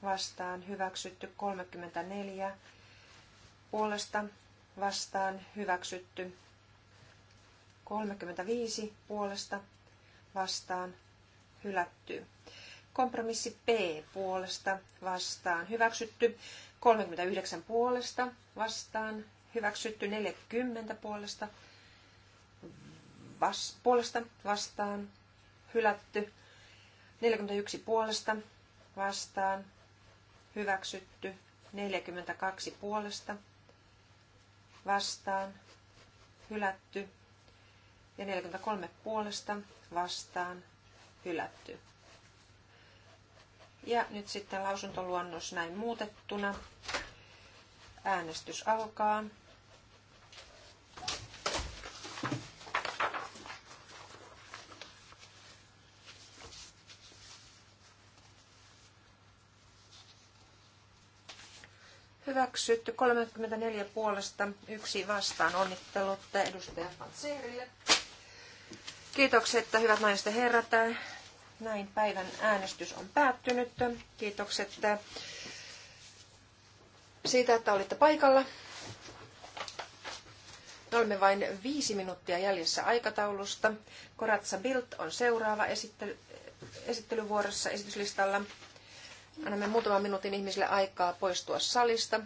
vastaan hyväksytty. 34 puolesta vastaan hyväksytty. 35 puolesta vastaan hylätty. Kompromissi B puolesta vastaan hyväksytty. 39 puolesta vastaan hyväksytty. 40 puolesta, vas, puolesta vastaan hylätty. 41 puolesta vastaan hyväksytty. 42 puolesta vastaan hylätty ja 43 puolesta vastaan hylätty. Ja nyt sitten lausuntoluonnos näin muutettuna. Äänestys alkaa. hyväksytty 34 puolesta, yksi vastaan. Onnittelut edustaja Fanserille. Kiitokset, hyvät naiset ja herrat. Näin päivän äänestys on päättynyt. Kiitokset äh, siitä, että olitte paikalla. Olemme vain viisi minuuttia jäljessä aikataulusta. Koratsa Bilt on seuraava esittely, esittelyvuorossa esityslistalla. Annamme muutaman minuutin ihmisille aikaa poistua salista.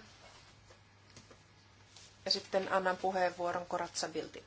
Ja sitten annan puheenvuoron Koratsa Biltille.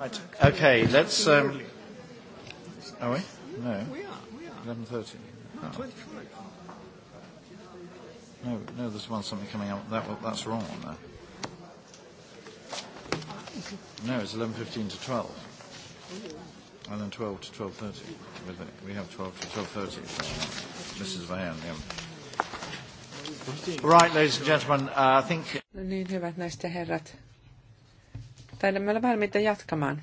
Right. Okay, let's. Um, are we? No. We are. We are. 11.30. No, oh. No, no, there's one something coming up. That, that's wrong on there. No, it's 11.15 to 12. And then 12 to 12.30. We have 12 to 12.30. For Mrs. Van. Right, ladies and gentlemen, uh, I think... No niin, hyvät naiset ja Taidamme olla valmiita jatkamaan.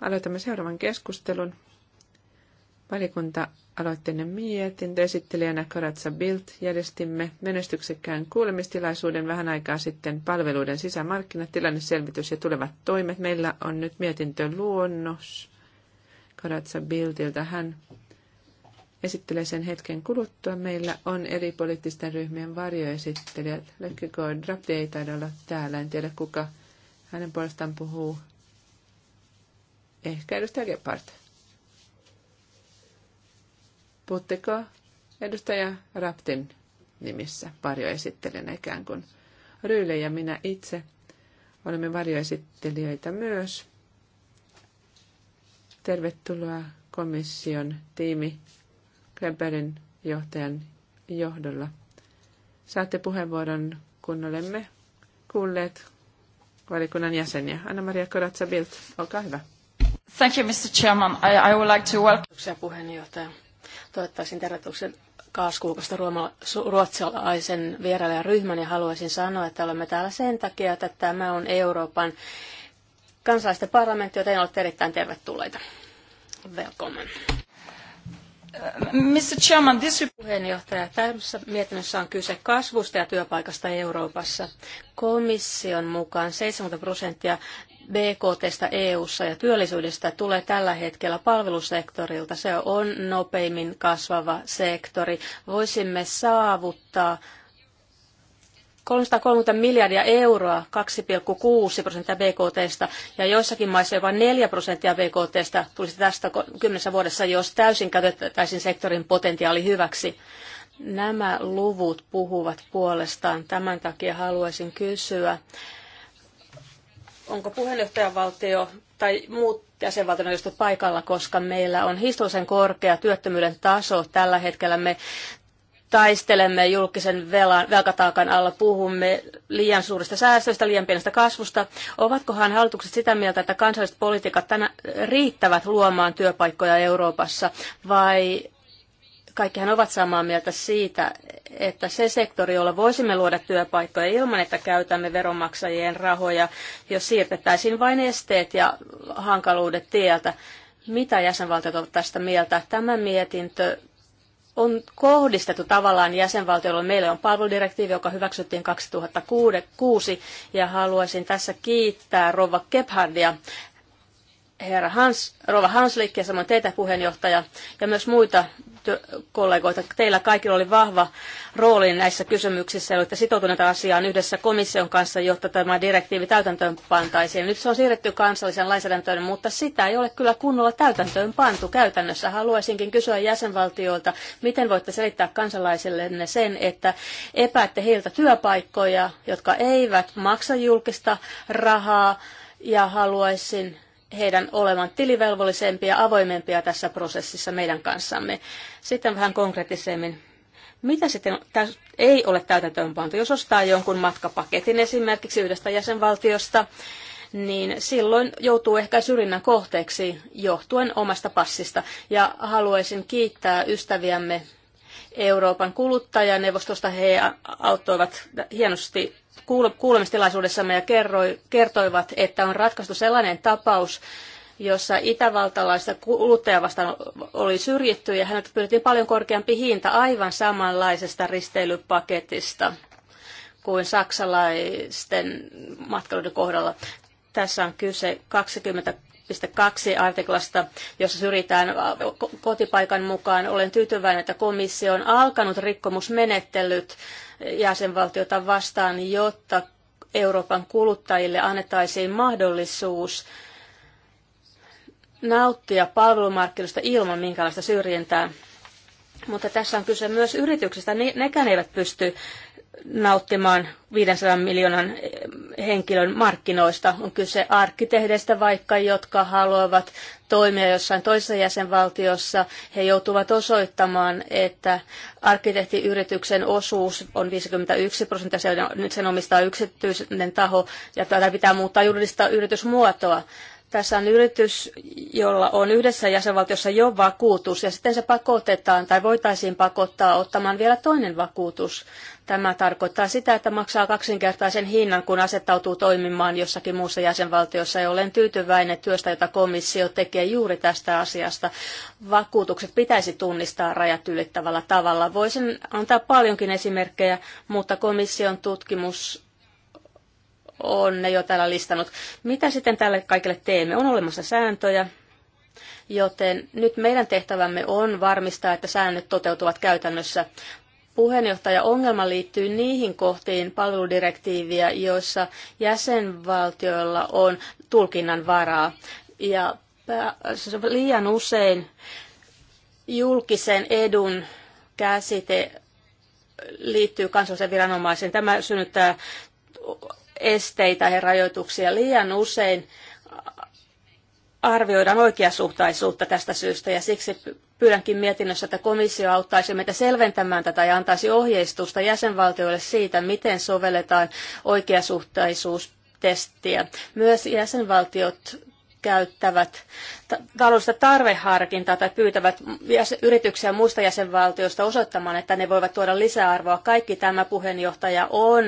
Aloitamme seuraavan keskustelun. Valikunta aloitteinen mietintö esittelijänä Karatsa Bild. järjestimme menestyksekkään kuulemistilaisuuden vähän aikaa sitten palveluiden sisämarkkinat, tilanneselvitys ja tulevat toimet. Meillä on nyt mietintö luonnos Karatsa Bildiltä. Hän esittelee sen hetken kuluttua. Meillä on eri poliittisten ryhmien varjoesittelijät. Lökkikö Drapti ei taida olla täällä. En tiedä kuka hänen puolestaan puhuu. Ehkä edustaja Gepard. Puhutteko edustaja Raptin nimissä varjoesittelijänä ikään kuin? Ryyle ja minä itse olemme varjoesittelijöitä myös. Tervetuloa komission tiimi Kleberin johtajan johdolla. Saatte puheenvuoron, kun olemme kuulleet valikunnan jäseniä. Anna-Maria Koratsa-Bilt, olkaa hyvä. Thank you, Mr. Chairman. I, I would like to welcome... puheenjohtaja. Toivottaisin tervetuksen kaaskuukasta ruotsalaisen vierailijaryhmän ja haluaisin sanoa, että olemme täällä sen takia, että tämä on Euroopan kansalaisten parlamentti, joten olette erittäin tervetulleita. Welcome. Mr. Chairman, this puheenjohtaja, tässä mietinnössä on kyse kasvusta ja työpaikasta Euroopassa. Komission mukaan 70 prosenttia BKTstä EU:ssa ja työllisyydestä tulee tällä hetkellä palvelusektorilta. Se on nopeimmin kasvava sektori. Voisimme saavuttaa 330 miljardia euroa, 2,6 prosenttia BKTstä, ja joissakin maissa jopa 4 prosenttia BKTstä tulisi tästä kymmenessä vuodessa, jos täysin käytettäisiin sektorin potentiaali hyväksi. Nämä luvut puhuvat puolestaan. Tämän takia haluaisin kysyä, onko puheenjohtajavaltio tai muut jäsenvaltiot paikalla, koska meillä on historiallisen korkea työttömyyden taso. Tällä hetkellä me taistelemme julkisen velan, velkataakan alla, puhumme liian suurista säästöistä, liian pienestä kasvusta. Ovatkohan hallitukset sitä mieltä, että kansalliset politiikat tänä, riittävät luomaan työpaikkoja Euroopassa vai kaikkihan ovat samaa mieltä siitä, että se sektori, jolla voisimme luoda työpaikkoja ilman, että käytämme veronmaksajien rahoja, jos siirtettäisiin vain esteet ja hankaluudet tieltä, mitä jäsenvaltiot ovat tästä mieltä? Tämä mietintö on kohdistettu tavallaan jäsenvaltioille. Meillä on palveludirektiivi, joka hyväksyttiin 2006, ja haluaisin tässä kiittää Rova Gebhardia herra Hans, Rova Hanslik ja samoin teitä puheenjohtaja ja myös muita kollegoita. Teillä kaikilla oli vahva rooli näissä kysymyksissä ja olette sitoutuneita asiaan yhdessä komission kanssa, jotta tämä direktiivi täytäntöön pantaisiin. Nyt se on siirretty kansallisen lainsäädäntöön, mutta sitä ei ole kyllä kunnolla täytäntöön pantu käytännössä. Haluaisinkin kysyä jäsenvaltioilta, miten voitte selittää kansalaisillenne sen, että epäätte heiltä työpaikkoja, jotka eivät maksa julkista rahaa, ja haluaisin heidän olevan tilivelvollisempia ja avoimempia tässä prosessissa meidän kanssamme. Sitten vähän konkreettisemmin, mitä sitten ei ole täytäntöönpantu? Jos ostaa jonkun matkapaketin esimerkiksi yhdestä jäsenvaltiosta, niin silloin joutuu ehkä syrjinnän kohteeksi johtuen omasta passista. Ja haluaisin kiittää ystäviämme Euroopan kuluttajaneuvostosta. He auttoivat hienosti kuulemistilaisuudessamme ja kerroi, kertoivat, että on ratkaistu sellainen tapaus, jossa itävaltalaista kuluttajaa vastaan oli syrjitty ja häneltä pyydettiin paljon korkeampi hinta aivan samanlaisesta risteilypaketista kuin saksalaisten matkailuiden kohdalla. Tässä on kyse 20 kaksi artiklasta, jossa syrjitään kotipaikan mukaan. Olen tyytyväinen, että komissio on alkanut rikkomusmenettelyt jäsenvaltiota vastaan, jotta Euroopan kuluttajille annettaisiin mahdollisuus nauttia palvelumarkkinoista ilman minkälaista syrjintää. Mutta tässä on kyse myös yrityksistä. Nekään eivät pysty nauttimaan 500 miljoonan henkilön markkinoista. On kyse arkkitehdeistä vaikka, jotka haluavat toimia jossain toisessa jäsenvaltiossa. He joutuvat osoittamaan, että arkkitehtiyrityksen osuus on 51 prosenttia, se on, nyt sen omistaa yksityinen taho, ja tätä pitää muuttaa juridista yritysmuotoa. Tässä on yritys, jolla on yhdessä jäsenvaltiossa jo vakuutus, ja sitten se pakotetaan tai voitaisiin pakottaa ottamaan vielä toinen vakuutus. Tämä tarkoittaa sitä, että maksaa kaksinkertaisen hinnan, kun asettautuu toimimaan jossakin muussa jäsenvaltiossa, ja olen tyytyväinen työstä, jota komissio tekee juuri tästä asiasta. Vakuutukset pitäisi tunnistaa rajat ylittävällä tavalla. Voisin antaa paljonkin esimerkkejä, mutta komission tutkimus on ne jo täällä listannut. Mitä sitten tälle kaikille teemme? On olemassa sääntöjä, joten nyt meidän tehtävämme on varmistaa, että säännöt toteutuvat käytännössä. Puheenjohtaja, ongelma liittyy niihin kohtiin palveludirektiiviä, joissa jäsenvaltioilla on tulkinnan varaa. Ja liian usein julkisen edun käsite liittyy kansallisen viranomaisen. Tämä synnyttää esteitä ja rajoituksia. Liian usein arvioidaan oikeasuhtaisuutta tästä syystä ja siksi pyydänkin mietinnössä, että komissio auttaisi meitä selventämään tätä ja antaisi ohjeistusta jäsenvaltioille siitä, miten sovelletaan oikeasuhtaisuustestiä. Myös jäsenvaltiot käyttävät taloudellista tarveharkintaa tai pyytävät yrityksiä muista jäsenvaltioista osoittamaan, että ne voivat tuoda lisäarvoa. Kaikki tämä puheenjohtaja on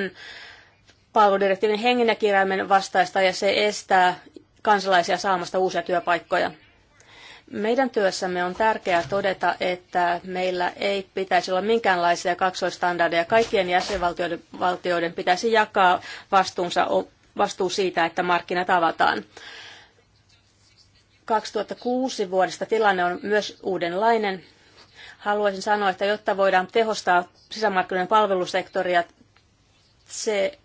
palveludirektiivin hengen ja kirjaimen vastaista ja se estää kansalaisia saamasta uusia työpaikkoja. Meidän työssämme on tärkeää todeta, että meillä ei pitäisi olla minkäänlaisia kaksoistandardeja. Kaikkien jäsenvaltioiden valtioiden pitäisi jakaa vastuunsa, vastuu siitä, että markkinat avataan. 2006 vuodesta tilanne on myös uudenlainen. Haluaisin sanoa, että jotta voidaan tehostaa sisämarkkinoiden palvelusektoria, se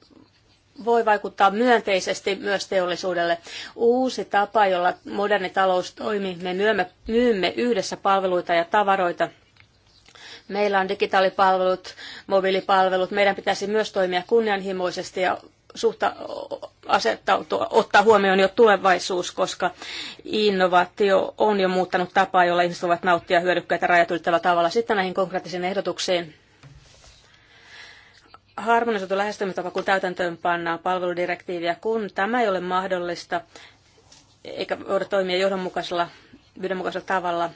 voi vaikuttaa myönteisesti myös teollisuudelle. Uusi tapa, jolla moderni talous toimii, me myymme, myymme yhdessä palveluita ja tavaroita. Meillä on digitaalipalvelut, mobiilipalvelut. Meidän pitäisi myös toimia kunnianhimoisesti ja suhta asettautua, ottaa huomioon jo tulevaisuus, koska innovaatio on jo muuttanut tapaa, jolla ihmiset voivat nauttia hyödykkäitä rajat tavalla. Sitten näihin konkreettisiin ehdotuksiin harmonisoitu lähestymistapa, kun täytäntöön pannaan palveludirektiiviä, kun tämä ei ole mahdollista, eikä voida toimia johdonmukaisella yhdenmukaisella tavalla.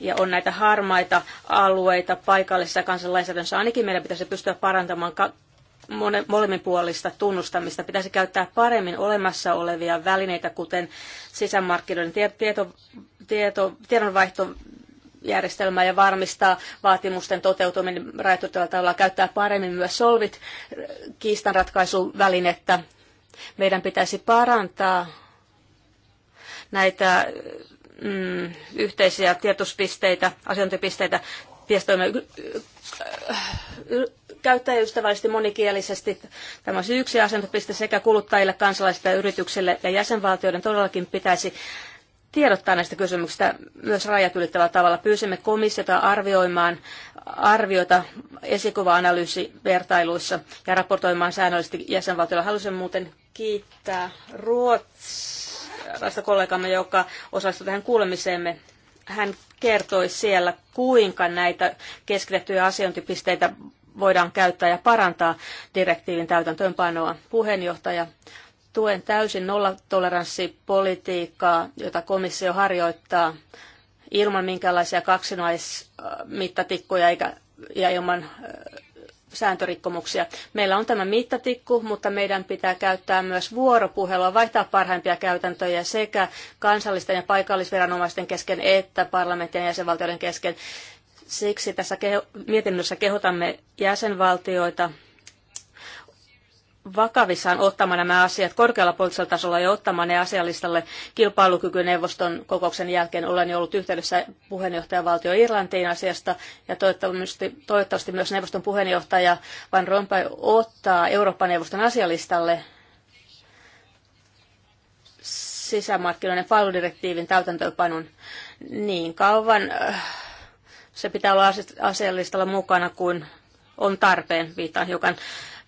Ja on näitä harmaita alueita paikallisessa ja kansanlainsäädännössä. Ainakin meidän pitäisi pystyä parantamaan ka- molemminpuolista tunnustamista. Pitäisi käyttää paremmin olemassa olevia välineitä, kuten sisämarkkinoiden tieto, tieto, tiedonvaihto järjestelmää ja varmistaa vaatimusten toteutuminen rajoitettavalla tavalla, käyttää paremmin myös solvit kiistanratkaisuvälinettä. Meidän pitäisi parantaa näitä mm, yhteisiä tietospisteitä, asiointipisteitä, tiestoimme käyttäjäystävällisesti monikielisesti. Tämä olisi yksi asentopiste sekä kuluttajille, kansalaisille ja yrityksille ja jäsenvaltioiden todellakin pitäisi tiedottaa näistä kysymyksistä myös rajat ylittävällä tavalla. Pyysimme komissiota arvioimaan arviota esikuva-analyysivertailuissa ja raportoimaan säännöllisesti jäsenvaltioilla. Haluaisin muuten kiittää ruotsalaista kollegamme, joka osallistui tähän kuulemiseemme. Hän kertoi siellä, kuinka näitä keskitettyjä asiointipisteitä voidaan käyttää ja parantaa direktiivin täytäntöönpanoa. Puheenjohtaja, Tuen täysin nollatoleranssipolitiikkaa, jota komissio harjoittaa ilman minkäänlaisia kaksinaismittatikkoja eikä, ja ilman sääntörikkomuksia. Meillä on tämä mittatikku, mutta meidän pitää käyttää myös vuoropuhelua, vaihtaa parhaimpia käytäntöjä sekä kansallisten ja paikallisviranomaisten kesken että parlamenttien ja jäsenvaltioiden kesken. Siksi tässä keho- mietinnössä kehotamme jäsenvaltioita vakavissaan ottamaan nämä asiat korkealla poliittisella tasolla ja ottamaan ne asialistalle kilpailukykyneuvoston kokouksen jälkeen. Olen jo ollut yhteydessä puheenjohtajavaltio Irlantiin asiasta ja toivottavasti, toivottavasti myös neuvoston puheenjohtaja Van Rompuy ottaa Euroopan neuvoston asialistalle sisämarkkinoiden palveludirektiivin täytäntöönpanon niin kauan. Äh, se pitää olla asialistalla mukana, kun on tarpeen, viittaan hiukan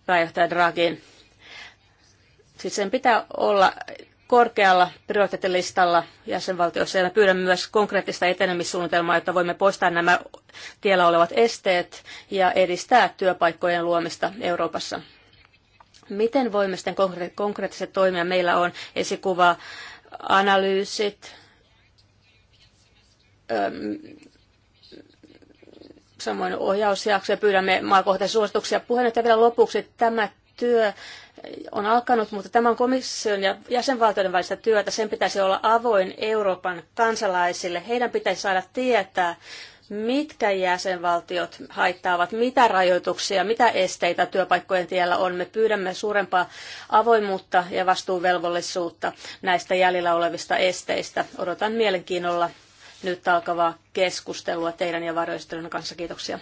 pääjohtaja Draghiin. Siis sen pitää olla korkealla prioriteettilistalla jäsenvaltioissa ja pyydän myös konkreettista etenemissuunnitelmaa, jotta voimme poistaa nämä tiellä olevat esteet ja edistää työpaikkojen luomista Euroopassa. Miten voimme sitten konkreettiset toimia? Meillä on esikuva, analyysit, samoin ohjausjakso ja pyydämme maakohtaisia suosituksia. Puheenjohtaja vielä lopuksi. Tämä työ on alkanut, mutta tämä on komission ja jäsenvaltioiden välistä työtä. Sen pitäisi olla avoin Euroopan kansalaisille. Heidän pitäisi saada tietää, mitkä jäsenvaltiot haittaavat, mitä rajoituksia, mitä esteitä työpaikkojen tiellä on. Me pyydämme suurempaa avoimuutta ja vastuuvelvollisuutta näistä jäljellä olevista esteistä. Odotan mielenkiinnolla nyt alkavaa keskustelua teidän ja varjoistelun kanssa. Kiitoksia.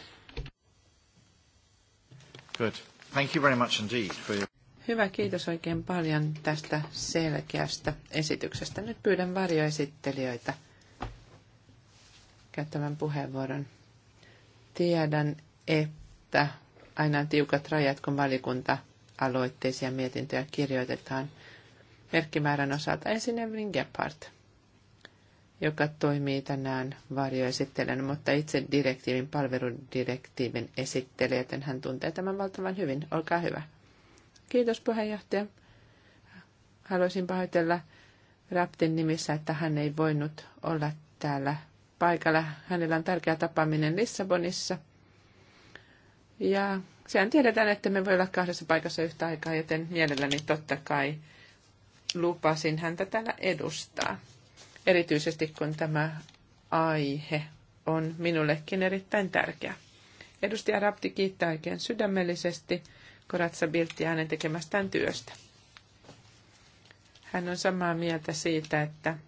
Good. Thank you very much indeed for your... Hyvä, kiitos oikein paljon tästä selkeästä esityksestä. Nyt pyydän varjoesittelijöitä käyttämään puheenvuoron. Tiedän, että aina on tiukat rajat, kun valikunta aloitteisia mietintöjä kirjoitetaan merkkimäärän osalta. Ensin Evelyn Gephardt joka toimii tänään varjoesittelijänä, mutta itse direktiivin, palveludirektiivin esittelijä, joten hän tuntee tämän valtavan hyvin. Olkaa hyvä. Kiitos puheenjohtaja. Haluaisin pahoitella Raptin nimissä, että hän ei voinut olla täällä paikalla. Hänellä on tärkeä tapaaminen Lissabonissa. Ja sehän tiedetään, että me voi olla kahdessa paikassa yhtä aikaa, joten mielelläni totta kai lupasin häntä täällä edustaa erityisesti kun tämä aihe on minullekin erittäin tärkeä. Edustaja Rapti kiittää oikein sydämellisesti Koratsa Biltti hänen tekemästään työstä. Hän on samaa mieltä siitä, että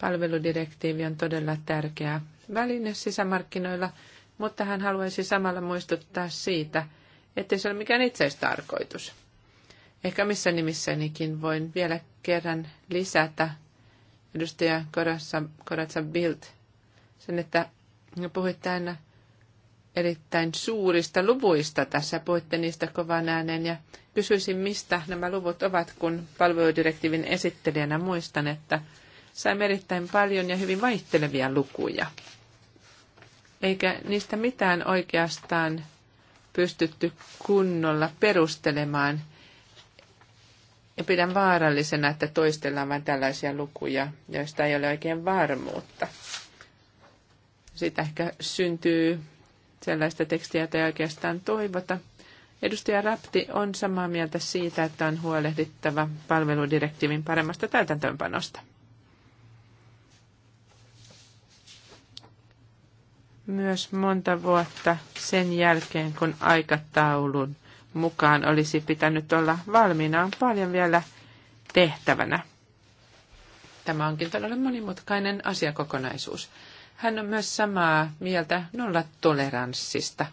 palveludirektiivi on todella tärkeä väline sisämarkkinoilla, mutta hän haluaisi samalla muistuttaa siitä, ettei se ole mikään itseistarkoitus. Ehkä missä nimissänikin voin vielä kerran lisätä edustaja Koratsa, Bild sen, että puhuitte aina erittäin suurista luvuista tässä. Puhuitte niistä kovan ääneen ja kysyisin, mistä nämä luvut ovat, kun palveludirektiivin esittelijänä muistan, että saimme erittäin paljon ja hyvin vaihtelevia lukuja. Eikä niistä mitään oikeastaan pystytty kunnolla perustelemaan – ja pidän vaarallisena, että toistellaan vain tällaisia lukuja, joista ei ole oikein varmuutta. Siitä ehkä syntyy sellaista tekstiä, jota ei oikeastaan toivota. Edustaja Rapti on samaa mieltä siitä, että on huolehdittava palveludirektiivin paremmasta täytäntöönpanosta. Myös monta vuotta sen jälkeen, kun aikataulun mukaan olisi pitänyt olla valmiina. On paljon vielä tehtävänä. Tämä onkin todella monimutkainen asiakokonaisuus. Hän on myös samaa mieltä nollatoleranssista,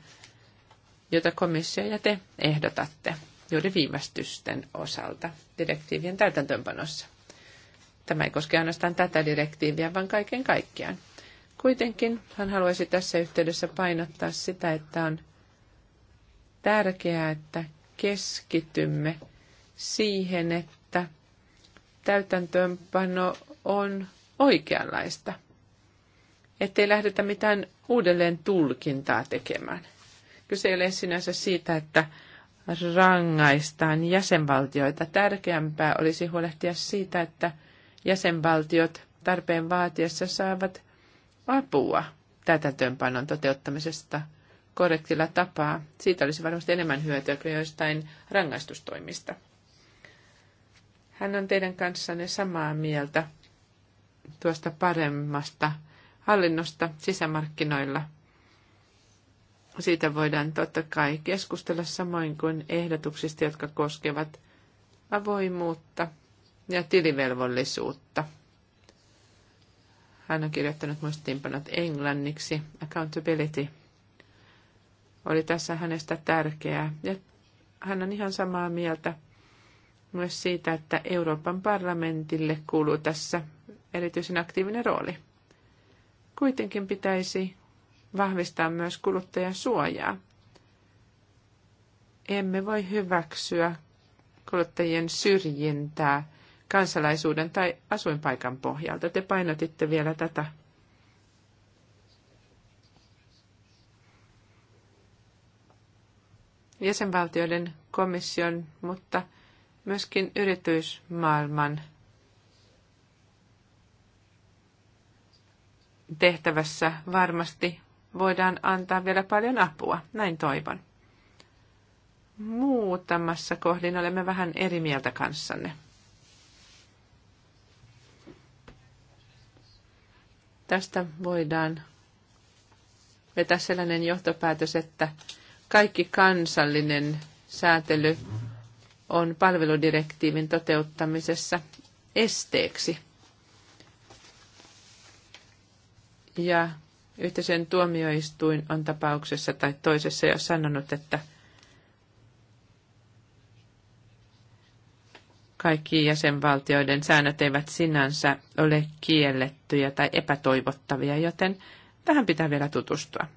jota komissio ja te ehdotatte juuri viivästysten osalta direktiivien täytäntöönpanossa. Tämä ei koske ainoastaan tätä direktiiviä, vaan kaiken kaikkiaan. Kuitenkin hän haluaisi tässä yhteydessä painottaa sitä, että on tärkeää, että keskitymme siihen, että täytäntöönpano on oikeanlaista, ettei lähdetä mitään uudelleen tulkintaa tekemään. Kyse ei ole sinänsä siitä, että rangaistaan jäsenvaltioita. Tärkeämpää olisi huolehtia siitä, että jäsenvaltiot tarpeen vaatiessa saavat apua täytäntöönpanon toteuttamisesta – korrektilla tapaa. Siitä olisi varmasti enemmän hyötyä kuin joistain rangaistustoimista. Hän on teidän kanssanne samaa mieltä tuosta paremmasta hallinnosta sisämarkkinoilla. Siitä voidaan totta kai keskustella samoin kuin ehdotuksista, jotka koskevat avoimuutta ja tilivelvollisuutta. Hän on kirjoittanut muistiinpanot englanniksi Accountability oli tässä hänestä tärkeää. Ja hän on ihan samaa mieltä myös siitä, että Euroopan parlamentille kuuluu tässä erityisen aktiivinen rooli. Kuitenkin pitäisi vahvistaa myös kuluttajan suojaa. Emme voi hyväksyä kuluttajien syrjintää kansalaisuuden tai asuinpaikan pohjalta. Te painotitte vielä tätä jäsenvaltioiden komission, mutta myöskin yritysmaailman tehtävässä varmasti voidaan antaa vielä paljon apua, näin toivon. Muutamassa kohdin olemme vähän eri mieltä kanssanne. Tästä voidaan vetää sellainen johtopäätös, että kaikki kansallinen säätely on palveludirektiivin toteuttamisessa esteeksi. Ja yhteisen tuomioistuin on tapauksessa tai toisessa jo sanonut, että kaikki jäsenvaltioiden säännöt eivät sinänsä ole kiellettyjä tai epätoivottavia, joten tähän pitää vielä tutustua.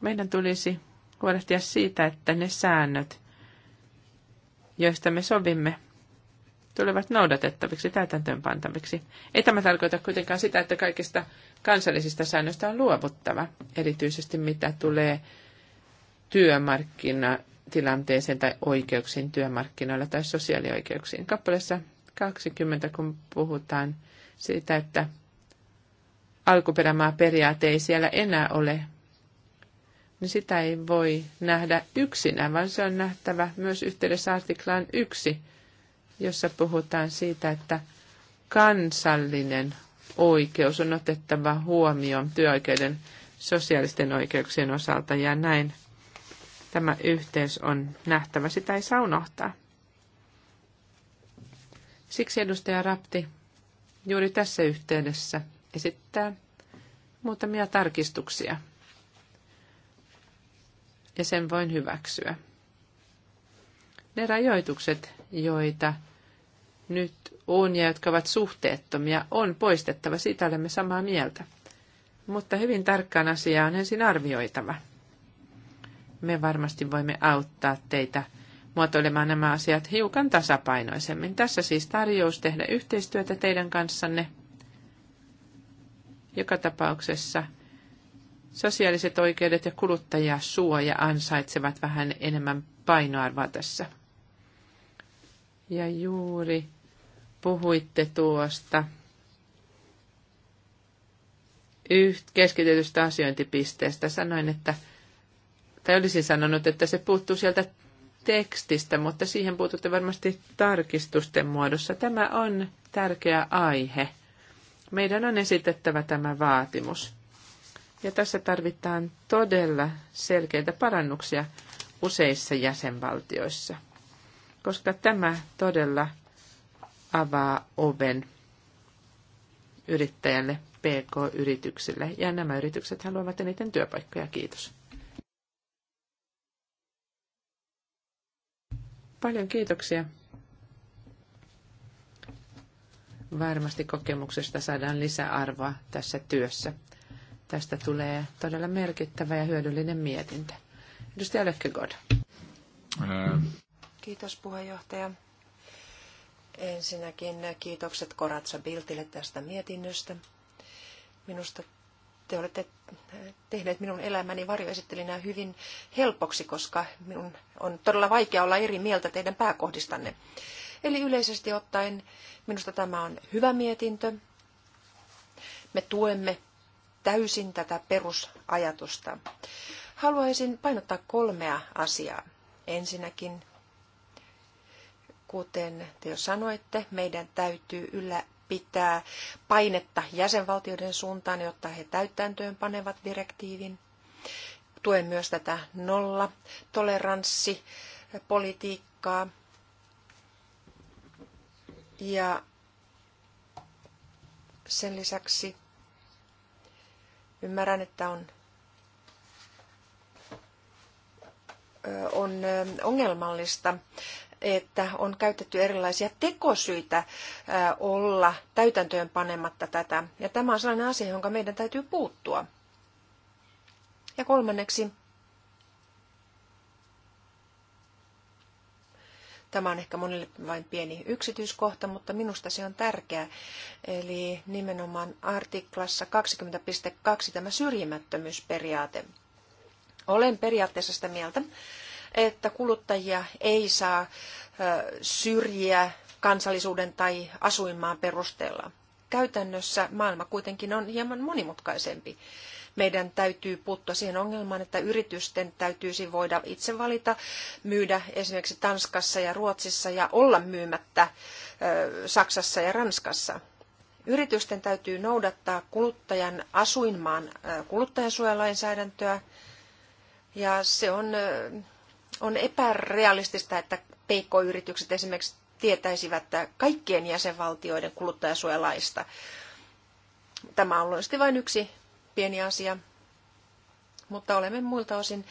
Meidän tulisi huolehtia siitä, että ne säännöt, joista me sovimme, tulevat noudatettaviksi, täytäntöönpantaviksi. Ei tämä tarkoita kuitenkaan sitä, että kaikista kansallisista säännöistä on luovuttava, erityisesti mitä tulee työmarkkinatilanteeseen tai oikeuksiin työmarkkinoilla tai sosiaalioikeuksiin. Kappaleessa 20, kun puhutaan siitä, että alkuperämaa periaate ei siellä enää ole niin sitä ei voi nähdä yksinään, vaan se on nähtävä myös yhteydessä artiklaan yksi, jossa puhutaan siitä, että kansallinen oikeus on otettava huomioon työoikeuden sosiaalisten oikeuksien osalta ja näin tämä yhteys on nähtävä, sitä ei saa unohtaa. Siksi edustaja Rapti juuri tässä yhteydessä esittää muutamia tarkistuksia ja sen voin hyväksyä. Ne rajoitukset, joita nyt on ja jotka ovat suhteettomia, on poistettava, siitä olemme samaa mieltä. Mutta hyvin tarkkaan asiaa on ensin arvioitava. Me varmasti voimme auttaa teitä muotoilemaan nämä asiat hiukan tasapainoisemmin. Tässä siis tarjous tehdä yhteistyötä teidän kanssanne. Joka tapauksessa Sosiaaliset oikeudet ja kuluttajasuoja ansaitsevat vähän enemmän painoarvoa tässä. Ja juuri puhuitte tuosta keskitetystä asiointipisteestä. Sanoin, että, tai olisin sanonut, että se puuttuu sieltä tekstistä, mutta siihen puututte varmasti tarkistusten muodossa. Tämä on tärkeä aihe. Meidän on esitettävä tämä vaatimus. Ja tässä tarvitaan todella selkeitä parannuksia useissa jäsenvaltioissa, koska tämä todella avaa oven yrittäjälle, pk-yrityksille. Ja nämä yritykset haluavat eniten työpaikkoja. Kiitos. Paljon kiitoksia. Varmasti kokemuksesta saadaan lisäarvoa tässä työssä. Tästä tulee todella merkittävä ja hyödyllinen mietintö. Edustaja Lökkegod. Kiitos puheenjohtaja. Ensinnäkin kiitokset Koratsa Biltille tästä mietinnöstä. Minusta te olette tehneet minun elämäni varjoesittelinä hyvin helpoksi, koska minun on todella vaikea olla eri mieltä teidän pääkohdistanne. Eli yleisesti ottaen minusta tämä on hyvä mietintö. Me tuemme täysin tätä perusajatusta. Haluaisin painottaa kolmea asiaa. Ensinnäkin, kuten te jo sanoitte, meidän täytyy ylläpitää painetta jäsenvaltioiden suuntaan, jotta he täyttäntöön panevat direktiivin. Tuen myös tätä nolla toleranssipolitiikkaa. Ja sen lisäksi Ymmärrän, että on, on ongelmallista, että on käytetty erilaisia tekosyitä olla täytäntöön panematta tätä. Ja tämä on sellainen asia, jonka meidän täytyy puuttua. Ja kolmanneksi, Tämä on ehkä monille vain pieni yksityiskohta, mutta minusta se on tärkeä. Eli nimenomaan artiklassa 20.2 tämä syrjimättömyysperiaate. Olen periaatteessa sitä mieltä, että kuluttajia ei saa syrjiä kansallisuuden tai asuinmaan perusteella. Käytännössä maailma kuitenkin on hieman monimutkaisempi. Meidän täytyy puuttua siihen ongelmaan, että yritysten täytyisi voida itse valita myydä esimerkiksi Tanskassa ja Ruotsissa ja olla myymättä Saksassa ja Ranskassa. Yritysten täytyy noudattaa kuluttajan asuinmaan kuluttajansuojalainsäädäntöä ja se on, on epärealistista, että PK-yritykset esimerkiksi tietäisivät kaikkien jäsenvaltioiden kuluttajansuojalaista. Tämä on luonnollisesti vain yksi pieni asia, mutta olemme muilta osin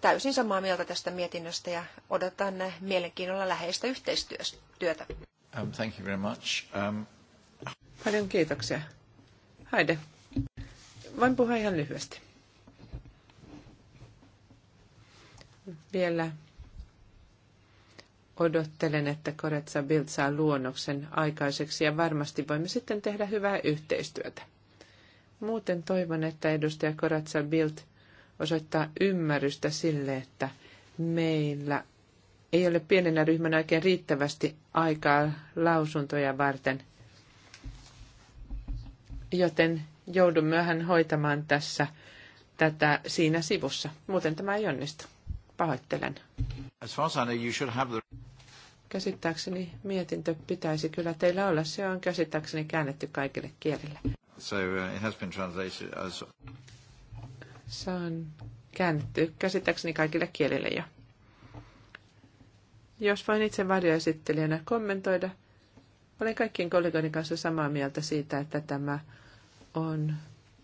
täysin samaa mieltä tästä mietinnöstä ja odotan mielenkiinnolla läheistä yhteistyötä. Um, thank you very much. Um... Paljon kiitoksia. Haide. Voin puhua ihan lyhyesti. Vielä odottelen, että Koretsa Bild saa luonnoksen aikaiseksi ja varmasti voimme sitten tehdä hyvää yhteistyötä. Muuten toivon, että edustaja Koratsa Bilt osoittaa ymmärrystä sille, että meillä ei ole pienenä ryhmänä oikein riittävästi aikaa lausuntoja varten, joten joudumme myöhän hoitamaan tässä tätä siinä sivussa. Muuten tämä ei onnistu. Pahoittelen. As far as I know, you should have the... Käsittääkseni mietintö pitäisi kyllä teillä olla. Se on käsittääkseni käännetty kaikille kielille. So uh, it has been translated as... Se on käännetty käsittääkseni kaikille kielille jo. Jos voin itse varjoesittelijänä kommentoida, olen kaikkien kollegoiden kanssa samaa mieltä siitä, että tämä on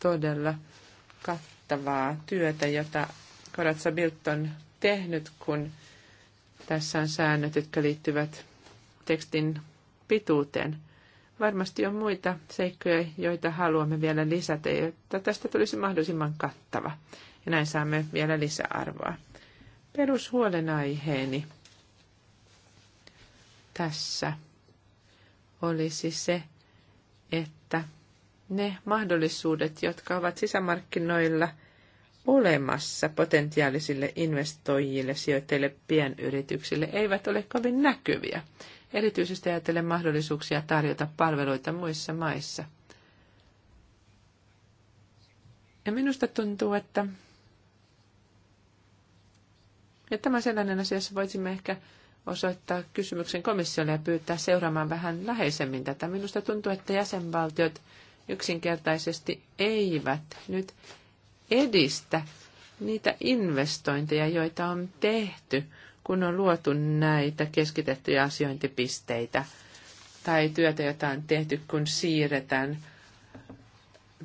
todella kattavaa työtä, jota Koratsa Bilt on tehnyt, kun tässä on säännöt, jotka liittyvät tekstin pituuteen. Varmasti on muita seikkoja, joita haluamme vielä lisätä, jotta tästä tulisi mahdollisimman kattava. Ja näin saamme vielä lisäarvoa. Perushuolenaiheeni tässä olisi se, että ne mahdollisuudet, jotka ovat sisämarkkinoilla olemassa potentiaalisille investoijille, sijoittajille, pienyrityksille, eivät ole kovin näkyviä erityisesti ajatellen mahdollisuuksia tarjota palveluita muissa maissa. Ja minusta tuntuu, että, että tämä sellainen asia, jossa voisimme ehkä osoittaa kysymyksen komissiolle ja pyytää seuraamaan vähän läheisemmin tätä. Minusta tuntuu, että jäsenvaltiot yksinkertaisesti eivät nyt edistä niitä investointeja, joita on tehty – kun on luotu näitä keskitettyjä asiointipisteitä tai työtä, jota on tehty, kun siirretään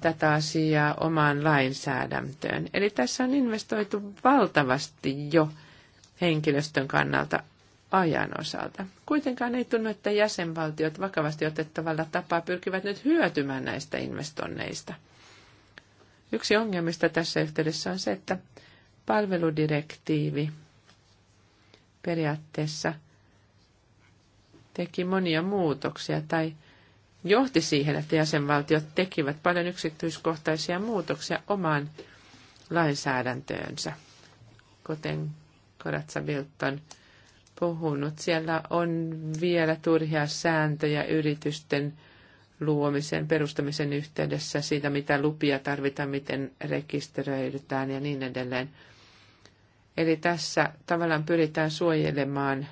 tätä asiaa omaan lainsäädäntöön. Eli tässä on investoitu valtavasti jo henkilöstön kannalta ajan osalta. Kuitenkaan ei tunnu, että jäsenvaltiot vakavasti otettavalla tapaa pyrkivät nyt hyötymään näistä investoinneista. Yksi ongelmista tässä yhteydessä on se, että palveludirektiivi periaatteessa teki monia muutoksia tai johti siihen, että jäsenvaltiot tekivät paljon yksityiskohtaisia muutoksia omaan lainsäädäntöönsä. Kuten Koratsa Vilton puhunut, siellä on vielä turhia sääntöjä yritysten luomisen, perustamisen yhteydessä siitä, mitä lupia tarvitaan, miten rekisteröidytään ja niin edelleen. Eli tässä tavallaan pyritään suojelemaan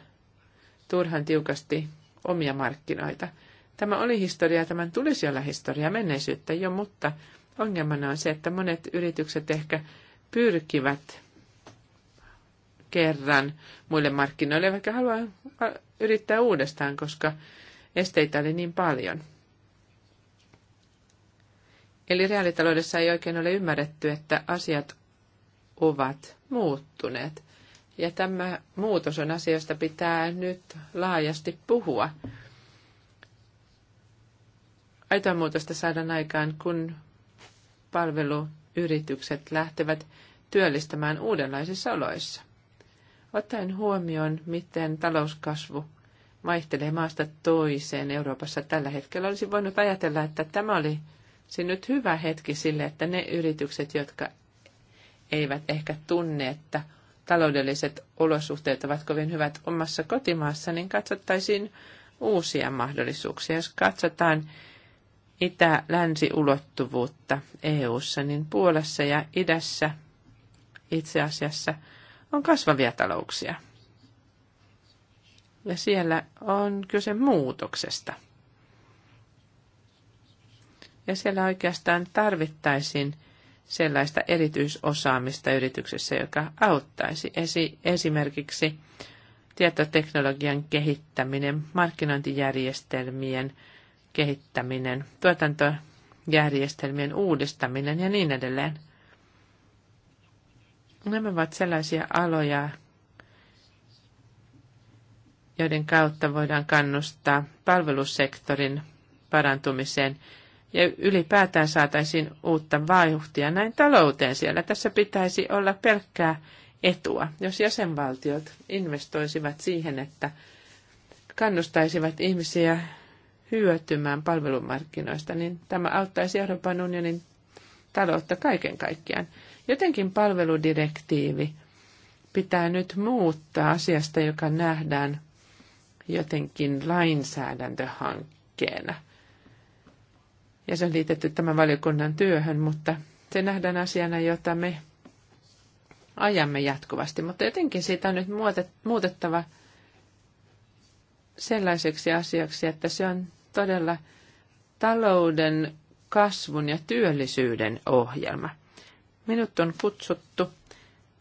turhan tiukasti omia markkinoita. Tämä oli historia, tämän tulisi olla historia menneisyyttä jo, mutta ongelmana on se, että monet yritykset ehkä pyrkivät kerran muille markkinoille, vaikka haluaa yrittää uudestaan, koska esteitä oli niin paljon. Eli reaalitaloudessa ei oikein ole ymmärretty, että asiat ovat muuttuneet. Ja tämä muutos on asia, pitää nyt laajasti puhua. Aitoa muutosta saadaan aikaan, kun palveluyritykset lähtevät työllistämään uudenlaisissa oloissa. Ottaen huomioon, miten talouskasvu vaihtelee maasta toiseen Euroopassa tällä hetkellä, olisi voinut ajatella, että tämä oli nyt hyvä hetki sille, että ne yritykset, jotka eivät ehkä tunne, että taloudelliset olosuhteet ovat kovin hyvät omassa kotimaassa, niin katsottaisiin uusia mahdollisuuksia. Jos katsotaan itä-länsiulottuvuutta EU-ssa, niin Puolassa ja idässä itse asiassa on kasvavia talouksia. Ja siellä on kyse muutoksesta. Ja siellä oikeastaan tarvittaisiin sellaista erityisosaamista yrityksessä, joka auttaisi Esi- esimerkiksi tietoteknologian kehittäminen, markkinointijärjestelmien kehittäminen, tuotantojärjestelmien uudistaminen ja niin edelleen. Nämä ovat sellaisia aloja, joiden kautta voidaan kannustaa palvelusektorin parantumiseen ja ylipäätään saataisiin uutta vauhtia näin talouteen siellä. Tässä pitäisi olla pelkkää etua, jos jäsenvaltiot investoisivat siihen, että kannustaisivat ihmisiä hyötymään palvelumarkkinoista, niin tämä auttaisi Euroopan unionin taloutta kaiken kaikkiaan. Jotenkin palveludirektiivi pitää nyt muuttaa asiasta, joka nähdään jotenkin lainsäädäntöhankkeena – ja se on liitetty tämän valiokunnan työhön, mutta se nähdään asiana, jota me ajamme jatkuvasti. Mutta jotenkin siitä on nyt muutettava sellaiseksi asiaksi, että se on todella talouden kasvun ja työllisyyden ohjelma. Minut on kutsuttu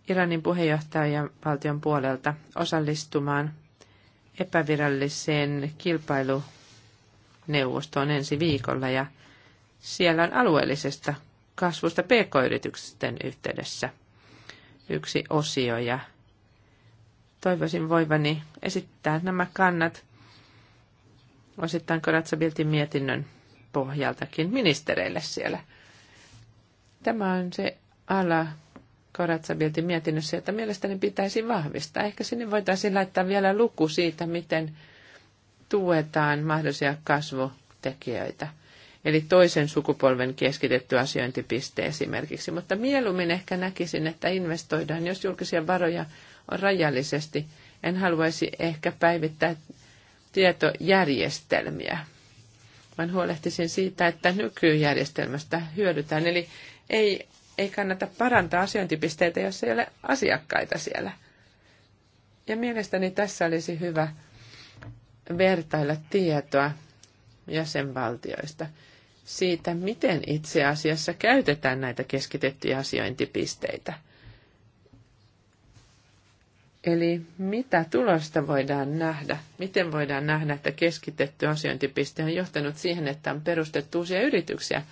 Iranin puheenjohtajan valtion puolelta osallistumaan epäviralliseen kilpailuneuvostoon ensi viikolla ja siellä on alueellisesta kasvusta pk-yritysten yhteydessä yksi osio ja toivoisin voivani esittää nämä kannat osittain Koratsabiltin mietinnön pohjaltakin ministereille siellä. Tämä on se ala Koratsabiltin mietinnössä, jota mielestäni pitäisi vahvistaa. Ehkä sinne voitaisiin laittaa vielä luku siitä, miten tuetaan mahdollisia kasvutekijöitä – Eli toisen sukupolven keskitetty asiointipiste esimerkiksi. Mutta mieluummin ehkä näkisin, että investoidaan, jos julkisia varoja on rajallisesti. En haluaisi ehkä päivittää tietojärjestelmiä, vaan huolehtisin siitä, että nykyjärjestelmästä hyödytään. Eli ei, ei kannata parantaa asiointipisteitä, jos ei ole asiakkaita siellä. Ja mielestäni tässä olisi hyvä vertailla tietoa jäsenvaltioista siitä, miten itse asiassa käytetään näitä keskitettyjä asiointipisteitä. Eli mitä tulosta voidaan nähdä? Miten voidaan nähdä, että keskitetty asiointipiste on johtanut siihen, että on perustettu uusia yrityksiä?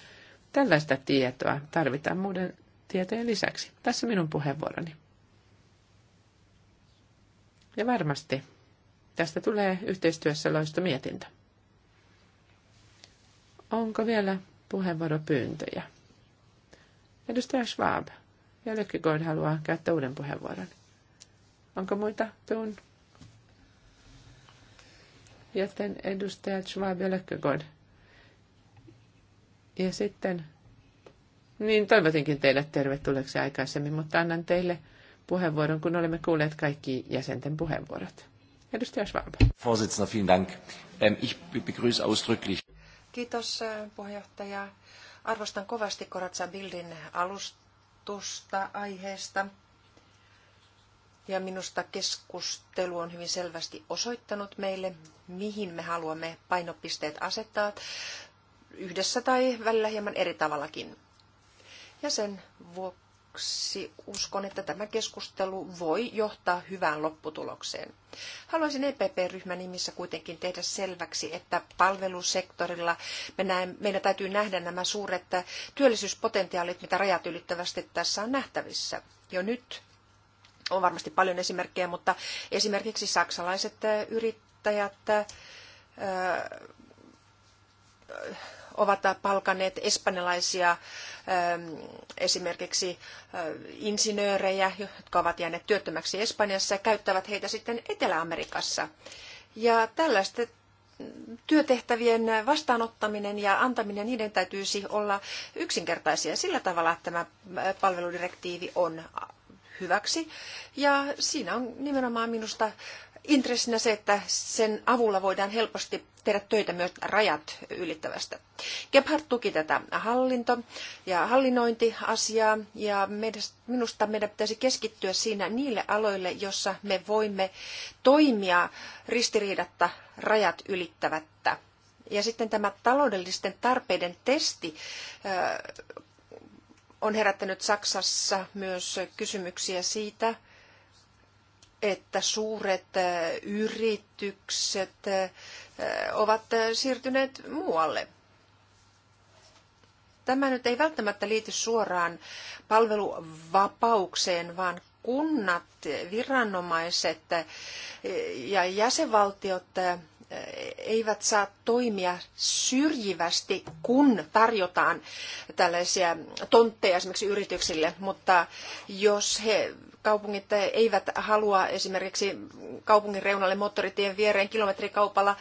Tällaista tietoa tarvitaan muiden tietojen lisäksi. Tässä minun puheenvuoroni. Ja varmasti tästä tulee yhteistyössä loisto mietintö. Onko vielä puheenvuoropyyntöjä? Edustaja Schwab ja Lykkikoin haluaa käyttää uuden puheenvuoron. Onko muita pyyn? Joten edustajat Schwab ja Lökkökoin. Ja sitten, niin toivotinkin teille tervetulleeksi aikaisemmin, mutta annan teille puheenvuoron, kun olemme kuulleet kaikki jäsenten puheenvuorot. Edustaja Schwab. Vorsitzender, vielen Dank. Ähm, ich begrüße ausdrücklich. Kiitos eh, puheenjohtaja. Arvostan kovasti Koratsa Bildin alustusta aiheesta. Ja minusta keskustelu on hyvin selvästi osoittanut meille, mihin me haluamme painopisteet asettaa yhdessä tai välillä hieman eri tavallakin. Ja sen vuoksi vuoksi uskon, että tämä keskustelu voi johtaa hyvään lopputulokseen. Haluaisin EPP-ryhmän nimissä kuitenkin tehdä selväksi, että palvelusektorilla me näen, meidän täytyy nähdä nämä suuret työllisyyspotentiaalit, mitä rajat ylittävästi tässä on nähtävissä. Jo nyt on varmasti paljon esimerkkejä, mutta esimerkiksi saksalaiset yrittäjät ovat palkanneet espanjalaisia ähm, esimerkiksi äh, insinöörejä, jotka ovat jääneet työttömäksi Espanjassa ja käyttävät heitä sitten Etelä-Amerikassa. Ja tällaiset työtehtävien vastaanottaminen ja antaminen, niiden täytyisi olla yksinkertaisia sillä tavalla, että tämä äh, palveludirektiivi on hyväksi. Ja siinä on nimenomaan minusta intressinä se, että sen avulla voidaan helposti tehdä töitä myös rajat ylittävästä. Gebhardt tuki tätä hallinto- ja hallinnointiasiaa ja minusta meidän pitäisi keskittyä siinä niille aloille, jossa me voimme toimia ristiriidatta rajat ylittävättä. Ja sitten tämä taloudellisten tarpeiden testi on herättänyt Saksassa myös kysymyksiä siitä, että suuret äh, yritykset äh, ovat äh, siirtyneet muualle. Tämä nyt ei välttämättä liity suoraan palveluvapaukseen, vaan kunnat, viranomaiset ja jäsenvaltiot eivät saa toimia syrjivästi, kun tarjotaan tällaisia tontteja esimerkiksi yrityksille, mutta jos he kaupungit eivät halua esimerkiksi kaupungin reunalle moottoritien viereen kilometrikaupalla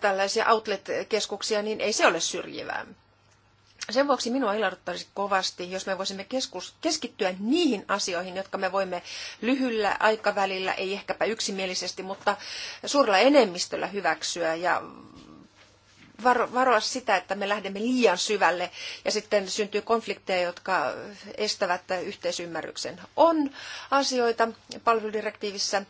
tällaisia outlet-keskuksia, niin ei se ole syrjivää. Sen vuoksi minua ilahduttaisi kovasti, jos me voisimme keskus, keskittyä niihin asioihin, jotka me voimme lyhyllä aikavälillä, ei ehkäpä yksimielisesti, mutta suurella enemmistöllä hyväksyä ja varoa sitä, että me lähdemme liian syvälle ja sitten syntyy konflikteja, jotka estävät yhteisymmärryksen. On asioita palveludirektiivissä,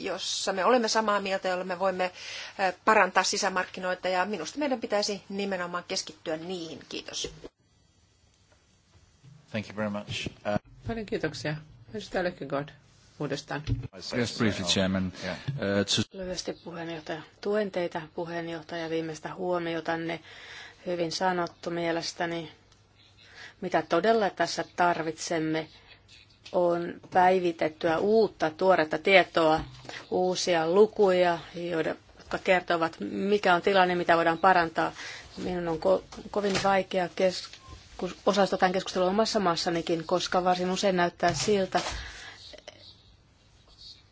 jossa me olemme samaa mieltä, jolla me voimme eh, parantaa sisämarkkinoita ja minusta meidän pitäisi nimenomaan keskittyä niihin. Kiitos. Thank you very much. Uh... Paljon kiitoksia. Edustaja uudestaan. Yes, briefly, chairman. Uh, Lyhyesti puheenjohtaja. Tuen teitä puheenjohtaja viimeistä huomiotanne. Hyvin sanottu mielestäni. Mitä todella tässä tarvitsemme on päivitettyä uutta, tuoretta tietoa, uusia lukuja, jotka kertovat, mikä on tilanne, mitä voidaan parantaa. Minun on ko- kovin vaikea kes- osallistua tämän keskustelun omassa maassanikin, koska varsin usein näyttää siltä,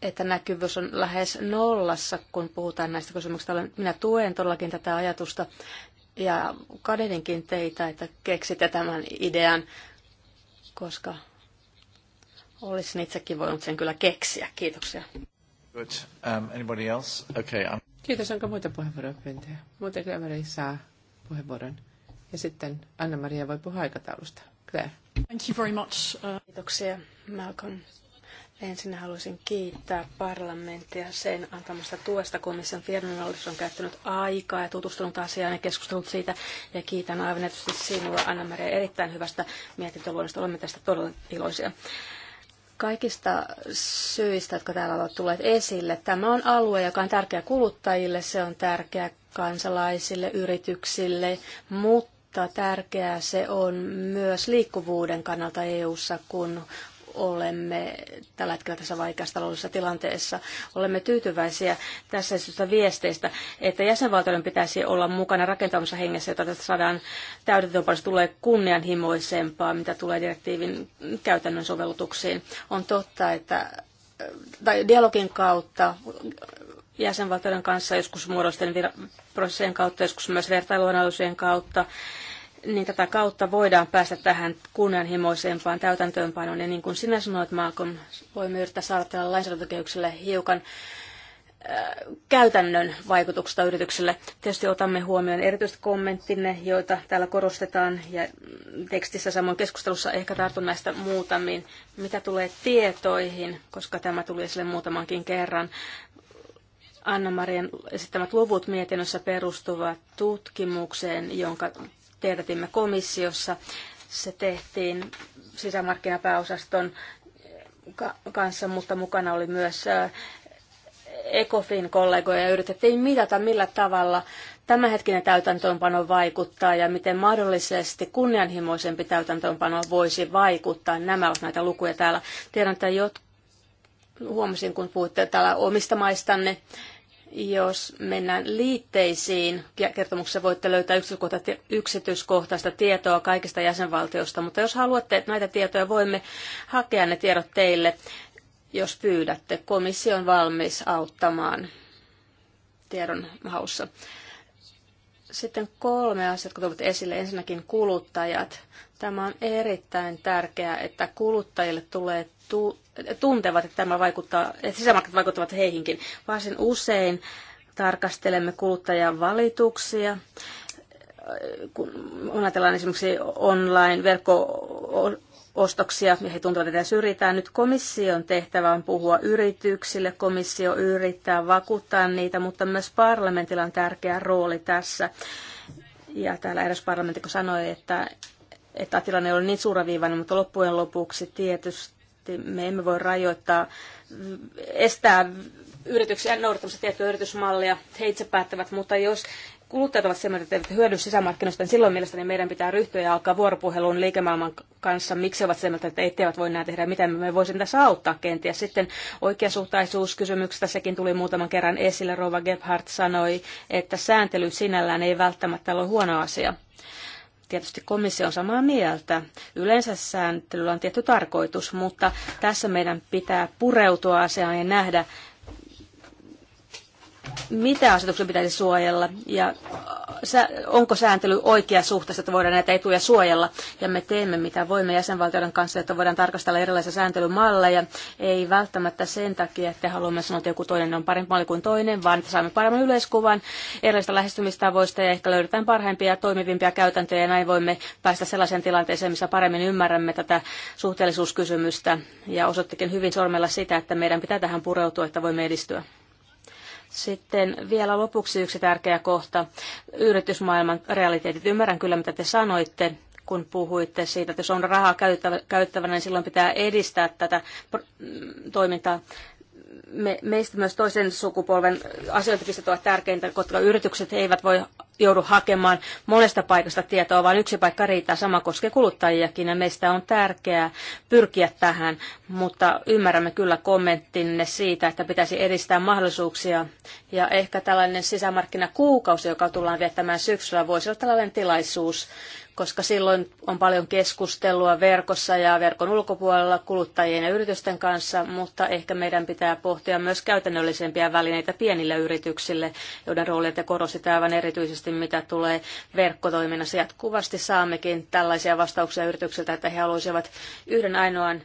että näkyvyys on lähes nollassa, kun puhutaan näistä kysymyksistä. Minä tuen todellakin tätä ajatusta ja kadehdinkin teitä, että keksitte tämän idean, koska olisin itsekin voinut sen kyllä keksiä. Kiitoksia. Good. Um, anybody else? Okay, I'm... Kiitos. Onko muita puheenvuoropyyntöjä? Muuten Claire saa puheenvuoron. Ja sitten Anna-Maria voi puhua aikataulusta. Claire. Thank you very much. Uh... Kiitoksia, Malcolm. Ensin haluaisin kiittää parlamenttia sen antamasta tuesta. Komission tiedonhallitus on käyttänyt aikaa ja tutustunut asiaan ja keskustellut siitä. Ja kiitän aivan erityisesti sinua, Anna-Maria, erittäin hyvästä mietintöluonnosta. Olemme tästä todella iloisia kaikista syistä, jotka täällä ovat tulleet esille. Tämä on alue, joka on tärkeä kuluttajille, se on tärkeä kansalaisille, yrityksille, mutta tärkeää se on myös liikkuvuuden kannalta EU:ssa, kun olemme tällä hetkellä tässä vaikeassa taloudellisessa tilanteessa. Olemme tyytyväisiä tässä syystä viesteistä, että jäsenvaltioiden pitäisi olla mukana rakentamassa hengessä, jota tästä saadaan paljon tulee kunnianhimoisempaa, mitä tulee direktiivin käytännön sovellutuksiin. On totta, että tai dialogin kautta jäsenvaltioiden kanssa, joskus muodosten prosessien kautta, joskus myös vertailuanalyysien kautta, niin tätä kautta voidaan päästä tähän kunnianhimoisempaan täytäntöönpanoon. Ja niin kuin sinä sanoit, Malcolm, voimme yrittää saada tällä lainsäädäntökeykselle hiukan äh, käytännön vaikutuksesta yritykselle. Tietysti otamme huomioon erityisesti kommenttinne, joita täällä korostetaan ja tekstissä samoin keskustelussa ehkä tartun näistä muutamiin. Mitä tulee tietoihin, koska tämä tuli esille muutamankin kerran, anna marien esittämät luvut mietinnössä perustuvat tutkimukseen, jonka tiedätimme komissiossa. Se tehtiin sisämarkkinapääosaston kanssa, mutta mukana oli myös ECOFIN kollegoja ja yritettiin mitata, millä tavalla tämänhetkinen täytäntöönpano vaikuttaa ja miten mahdollisesti kunnianhimoisempi täytäntöönpano voisi vaikuttaa. Nämä ovat näitä lukuja täällä. Tiedän, että jot, huomasin, kun puhutte täällä omista maistanne, jos mennään liitteisiin, kertomuksessa voitte löytää yksityiskohtaista tietoa kaikista jäsenvaltioista, mutta jos haluatte näitä tietoja, voimme hakea ne tiedot teille, jos pyydätte. Komissio on valmis auttamaan tiedon haussa. Sitten kolme asiaa, jotka tulivat esille. Ensinnäkin kuluttajat. Tämä on erittäin tärkeää, että kuluttajille tulee tuntevat, että tämä vaikuttaa, että sisämarkkinat vaikuttavat heihinkin. Varsin usein tarkastelemme kuluttajan valituksia, kun ajatellaan esimerkiksi online-verkko ostoksia ja he tuntuvat, että syrjitään. Nyt komission tehtävä on puhua yrityksille. Komissio yrittää vakuuttaa niitä, mutta myös parlamentilla on tärkeä rooli tässä. Ja täällä eräs parlamentti sanoi, että, että tilanne oli niin suuraviivainen, mutta loppujen lopuksi tietysti me emme voi rajoittaa, estää yrityksiä noudattamassa tiettyä yritysmallia. He itse päättävät, mutta jos kuluttajat ovat sellaisia, että eivät hyödy sisämarkkinoista, niin silloin mielestäni meidän pitää ryhtyä ja alkaa vuoropuheluun liikemaailman kanssa, miksi ovat sellaisia, että eivät voi näin tehdä, miten me voisimme tässä auttaa kenties. Sitten oikeasuhtaisuuskysymyksestä, sekin tuli muutaman kerran esille. Rova Gebhardt sanoi, että sääntely sinällään ei välttämättä ole huono asia. Tietysti komissio on samaa mieltä. Yleensä sääntelyllä on tietty tarkoitus, mutta tässä meidän pitää pureutua asiaan ja nähdä, mitä asetuksen pitäisi suojella ja äh, onko sääntely oikea suhteessa, että voidaan näitä etuja suojella. Ja me teemme mitä voimme jäsenvaltioiden kanssa, että voidaan tarkastella erilaisia sääntelymalleja. Ei välttämättä sen takia, että haluamme sanoa, että joku toinen on parempi malli kuin toinen, vaan että saamme paremman yleiskuvan erilaisista lähestymistavoista ja ehkä löydetään parhaimpia ja toimivimpia käytäntöjä ja näin voimme päästä sellaiseen tilanteeseen, missä paremmin ymmärrämme tätä suhteellisuuskysymystä ja osoittikin hyvin sormella sitä, että meidän pitää tähän pureutua, että voimme edistyä. Sitten vielä lopuksi yksi tärkeä kohta, yritysmaailman realiteetit. Ymmärrän kyllä, mitä te sanoitte, kun puhuitte siitä, että jos on rahaa käyttävänä, niin silloin pitää edistää tätä mm, toimintaa me, meistä myös toisen sukupolven asiointipisteet ovat tärkeintä, koska yritykset eivät voi joudu hakemaan monesta paikasta tietoa, vaan yksi paikka riittää. Sama koskee kuluttajiakin ja meistä on tärkeää pyrkiä tähän, mutta ymmärrämme kyllä kommenttinne siitä, että pitäisi edistää mahdollisuuksia ja ehkä tällainen sisämarkkinakuukausi, joka tullaan viettämään syksyllä, voisi olla tällainen tilaisuus koska silloin on paljon keskustelua verkossa ja verkon ulkopuolella kuluttajien ja yritysten kanssa, mutta ehkä meidän pitää pohtia myös käytännöllisempiä välineitä pienille yrityksille, joiden roolia te korostitte aivan erityisesti, mitä tulee verkkotoiminnassa. Jatkuvasti saammekin tällaisia vastauksia yrityksiltä, että he haluaisivat yhden ainoan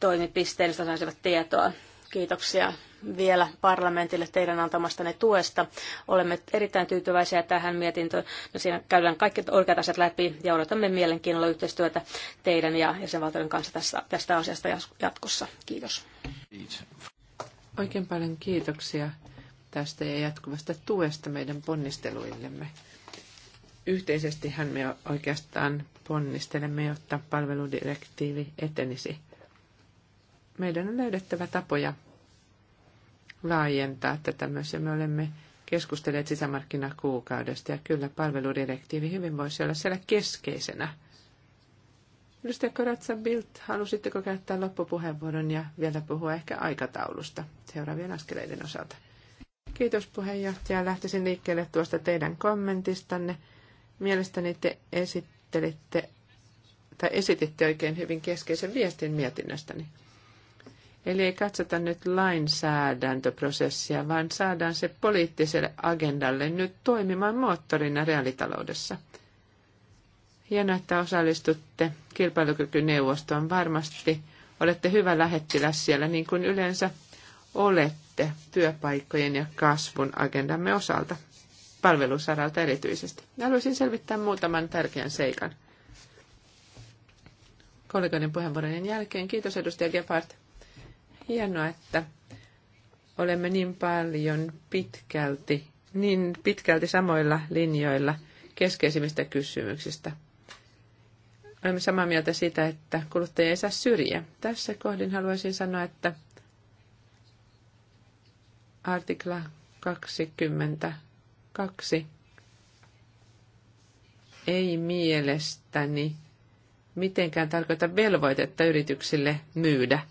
toimipisteen, josta saisivat tietoa. Kiitoksia vielä parlamentille teidän antamastanne tuesta. Olemme erittäin tyytyväisiä tähän mietintöön. No siinä käydään kaikki oikeat asiat läpi ja odotamme mielenkiinnolla yhteistyötä teidän ja jäsenvaltioiden kanssa tässä, tästä asiasta jatkossa. Kiitos. Oikein paljon kiitoksia tästä ja jatkuvasta tuesta meidän ponnisteluillemme. Yhteisestihän me oikeastaan ponnistelemme, jotta palveludirektiivi etenisi. Meidän on löydettävä tapoja laajentaa tätä myös ja me olemme keskustelleet sisämarkkinakuukaudesta ja kyllä palveludirektiivi hyvin voisi olla siellä keskeisenä. Edustaja Koratsa Bilt, halusitteko käyttää loppupuheenvuoron ja vielä puhua ehkä aikataulusta seuraavien askeleiden osalta? Kiitos puheenjohtaja. Lähtisin liikkeelle tuosta teidän kommentistanne. Mielestäni te esittelitte tai esititte oikein hyvin keskeisen viestin mietinnöstäni. Eli ei katsota nyt lainsäädäntöprosessia, vaan saadaan se poliittiselle agendalle nyt toimimaan moottorina reaalitaloudessa. Hienoa, että osallistutte kilpailukykyneuvostoon. Varmasti olette hyvä lähettiläs siellä, niin kuin yleensä olette työpaikkojen ja kasvun agendamme osalta, palvelusaralta erityisesti. Haluaisin selvittää muutaman tärkeän seikan. Kollegoiden puheenvuorojen jälkeen kiitos edustaja Gebhardt. Hienoa, että olemme niin paljon pitkälti, niin pitkälti samoilla linjoilla keskeisimmistä kysymyksistä. Olemme samaa mieltä siitä, että kuluttaja ei saa syrjiä. Tässä kohdin haluaisin sanoa, että artikla 22 ei mielestäni mitenkään tarkoita velvoitetta yrityksille myydä –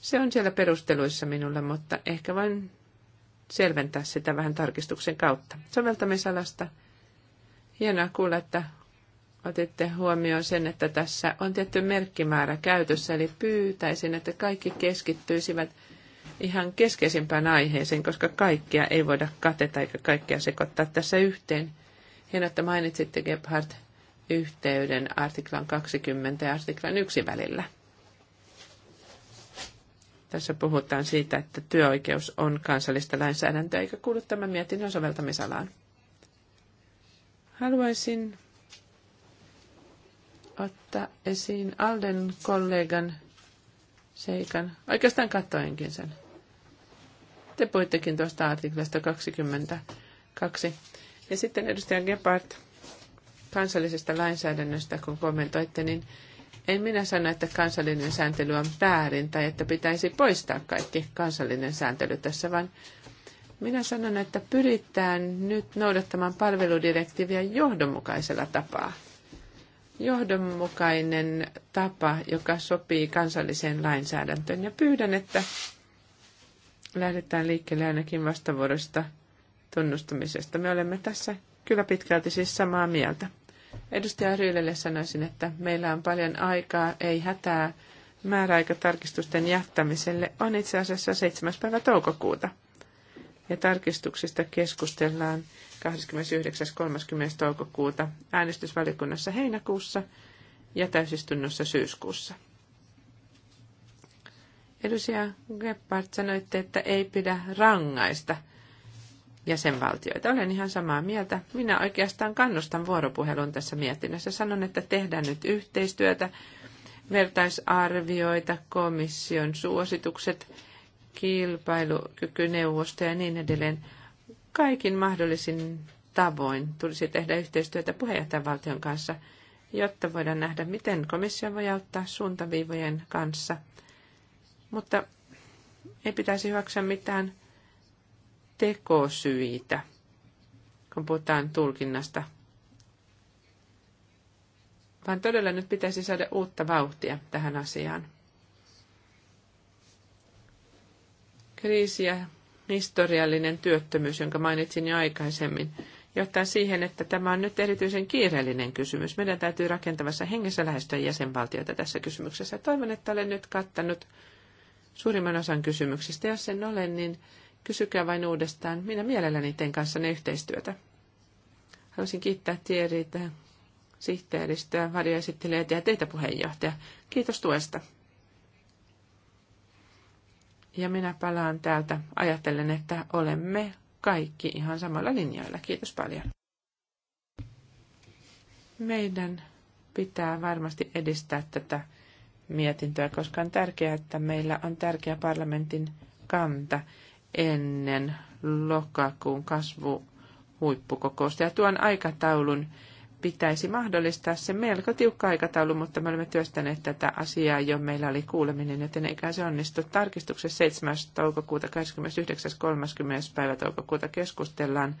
se on siellä perusteluissa minulla, mutta ehkä vain selventää sitä vähän tarkistuksen kautta. Soveltamisalasta. Hienoa kuulla, että otitte huomioon sen, että tässä on tietty merkkimäärä käytössä, eli pyytäisin, että kaikki keskittyisivät ihan keskeisimpään aiheeseen, koska kaikkia ei voida kateta eikä kaikkia sekoittaa tässä yhteen. Hienoa, että mainitsitte Gebhardt yhteyden artiklan 20 ja artiklan 1 välillä. Tässä puhutaan siitä, että työoikeus on kansallista lainsäädäntöä, eikä kuulu tämän mietinnön soveltamisalaan. Haluaisin ottaa esiin Alden kollegan seikan. Oikeastaan katsoinkin sen. Te puhuittekin tuosta artiklasta 22. Ja sitten edustaja Gebhardt kansallisesta lainsäädännöstä, kun kommentoitte, niin en minä sano, että kansallinen sääntely on väärin tai että pitäisi poistaa kaikki kansallinen sääntely tässä, vaan minä sanon, että pyritään nyt noudattamaan palveludirektiiviä johdonmukaisella tapaa. Johdonmukainen tapa, joka sopii kansalliseen lainsäädäntöön. Ja pyydän, että lähdetään liikkeelle ainakin vastavuorosta tunnustamisesta. Me olemme tässä kyllä pitkälti siis samaa mieltä. Edustaja Ryylelle sanoisin, että meillä on paljon aikaa, ei hätää. Määräaikatarkistusten jättämiselle on itse asiassa 7. päivä toukokuuta. Ja tarkistuksista keskustellaan 29.30. toukokuuta äänestysvaliokunnassa heinäkuussa ja täysistunnossa syyskuussa. Edustaja Gebhardt sanoitte, että ei pidä rangaista – jäsenvaltioita. Olen ihan samaa mieltä. Minä oikeastaan kannustan vuoropuhelun tässä mietinnössä. Sanon, että tehdään nyt yhteistyötä, vertaisarvioita, komission suositukset, kilpailukykyneuvosto ja niin edelleen. Kaikin mahdollisin tavoin tulisi tehdä yhteistyötä puheenjohtajavaltion kanssa, jotta voidaan nähdä, miten komissio voi auttaa suuntaviivojen kanssa. Mutta ei pitäisi hyväksyä mitään tekosyitä, kun puhutaan tulkinnasta, vaan todella nyt pitäisi saada uutta vauhtia tähän asiaan. Kriisi ja historiallinen työttömyys, jonka mainitsin jo aikaisemmin, johtaa siihen, että tämä on nyt erityisen kiireellinen kysymys. Meidän täytyy rakentavassa hengessä lähestyä jäsenvaltiota tässä kysymyksessä. Toivon, että olen nyt kattanut suurimman osan kysymyksistä. Jos sen olen, niin Kysykää vain uudestaan. Minä mielelläni teen kanssanne yhteistyötä. Haluaisin kiittää Tieriitä, sihteeristöä, varjoesittelijöitä ja teitä puheenjohtaja. Kiitos tuesta. Ja minä palaan täältä ajatellen, että olemme kaikki ihan samalla linjoilla. Kiitos paljon. Meidän pitää varmasti edistää tätä mietintöä, koska on tärkeää, että meillä on tärkeä parlamentin kanta ennen lokakuun kasvuhuippukokousta. Ja tuon aikataulun pitäisi mahdollistaa se melko tiukka aikataulu, mutta me olemme työstäneet tätä asiaa jo. Meillä oli kuuleminen, joten eikä se onnistu. Tarkistuksessa 7. toukokuuta 29.30. päivä toukokuuta keskustellaan.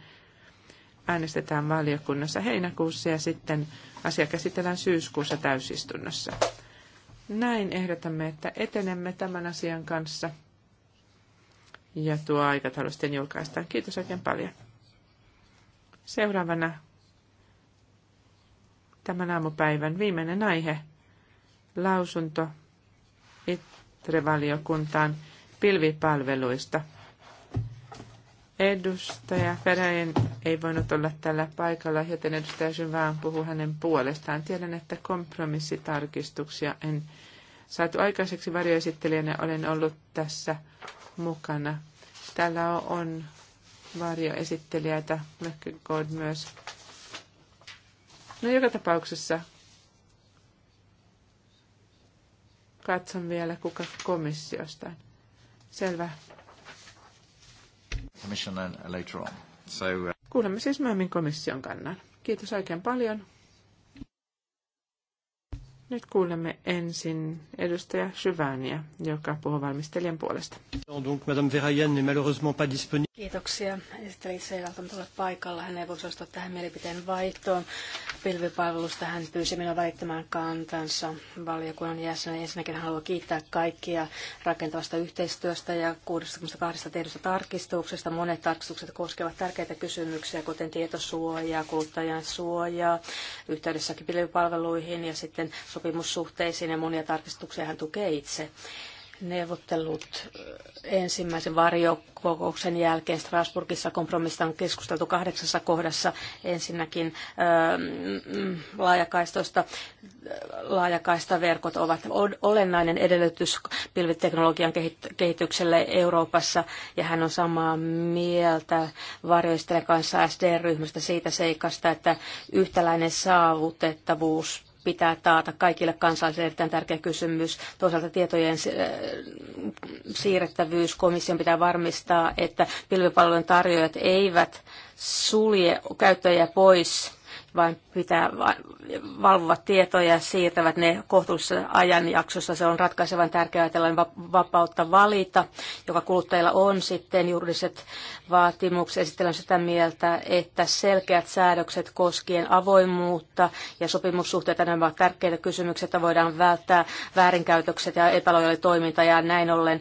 Äänestetään valiokunnassa heinäkuussa ja sitten asia käsitellään syyskuussa täysistunnossa. Näin ehdotamme, että etenemme tämän asian kanssa ja tuo aikataulu sitten julkaistaan. Kiitos oikein paljon. Seuraavana tämän aamupäivän viimeinen aihe, lausunto ITRE-valiokuntaan pilvipalveluista. Edustaja Ferheyen ei voinut olla tällä paikalla, joten edustaja Syvään puhuu hänen puolestaan. Tiedän, että kompromissitarkistuksia en saatu aikaiseksi varjoesittelijänä. Olen ollut tässä mukana. Täällä on varjoesittelijöitä, McCord myös. No joka tapauksessa katson vielä kuka komissiosta. Selvä. Commission later on. So, uh... Kuulemme siis myöhemmin komission kannan. Kiitos oikein paljon. Nyt kuulemme ensin edustaja Syväniä, joka puhuu valmistelijan puolesta. Donc, Madame Verayan n'est malheureusement pas disponible. Kiitoksia. Esitteli se ei välttämättä ole paikalla. Hän ei voisi ostaa tähän mielipiteen vaihtoon. Pilvipalvelusta hän pyysi minua väittämään kantansa valiokunnan jäsenä. Ensinnäkin haluan kiittää kaikkia rakentavasta yhteistyöstä ja 62 tehdystä tarkistuksesta. Monet tarkistukset koskevat tärkeitä kysymyksiä, kuten tietosuojaa, kuluttajan suojaa, yhteydessäkin pilvipalveluihin ja sitten sopimussuhteisiin ja monia tarkistuksia hän tukee itse. Neuvottelut ensimmäisen varjokokouksen jälkeen Strasburgissa kompromissista on keskusteltu kahdeksassa kohdassa. Ensinnäkin mm, laajakaistoista, laajakaistaverkot ovat olennainen edellytys pilviteknologian kehitykselle Euroopassa, ja hän on samaa mieltä varjoisten kanssa SD-ryhmästä siitä seikasta, että yhtäläinen saavutettavuus pitää taata kaikille kansalaisille erittäin tärkeä kysymys. Toisaalta tietojen äh, siirrettävyys komission pitää varmistaa, että pilvipalvelujen tarjoajat eivät sulje käyttäjiä pois vaan pitää valvoa tietoja, siirtävät ne kohtuullisessa ajanjaksossa. Se on ratkaisevan tärkeää ajatella vapautta valita, joka kuluttajilla on sitten juridiset vaatimuksen esitellään sitä mieltä, että selkeät säädökset koskien avoimuutta ja sopimussuhteita, nämä ovat tärkeitä kysymyksiä, että voidaan välttää väärinkäytökset ja epälojalle toiminta ja näin ollen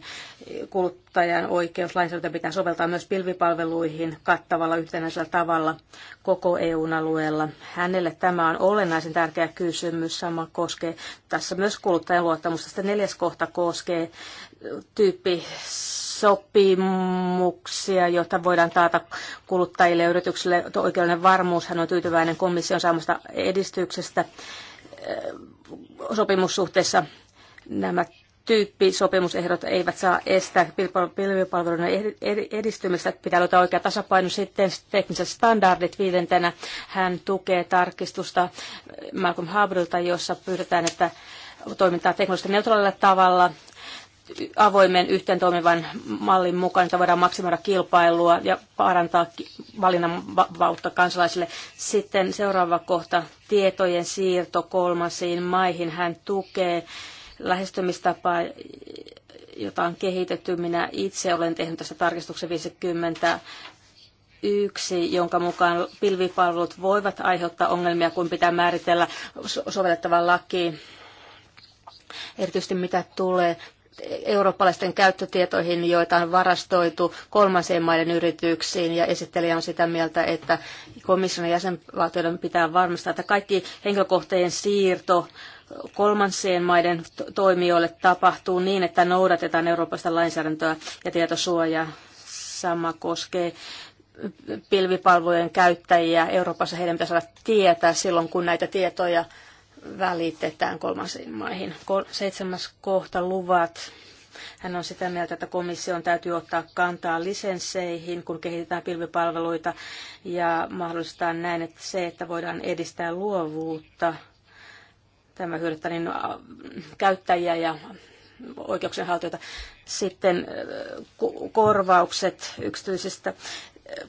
kuluttajan oikeuslainsäädäntö pitää soveltaa myös pilvipalveluihin kattavalla yhtenäisellä tavalla koko EU-alueella. Hänelle tämä on olennaisen tärkeä kysymys. Sama koskee tässä myös kuluttajan luottamusta. Sitten neljäs kohta koskee tyyppi sopimuksia, joita voidaan taata kuluttajille ja yrityksille. Oikeudellinen varmuus, hän on tyytyväinen komission saamasta edistyksestä eh, sopimussuhteessa. Nämä tyyppisopimusehdot eivät saa estää pilvipalveluiden edistymistä. Pitää löytää oikea tasapaino. Sitten tekniset standardit viidentenä. Hän tukee tarkistusta Malcolm Harbourilta, jossa pyydetään, että toimintaa teknologisesti neutraalilla tavalla avoimen yhteen toimivan mallin mukaan, jota voidaan maksimoida kilpailua ja parantaa valinnanvapautta kansalaisille. Sitten seuraava kohta, tietojen siirto kolmansiin maihin. Hän tukee lähestymistapaa, jota on kehitetty. Minä itse olen tehnyt tässä tarkistuksen 50 yksi, jonka mukaan pilvipalvelut voivat aiheuttaa ongelmia, kun pitää määritellä sovellettava laki erityisesti mitä tulee eurooppalaisten käyttötietoihin, joita on varastoitu kolmansien maiden yrityksiin, ja esittelijä on sitä mieltä, että komission jäsenvaltioiden pitää varmistaa, että kaikki henkilökohteen siirto kolmansien maiden toimijoille tapahtuu niin, että noudatetaan eurooppalaista lainsäädäntöä ja tietosuojaa. Sama koskee pilvipalvelujen käyttäjiä Euroopassa. Heidän pitää saada tietää silloin, kun näitä tietoja välitetään kolmansiin maihin. Seitsemäs kohta luvat. Hän on sitä mieltä, että komission täytyy ottaa kantaa lisensseihin, kun kehitetään pilvipalveluita ja mahdollistaa näin, että se, että voidaan edistää luovuutta, tämä hyödyttää niin käyttäjiä ja oikeuksienhaltijoita. Sitten korvaukset yksityisistä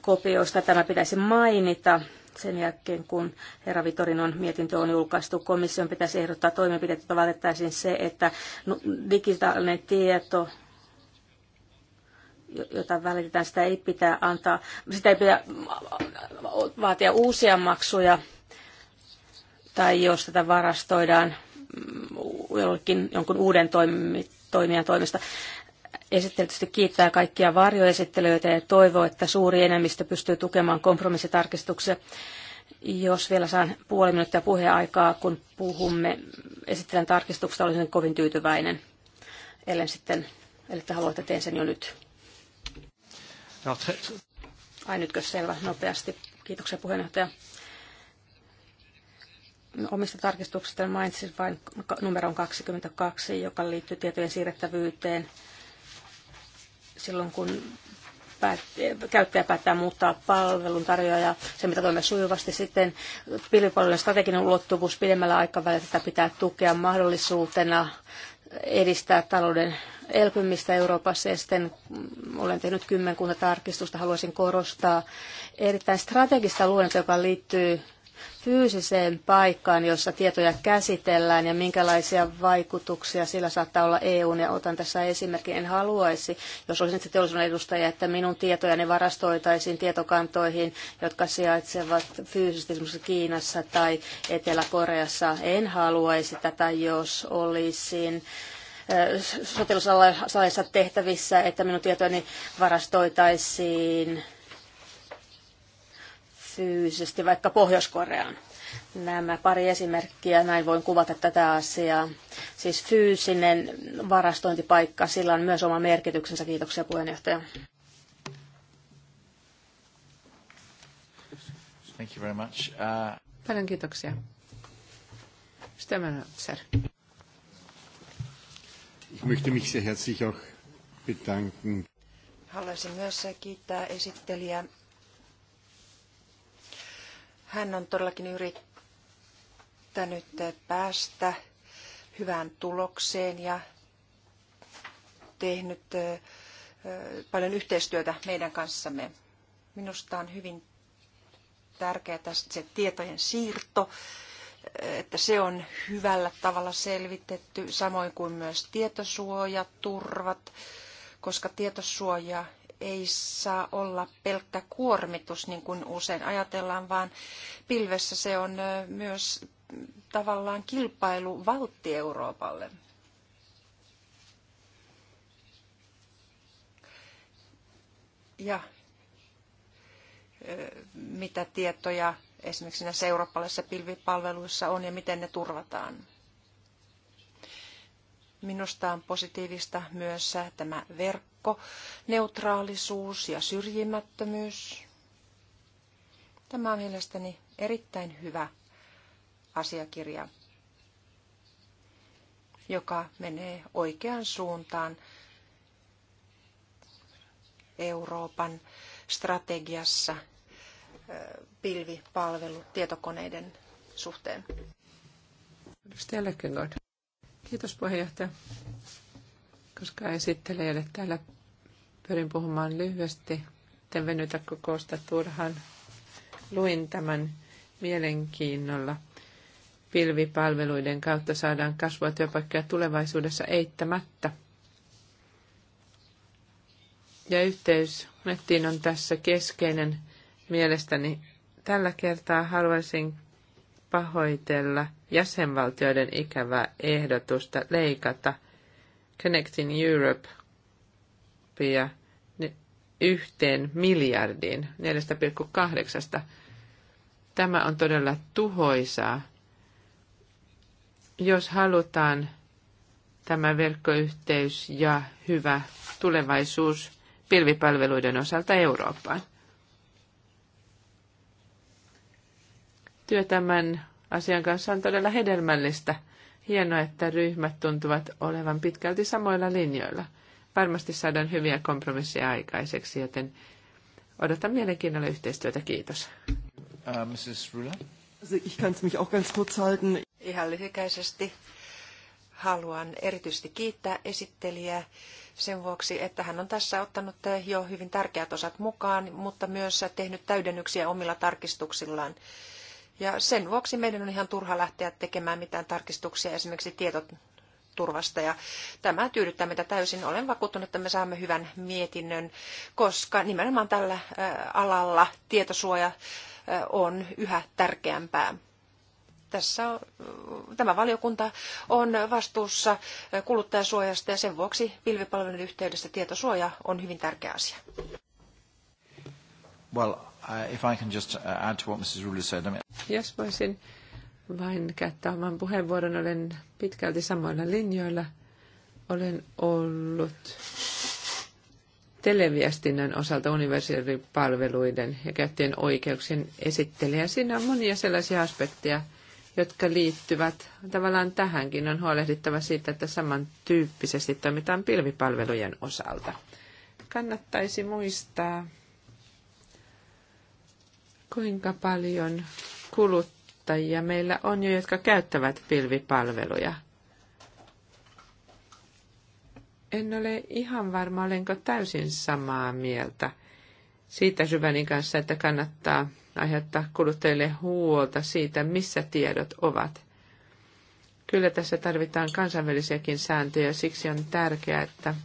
kopioista, tämä pitäisi mainita sen jälkeen, kun herra Vitorinon mietintö on julkaistu. Komission pitäisi ehdottaa toimenpiteitä, että vältettäisiin se, että digitaalinen tieto jota välitetään, sitä ei pitää antaa, sitä ei pidä vaatia uusia maksuja, tai jos tätä varastoidaan mm, jollekin jonkun uuden toimi, toimijan toimesta. Esittelytysti kiittää kaikkia varjoesittelijöitä ja toivoo, että suuri enemmistö pystyy tukemaan kompromissitarkistuksia. Jos vielä saan puoli minuuttia puheaikaa, kun puhumme esittelen tarkistuksesta, olisin kovin tyytyväinen. Ellen sitten, eli te haluatte, teen sen jo nyt. Ai nytkö selvä, nopeasti. Kiitoksia puheenjohtaja. Omista tarkistuksista mainitsin vain numeron 22, joka liittyy tietojen siirrettävyyteen silloin kun päät, käyttäjä päättää muuttaa palvelun tarjoaja se mitä toimii sujuvasti sitten pilvipalvelujen strateginen ulottuvuus pidemmällä aikavälillä, tätä pitää tukea mahdollisuutena edistää talouden elpymistä Euroopassa ja sitten olen tehnyt kymmenkunta tarkistusta, haluaisin korostaa erittäin strategista luonnetta, joka liittyy fyysiseen paikkaan, jossa tietoja käsitellään ja minkälaisia vaikutuksia sillä saattaa olla EUn. Ja otan tässä esimerkin, en haluaisi, jos olisin itse teollisuuden edustaja, että minun tietojani varastoitaisiin tietokantoihin, jotka sijaitsevat fyysisesti esimerkiksi Kiinassa tai Etelä-Koreassa. En haluaisi tätä, jos olisin sotilasalaisissa tehtävissä, että minun tietojani varastoitaisiin fyysisesti vaikka Pohjois-Koreaan. Nämä pari esimerkkiä, näin voin kuvata tätä asiaa. Siis fyysinen varastointipaikka, sillä on myös oma merkityksensä. Kiitoksia puheenjohtaja. Thank you very much. Uh... Paljon kiitoksia. Stemmenöpser. Ich möchte mich sehr herzlich auch bedanken. Haluaisin myös kiittää esittelijää hän on todellakin yrittänyt päästä hyvään tulokseen ja tehnyt paljon yhteistyötä meidän kanssamme. Minusta on hyvin tärkeää se tietojen siirto, että se on hyvällä tavalla selvitetty, samoin kuin myös tietosuojaturvat, koska tietosuoja ei saa olla pelkkä kuormitus, niin kuin usein ajatellaan, vaan pilvessä se on myös tavallaan kilpailu valtti Euroopalle. Ja mitä tietoja esimerkiksi näissä eurooppalaisissa pilvipalveluissa on ja miten ne turvataan. Minusta on positiivista myös tämä verkko neutraalisuus ja syrjimättömyys. Tämä on mielestäni erittäin hyvä asiakirja, joka menee oikeaan suuntaan Euroopan strategiassa pilvipalvelu tietokoneiden suhteen. Edustaja Kiitos puheenjohtaja. Koska esittelijälle täällä, pyrin puhumaan lyhyesti. En venytä kokousta turhan. Luin tämän mielenkiinnolla. Pilvipalveluiden kautta saadaan kasvua työpaikkoja tulevaisuudessa eittämättä. Ja yhteys nettiin on tässä keskeinen mielestäni. Tällä kertaa haluaisin pahoitella jäsenvaltioiden ikävää ehdotusta leikata Connecting Europe yhteen miljardiin, 4,8. Tämä on todella tuhoisaa. Jos halutaan tämä verkkoyhteys ja hyvä tulevaisuus pilvipalveluiden osalta Eurooppaan. työ tämän asian kanssa on todella hedelmällistä. Hienoa, että ryhmät tuntuvat olevan pitkälti samoilla linjoilla. Varmasti saadaan hyviä kompromisseja aikaiseksi, joten odotan mielenkiinnolla yhteistyötä. Kiitos. Uh, Mrs. Rula? Ich kann mich auch ganz kurz halten. Ihan lyhykäisesti haluan erityisesti kiittää esittelijää sen vuoksi, että hän on tässä ottanut jo hyvin tärkeät osat mukaan, mutta myös tehnyt täydennyksiä omilla tarkistuksillaan. Ja sen vuoksi meidän on ihan turha lähteä tekemään mitään tarkistuksia esimerkiksi tietoturvasta. Ja tämä tyydyttää meitä täysin. Olen vakuuttunut, että me saamme hyvän mietinnön, koska nimenomaan tällä alalla tietosuoja on yhä tärkeämpää. Tässä on, tämä valiokunta on vastuussa kuluttajasuojasta ja sen vuoksi pilvipalvelun yhteydessä tietosuoja on hyvin tärkeä asia. Well, Uh, if I can just uh, add to what Mrs. Ruler said. I mean... Jos voisin vain käyttää oman puheenvuoron, olen pitkälti samoilla linjoilla. Olen ollut televiestinnän osalta universaalipalveluiden ja käyttäjien oikeuksien esittelijä. Siinä on monia sellaisia aspekteja, jotka liittyvät tavallaan tähänkin. On huolehdittava siitä, että samantyyppisesti toimitaan pilvipalvelujen osalta. Kannattaisi muistaa Kuinka paljon kuluttajia meillä on jo, jotka käyttävät pilvipalveluja? En ole ihan varma, olenko täysin samaa mieltä siitä Syvänin kanssa, että kannattaa aiheuttaa kuluttajille huolta siitä, missä tiedot ovat. Kyllä tässä tarvitaan kansainvälisiäkin sääntöjä, siksi on tärkeää, että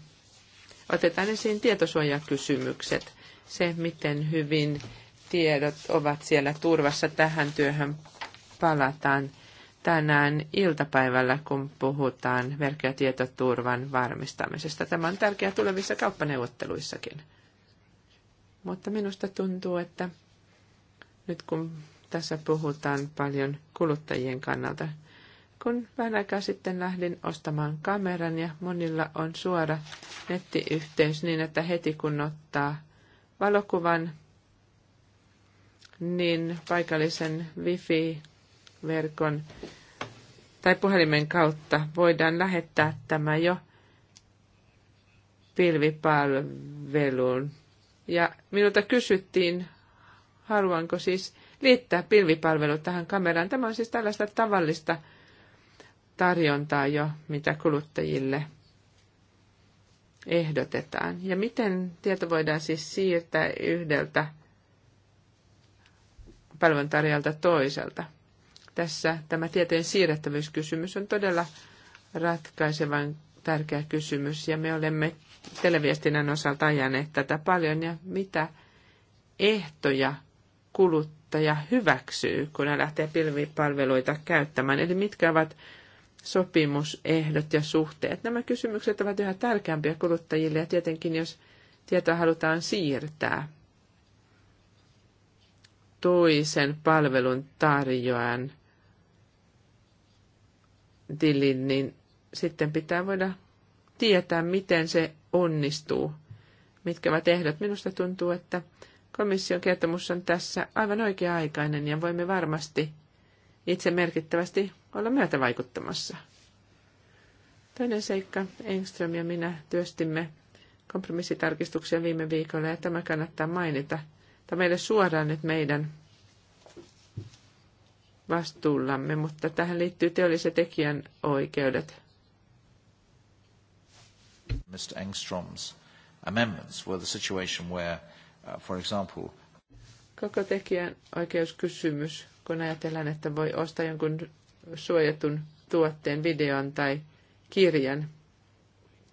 otetaan esiin tietosuojakysymykset, se miten hyvin tiedot ovat siellä turvassa. Tähän työhön palataan tänään iltapäivällä, kun puhutaan verkko- ja tietoturvan varmistamisesta. Tämä on tärkeää tulevissa kauppaneuvotteluissakin. Mutta minusta tuntuu, että nyt kun tässä puhutaan paljon kuluttajien kannalta, kun vähän aikaa sitten lähdin ostamaan kameran ja monilla on suora nettiyhteys niin, että heti kun ottaa valokuvan, niin paikallisen wifi-verkon tai puhelimen kautta voidaan lähettää tämä jo pilvipalveluun. Ja minulta kysyttiin, haluanko siis liittää pilvipalvelu tähän kameraan. Tämä on siis tällaista tavallista tarjontaa jo, mitä kuluttajille ehdotetaan. Ja miten tieto voidaan siis siirtää yhdeltä palveluntarjalta toiselta. Tässä tämä tieteen siirrettävyyskysymys on todella ratkaisevan tärkeä kysymys ja me olemme televiestinnän osalta ajaneet tätä paljon ja mitä ehtoja kuluttaja hyväksyy, kun hän lähtee pilvipalveluita käyttämään. Eli mitkä ovat sopimusehdot ja suhteet. Nämä kysymykset ovat yhä tärkeämpiä kuluttajille ja tietenkin jos tietoa halutaan siirtää toisen palvelun tarjoajan tilin, niin sitten pitää voida tietää, miten se onnistuu, mitkä ovat ehdot. Minusta tuntuu, että komission kertomus on tässä aivan oikea-aikainen ja voimme varmasti itse merkittävästi olla vaikuttamassa. Toinen seikka, Engström ja minä työstimme kompromissitarkistuksia viime viikolla ja tämä kannattaa mainita – tai meille suoraan nyt meidän vastuullamme, mutta tähän liittyy teolliset tekijän oikeudet. Mr. Engstrom's amendments were the situation where, uh, for example, Koko tekijän oikeuskysymys, kun ajatellaan, että voi ostaa jonkun suojatun tuotteen, videon tai kirjan.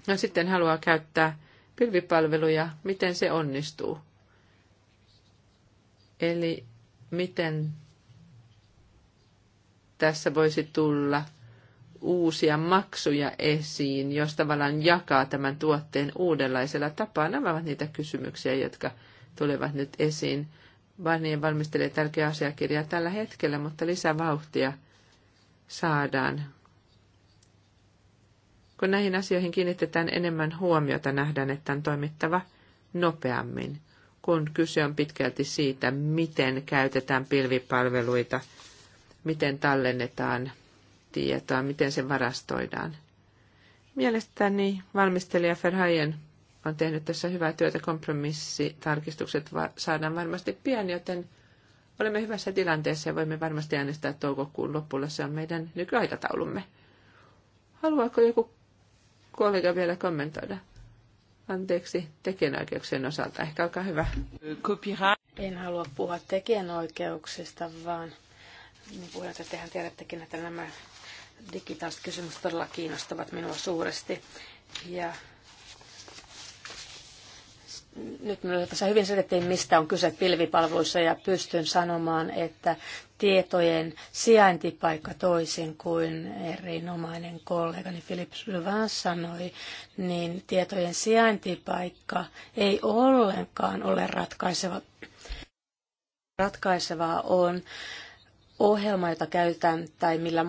No sitten haluaa käyttää pilvipalveluja, miten se onnistuu. Eli miten tässä voisi tulla uusia maksuja esiin, jos tavallaan jakaa tämän tuotteen uudenlaisella tapaa. Nämä ovat niitä kysymyksiä, jotka tulevat nyt esiin. Vanien valmistelee tärkeä asiakirja tällä hetkellä, mutta lisävauhtia saadaan. Kun näihin asioihin kiinnitetään enemmän huomiota, nähdään, että on toimittava nopeammin kun kyse on pitkälti siitä, miten käytetään pilvipalveluita, miten tallennetaan tietoa, miten se varastoidaan. Mielestäni valmistelija Ferhajen on tehnyt tässä hyvää työtä. Kompromissitarkistukset va- saadaan varmasti pian, joten olemme hyvässä tilanteessa ja voimme varmasti äänestää toukokuun lopulla. Se on meidän nykyaikataulumme. Haluaako joku kollega vielä kommentoida? anteeksi tekijänoikeuksien osalta. Ehkä olkaa hyvä. En halua puhua tekijänoikeuksista, vaan niin puheenjohtaja, tehän tiedättekin, että nämä digitaaliset kysymykset todella kiinnostavat minua suuresti. Ja nyt me tässä hyvin selitettiin, mistä on kyse pilvipalveluissa ja pystyn sanomaan, että tietojen sijaintipaikka toisin kuin erinomainen kollegani Philip Sylvain sanoi, niin tietojen sijaintipaikka ei ollenkaan ole ratkaiseva. Ratkaisevaa on ohjelma, jota käytetään tai millä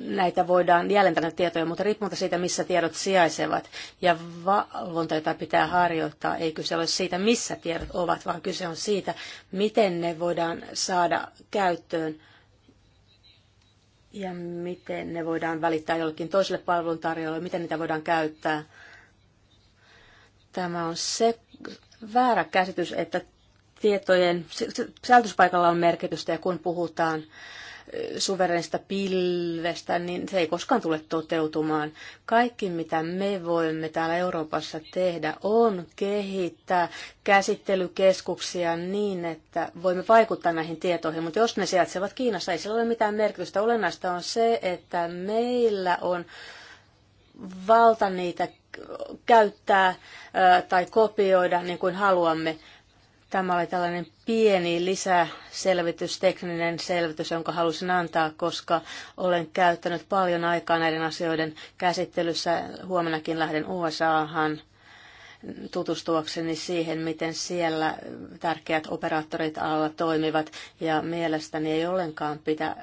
näitä voidaan jäljentää tietoja, mutta riippumatta siitä, missä tiedot sijaisevat ja valvonta, jota pitää harjoittaa, ei kyse ole siitä, missä tiedot ovat, vaan kyse on siitä, miten ne voidaan saada käyttöön ja miten ne voidaan välittää jollekin toiselle palveluntarjoajalle, miten niitä voidaan käyttää. Tämä on se väärä käsitys, että tietojen säilytyspaikalla on merkitystä ja kun puhutaan suverenista pilvestä, niin se ei koskaan tule toteutumaan. Kaikki, mitä me voimme täällä Euroopassa tehdä, on kehittää käsittelykeskuksia niin, että voimme vaikuttaa näihin tietoihin. Mutta jos ne sijaitsevat Kiinassa, ei sillä ole mitään merkitystä. Olennaista on se, että meillä on valta niitä käyttää tai kopioida niin kuin haluamme Tämä oli tällainen pieni lisäselvitys, tekninen selvitys, jonka halusin antaa, koska olen käyttänyt paljon aikaa näiden asioiden käsittelyssä. Huomenakin lähden USAhan tutustuakseni siihen, miten siellä tärkeät operaattorit alla toimivat. Ja mielestäni ei ollenkaan pitä,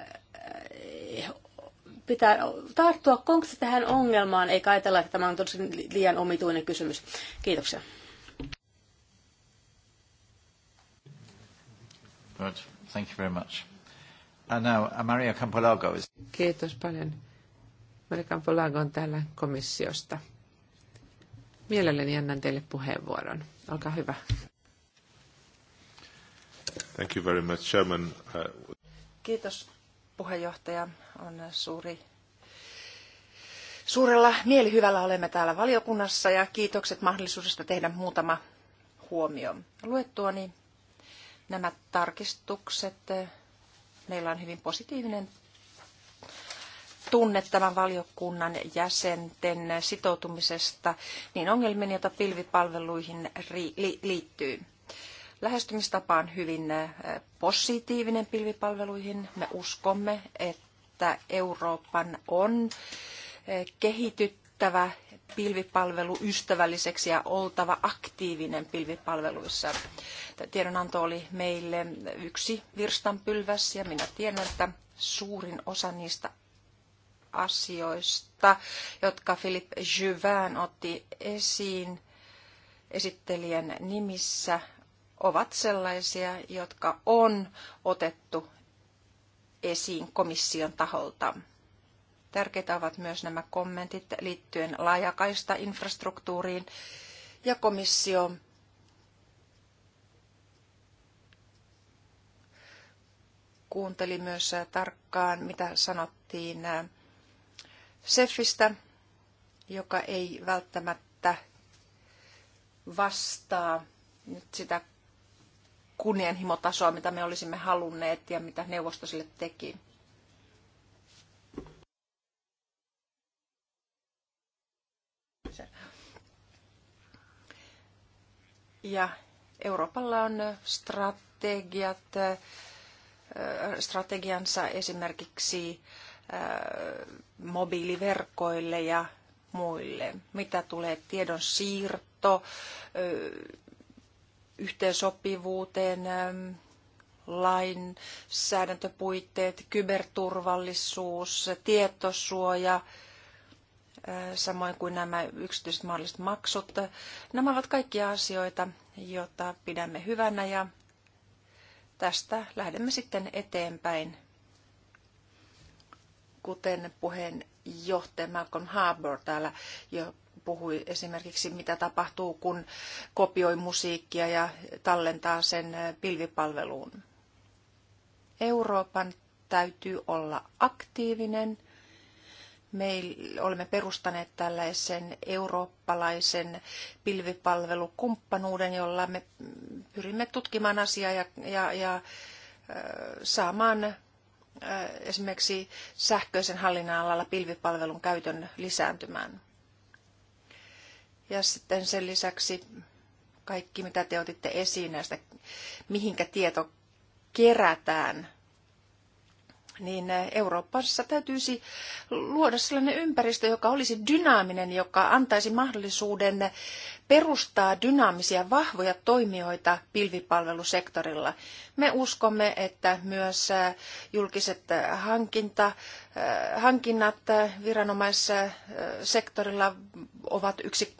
pitää tarttua konkreettisesti tähän ongelmaan, eikä ajatella, että tämä on tosi liian omituinen kysymys. Kiitoksia. thank you very much. now uh, Maria Campolago is... Kiitos paljon. Maria Campolago on täällä komissiosta. Mielelläni annan teille puheenvuoron. Olkaa hyvä. Thank you very much, Chairman. Uh, Kiitos puheenjohtaja. On suuri Suurella mielihyvällä olemme täällä valiokunnassa ja kiitokset mahdollisuudesta tehdä muutama huomio. Luettuani nämä tarkistukset. Meillä on hyvin positiivinen tunne tämän valiokunnan jäsenten sitoutumisesta niin ongelmiin, joita pilvipalveluihin liittyy. Lähestymistapa on hyvin äh, positiivinen pilvipalveluihin. Me uskomme, että Euroopan on äh, kehityttävä pilvipalvelu ystävälliseksi ja oltava aktiivinen pilvipalveluissa. Tiedonanto oli meille yksi virstanpylväs ja minä tiedän, että suurin osa niistä asioista, jotka Philippe Juvin otti esiin esittelijän nimissä, ovat sellaisia, jotka on otettu esiin komission taholta. Tärkeitä ovat myös nämä kommentit liittyen laajakaista infrastruktuuriin ja komissio kuunteli myös tarkkaan, mitä sanottiin SEFistä, joka ei välttämättä vastaa nyt sitä kunnianhimotasoa, mitä me olisimme halunneet ja mitä neuvosto sille teki. Ja Euroopalla on strategiat, strategiansa esimerkiksi mobiiliverkoille ja muille. Mitä tulee tiedon siirto, yhteensopivuuteen, lainsäädäntöpuitteet, kyberturvallisuus, tietosuoja – Äh, samoin kuin nämä yksityiset mahdolliset maksut. Nämä ovat kaikki asioita, joita pidämme hyvänä ja tästä lähdemme sitten eteenpäin, kuten puheenjohtaja Malcolm Harbour täällä jo puhui esimerkiksi, mitä tapahtuu, kun kopioi musiikkia ja tallentaa sen äh, pilvipalveluun. Euroopan täytyy olla aktiivinen me olemme perustaneet tällaisen eurooppalaisen pilvipalvelukumppanuuden, jolla me pyrimme tutkimaan asiaa ja, ja, ja saamaan esimerkiksi sähköisen hallinnan alalla pilvipalvelun käytön lisääntymään. Ja sitten sen lisäksi kaikki, mitä te otitte esiin näistä, mihinkä tieto kerätään niin eh, Euroopassa täytyisi luoda sellainen ympäristö, joka olisi dynaaminen, joka antaisi mahdollisuuden perustaa dynaamisia, vahvoja toimijoita pilvipalvelusektorilla. Me uskomme, että myös eh, julkiset eh, hankinta, hankinnat viranomaissektorilla ovat yksi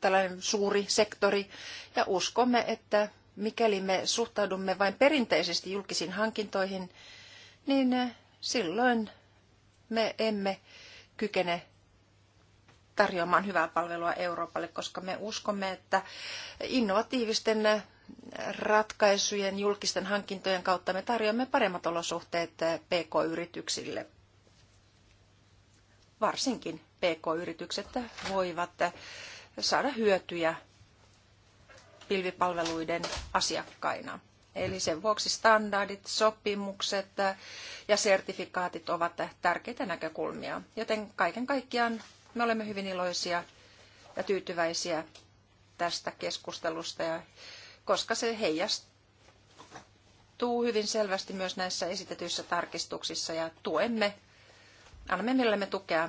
tällainen suuri sektori, ja uskomme, että mikäli me suhtaudumme vain perinteisesti julkisiin hankintoihin, niin eh, silloin me emme kykene tarjoamaan hyvää palvelua Euroopalle, koska me uskomme, että innovatiivisten eh, ratkaisujen, julkisten hankintojen kautta me tarjoamme paremmat olosuhteet eh, PK-yrityksille. Varsinkin PK-yritykset voivat saada hyötyjä pilvipalveluiden asiakkaina. Eli sen vuoksi standardit, sopimukset ja sertifikaatit ovat tärkeitä näkökulmia. Joten kaiken kaikkiaan me olemme hyvin iloisia ja tyytyväisiä tästä keskustelusta, ja koska se heijastuu hyvin selvästi myös näissä esitetyissä tarkistuksissa ja tuemme, annamme mielellämme tukea,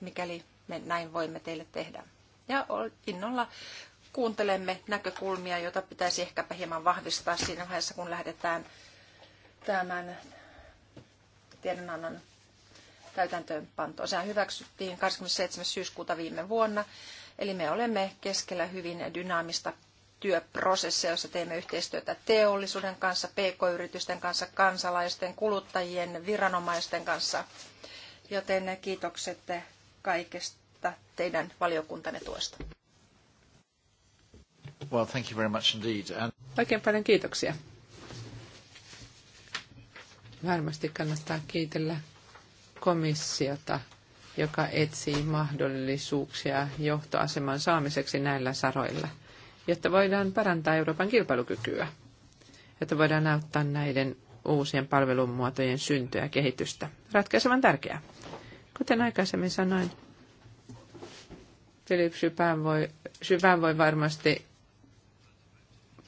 mikäli me näin voimme teille tehdä. Ja innolla kuuntelemme näkökulmia, joita pitäisi ehkäpä hieman vahvistaa siinä vaiheessa, kun lähdetään tämän tiedonannon täytäntöönpantoon. Sehän hyväksyttiin 27. syyskuuta viime vuonna, eli me olemme keskellä hyvin dynaamista työprosesseja, jossa teemme yhteistyötä teollisuuden kanssa, pk-yritysten kanssa, kansalaisten, kuluttajien, viranomaisten kanssa. Joten kiitokset kaikesta teidän valiokuntanne tuosta. Well, thank you very much indeed. And... Oikein paljon kiitoksia. Varmasti kannattaa kiitellä komissiota, joka etsii mahdollisuuksia johtoaseman saamiseksi näillä saroilla, jotta voidaan parantaa Euroopan kilpailukykyä, jotta voidaan auttaa näiden uusien palvelumuotojen syntyä ja kehitystä. Ratkaisevan tärkeää. Kuten aikaisemmin sanoin, Philip Sypään voi, voi varmasti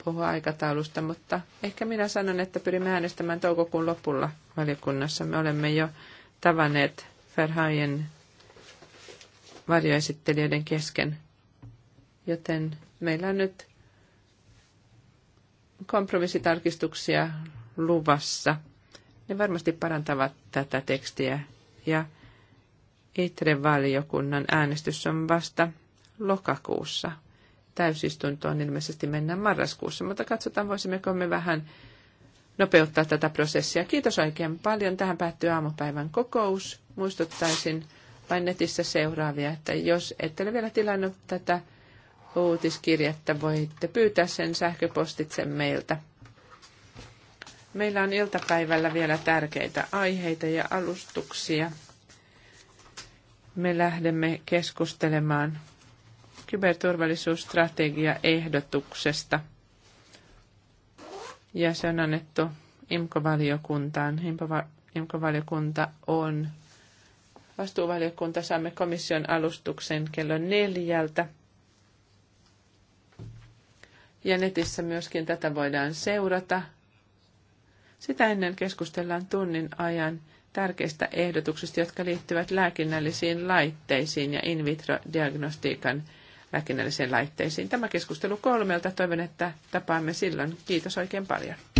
puhua aikataulusta, mutta ehkä minä sanon, että pyrimme äänestämään toukokuun lopulla valiokunnassa. Me olemme jo tavanneet Ferhaien varjoesittelijöiden kesken, joten meillä on nyt kompromissitarkistuksia luvassa. Ne varmasti parantavat tätä tekstiä ja Itre-valiokunnan äänestys on vasta lokakuussa täysistuntoon niin ilmeisesti mennään marraskuussa, mutta katsotaan voisimmeko me vähän nopeuttaa tätä prosessia. Kiitos oikein paljon. Tähän päättyy aamupäivän kokous. Muistuttaisin vain netissä seuraavia, että jos ette ole vielä tilannut tätä uutiskirjettä, voitte pyytää sen sähköpostitse meiltä. Meillä on iltapäivällä vielä tärkeitä aiheita ja alustuksia. Me lähdemme keskustelemaan kyberturvallisuusstrategiaehdotuksesta. Ja se on annettu imco valiokuntaan imco valiokunta on vastuuvaliokunta. Saamme komission alustuksen kello neljältä. Ja netissä myöskin tätä voidaan seurata. Sitä ennen keskustellaan tunnin ajan tärkeistä ehdotuksista, jotka liittyvät lääkinnällisiin laitteisiin ja in vitro-diagnostiikan lääkinnällisiin laitteisiin. Tämä keskustelu kolmelta. Toivon, että tapaamme silloin. Kiitos oikein paljon.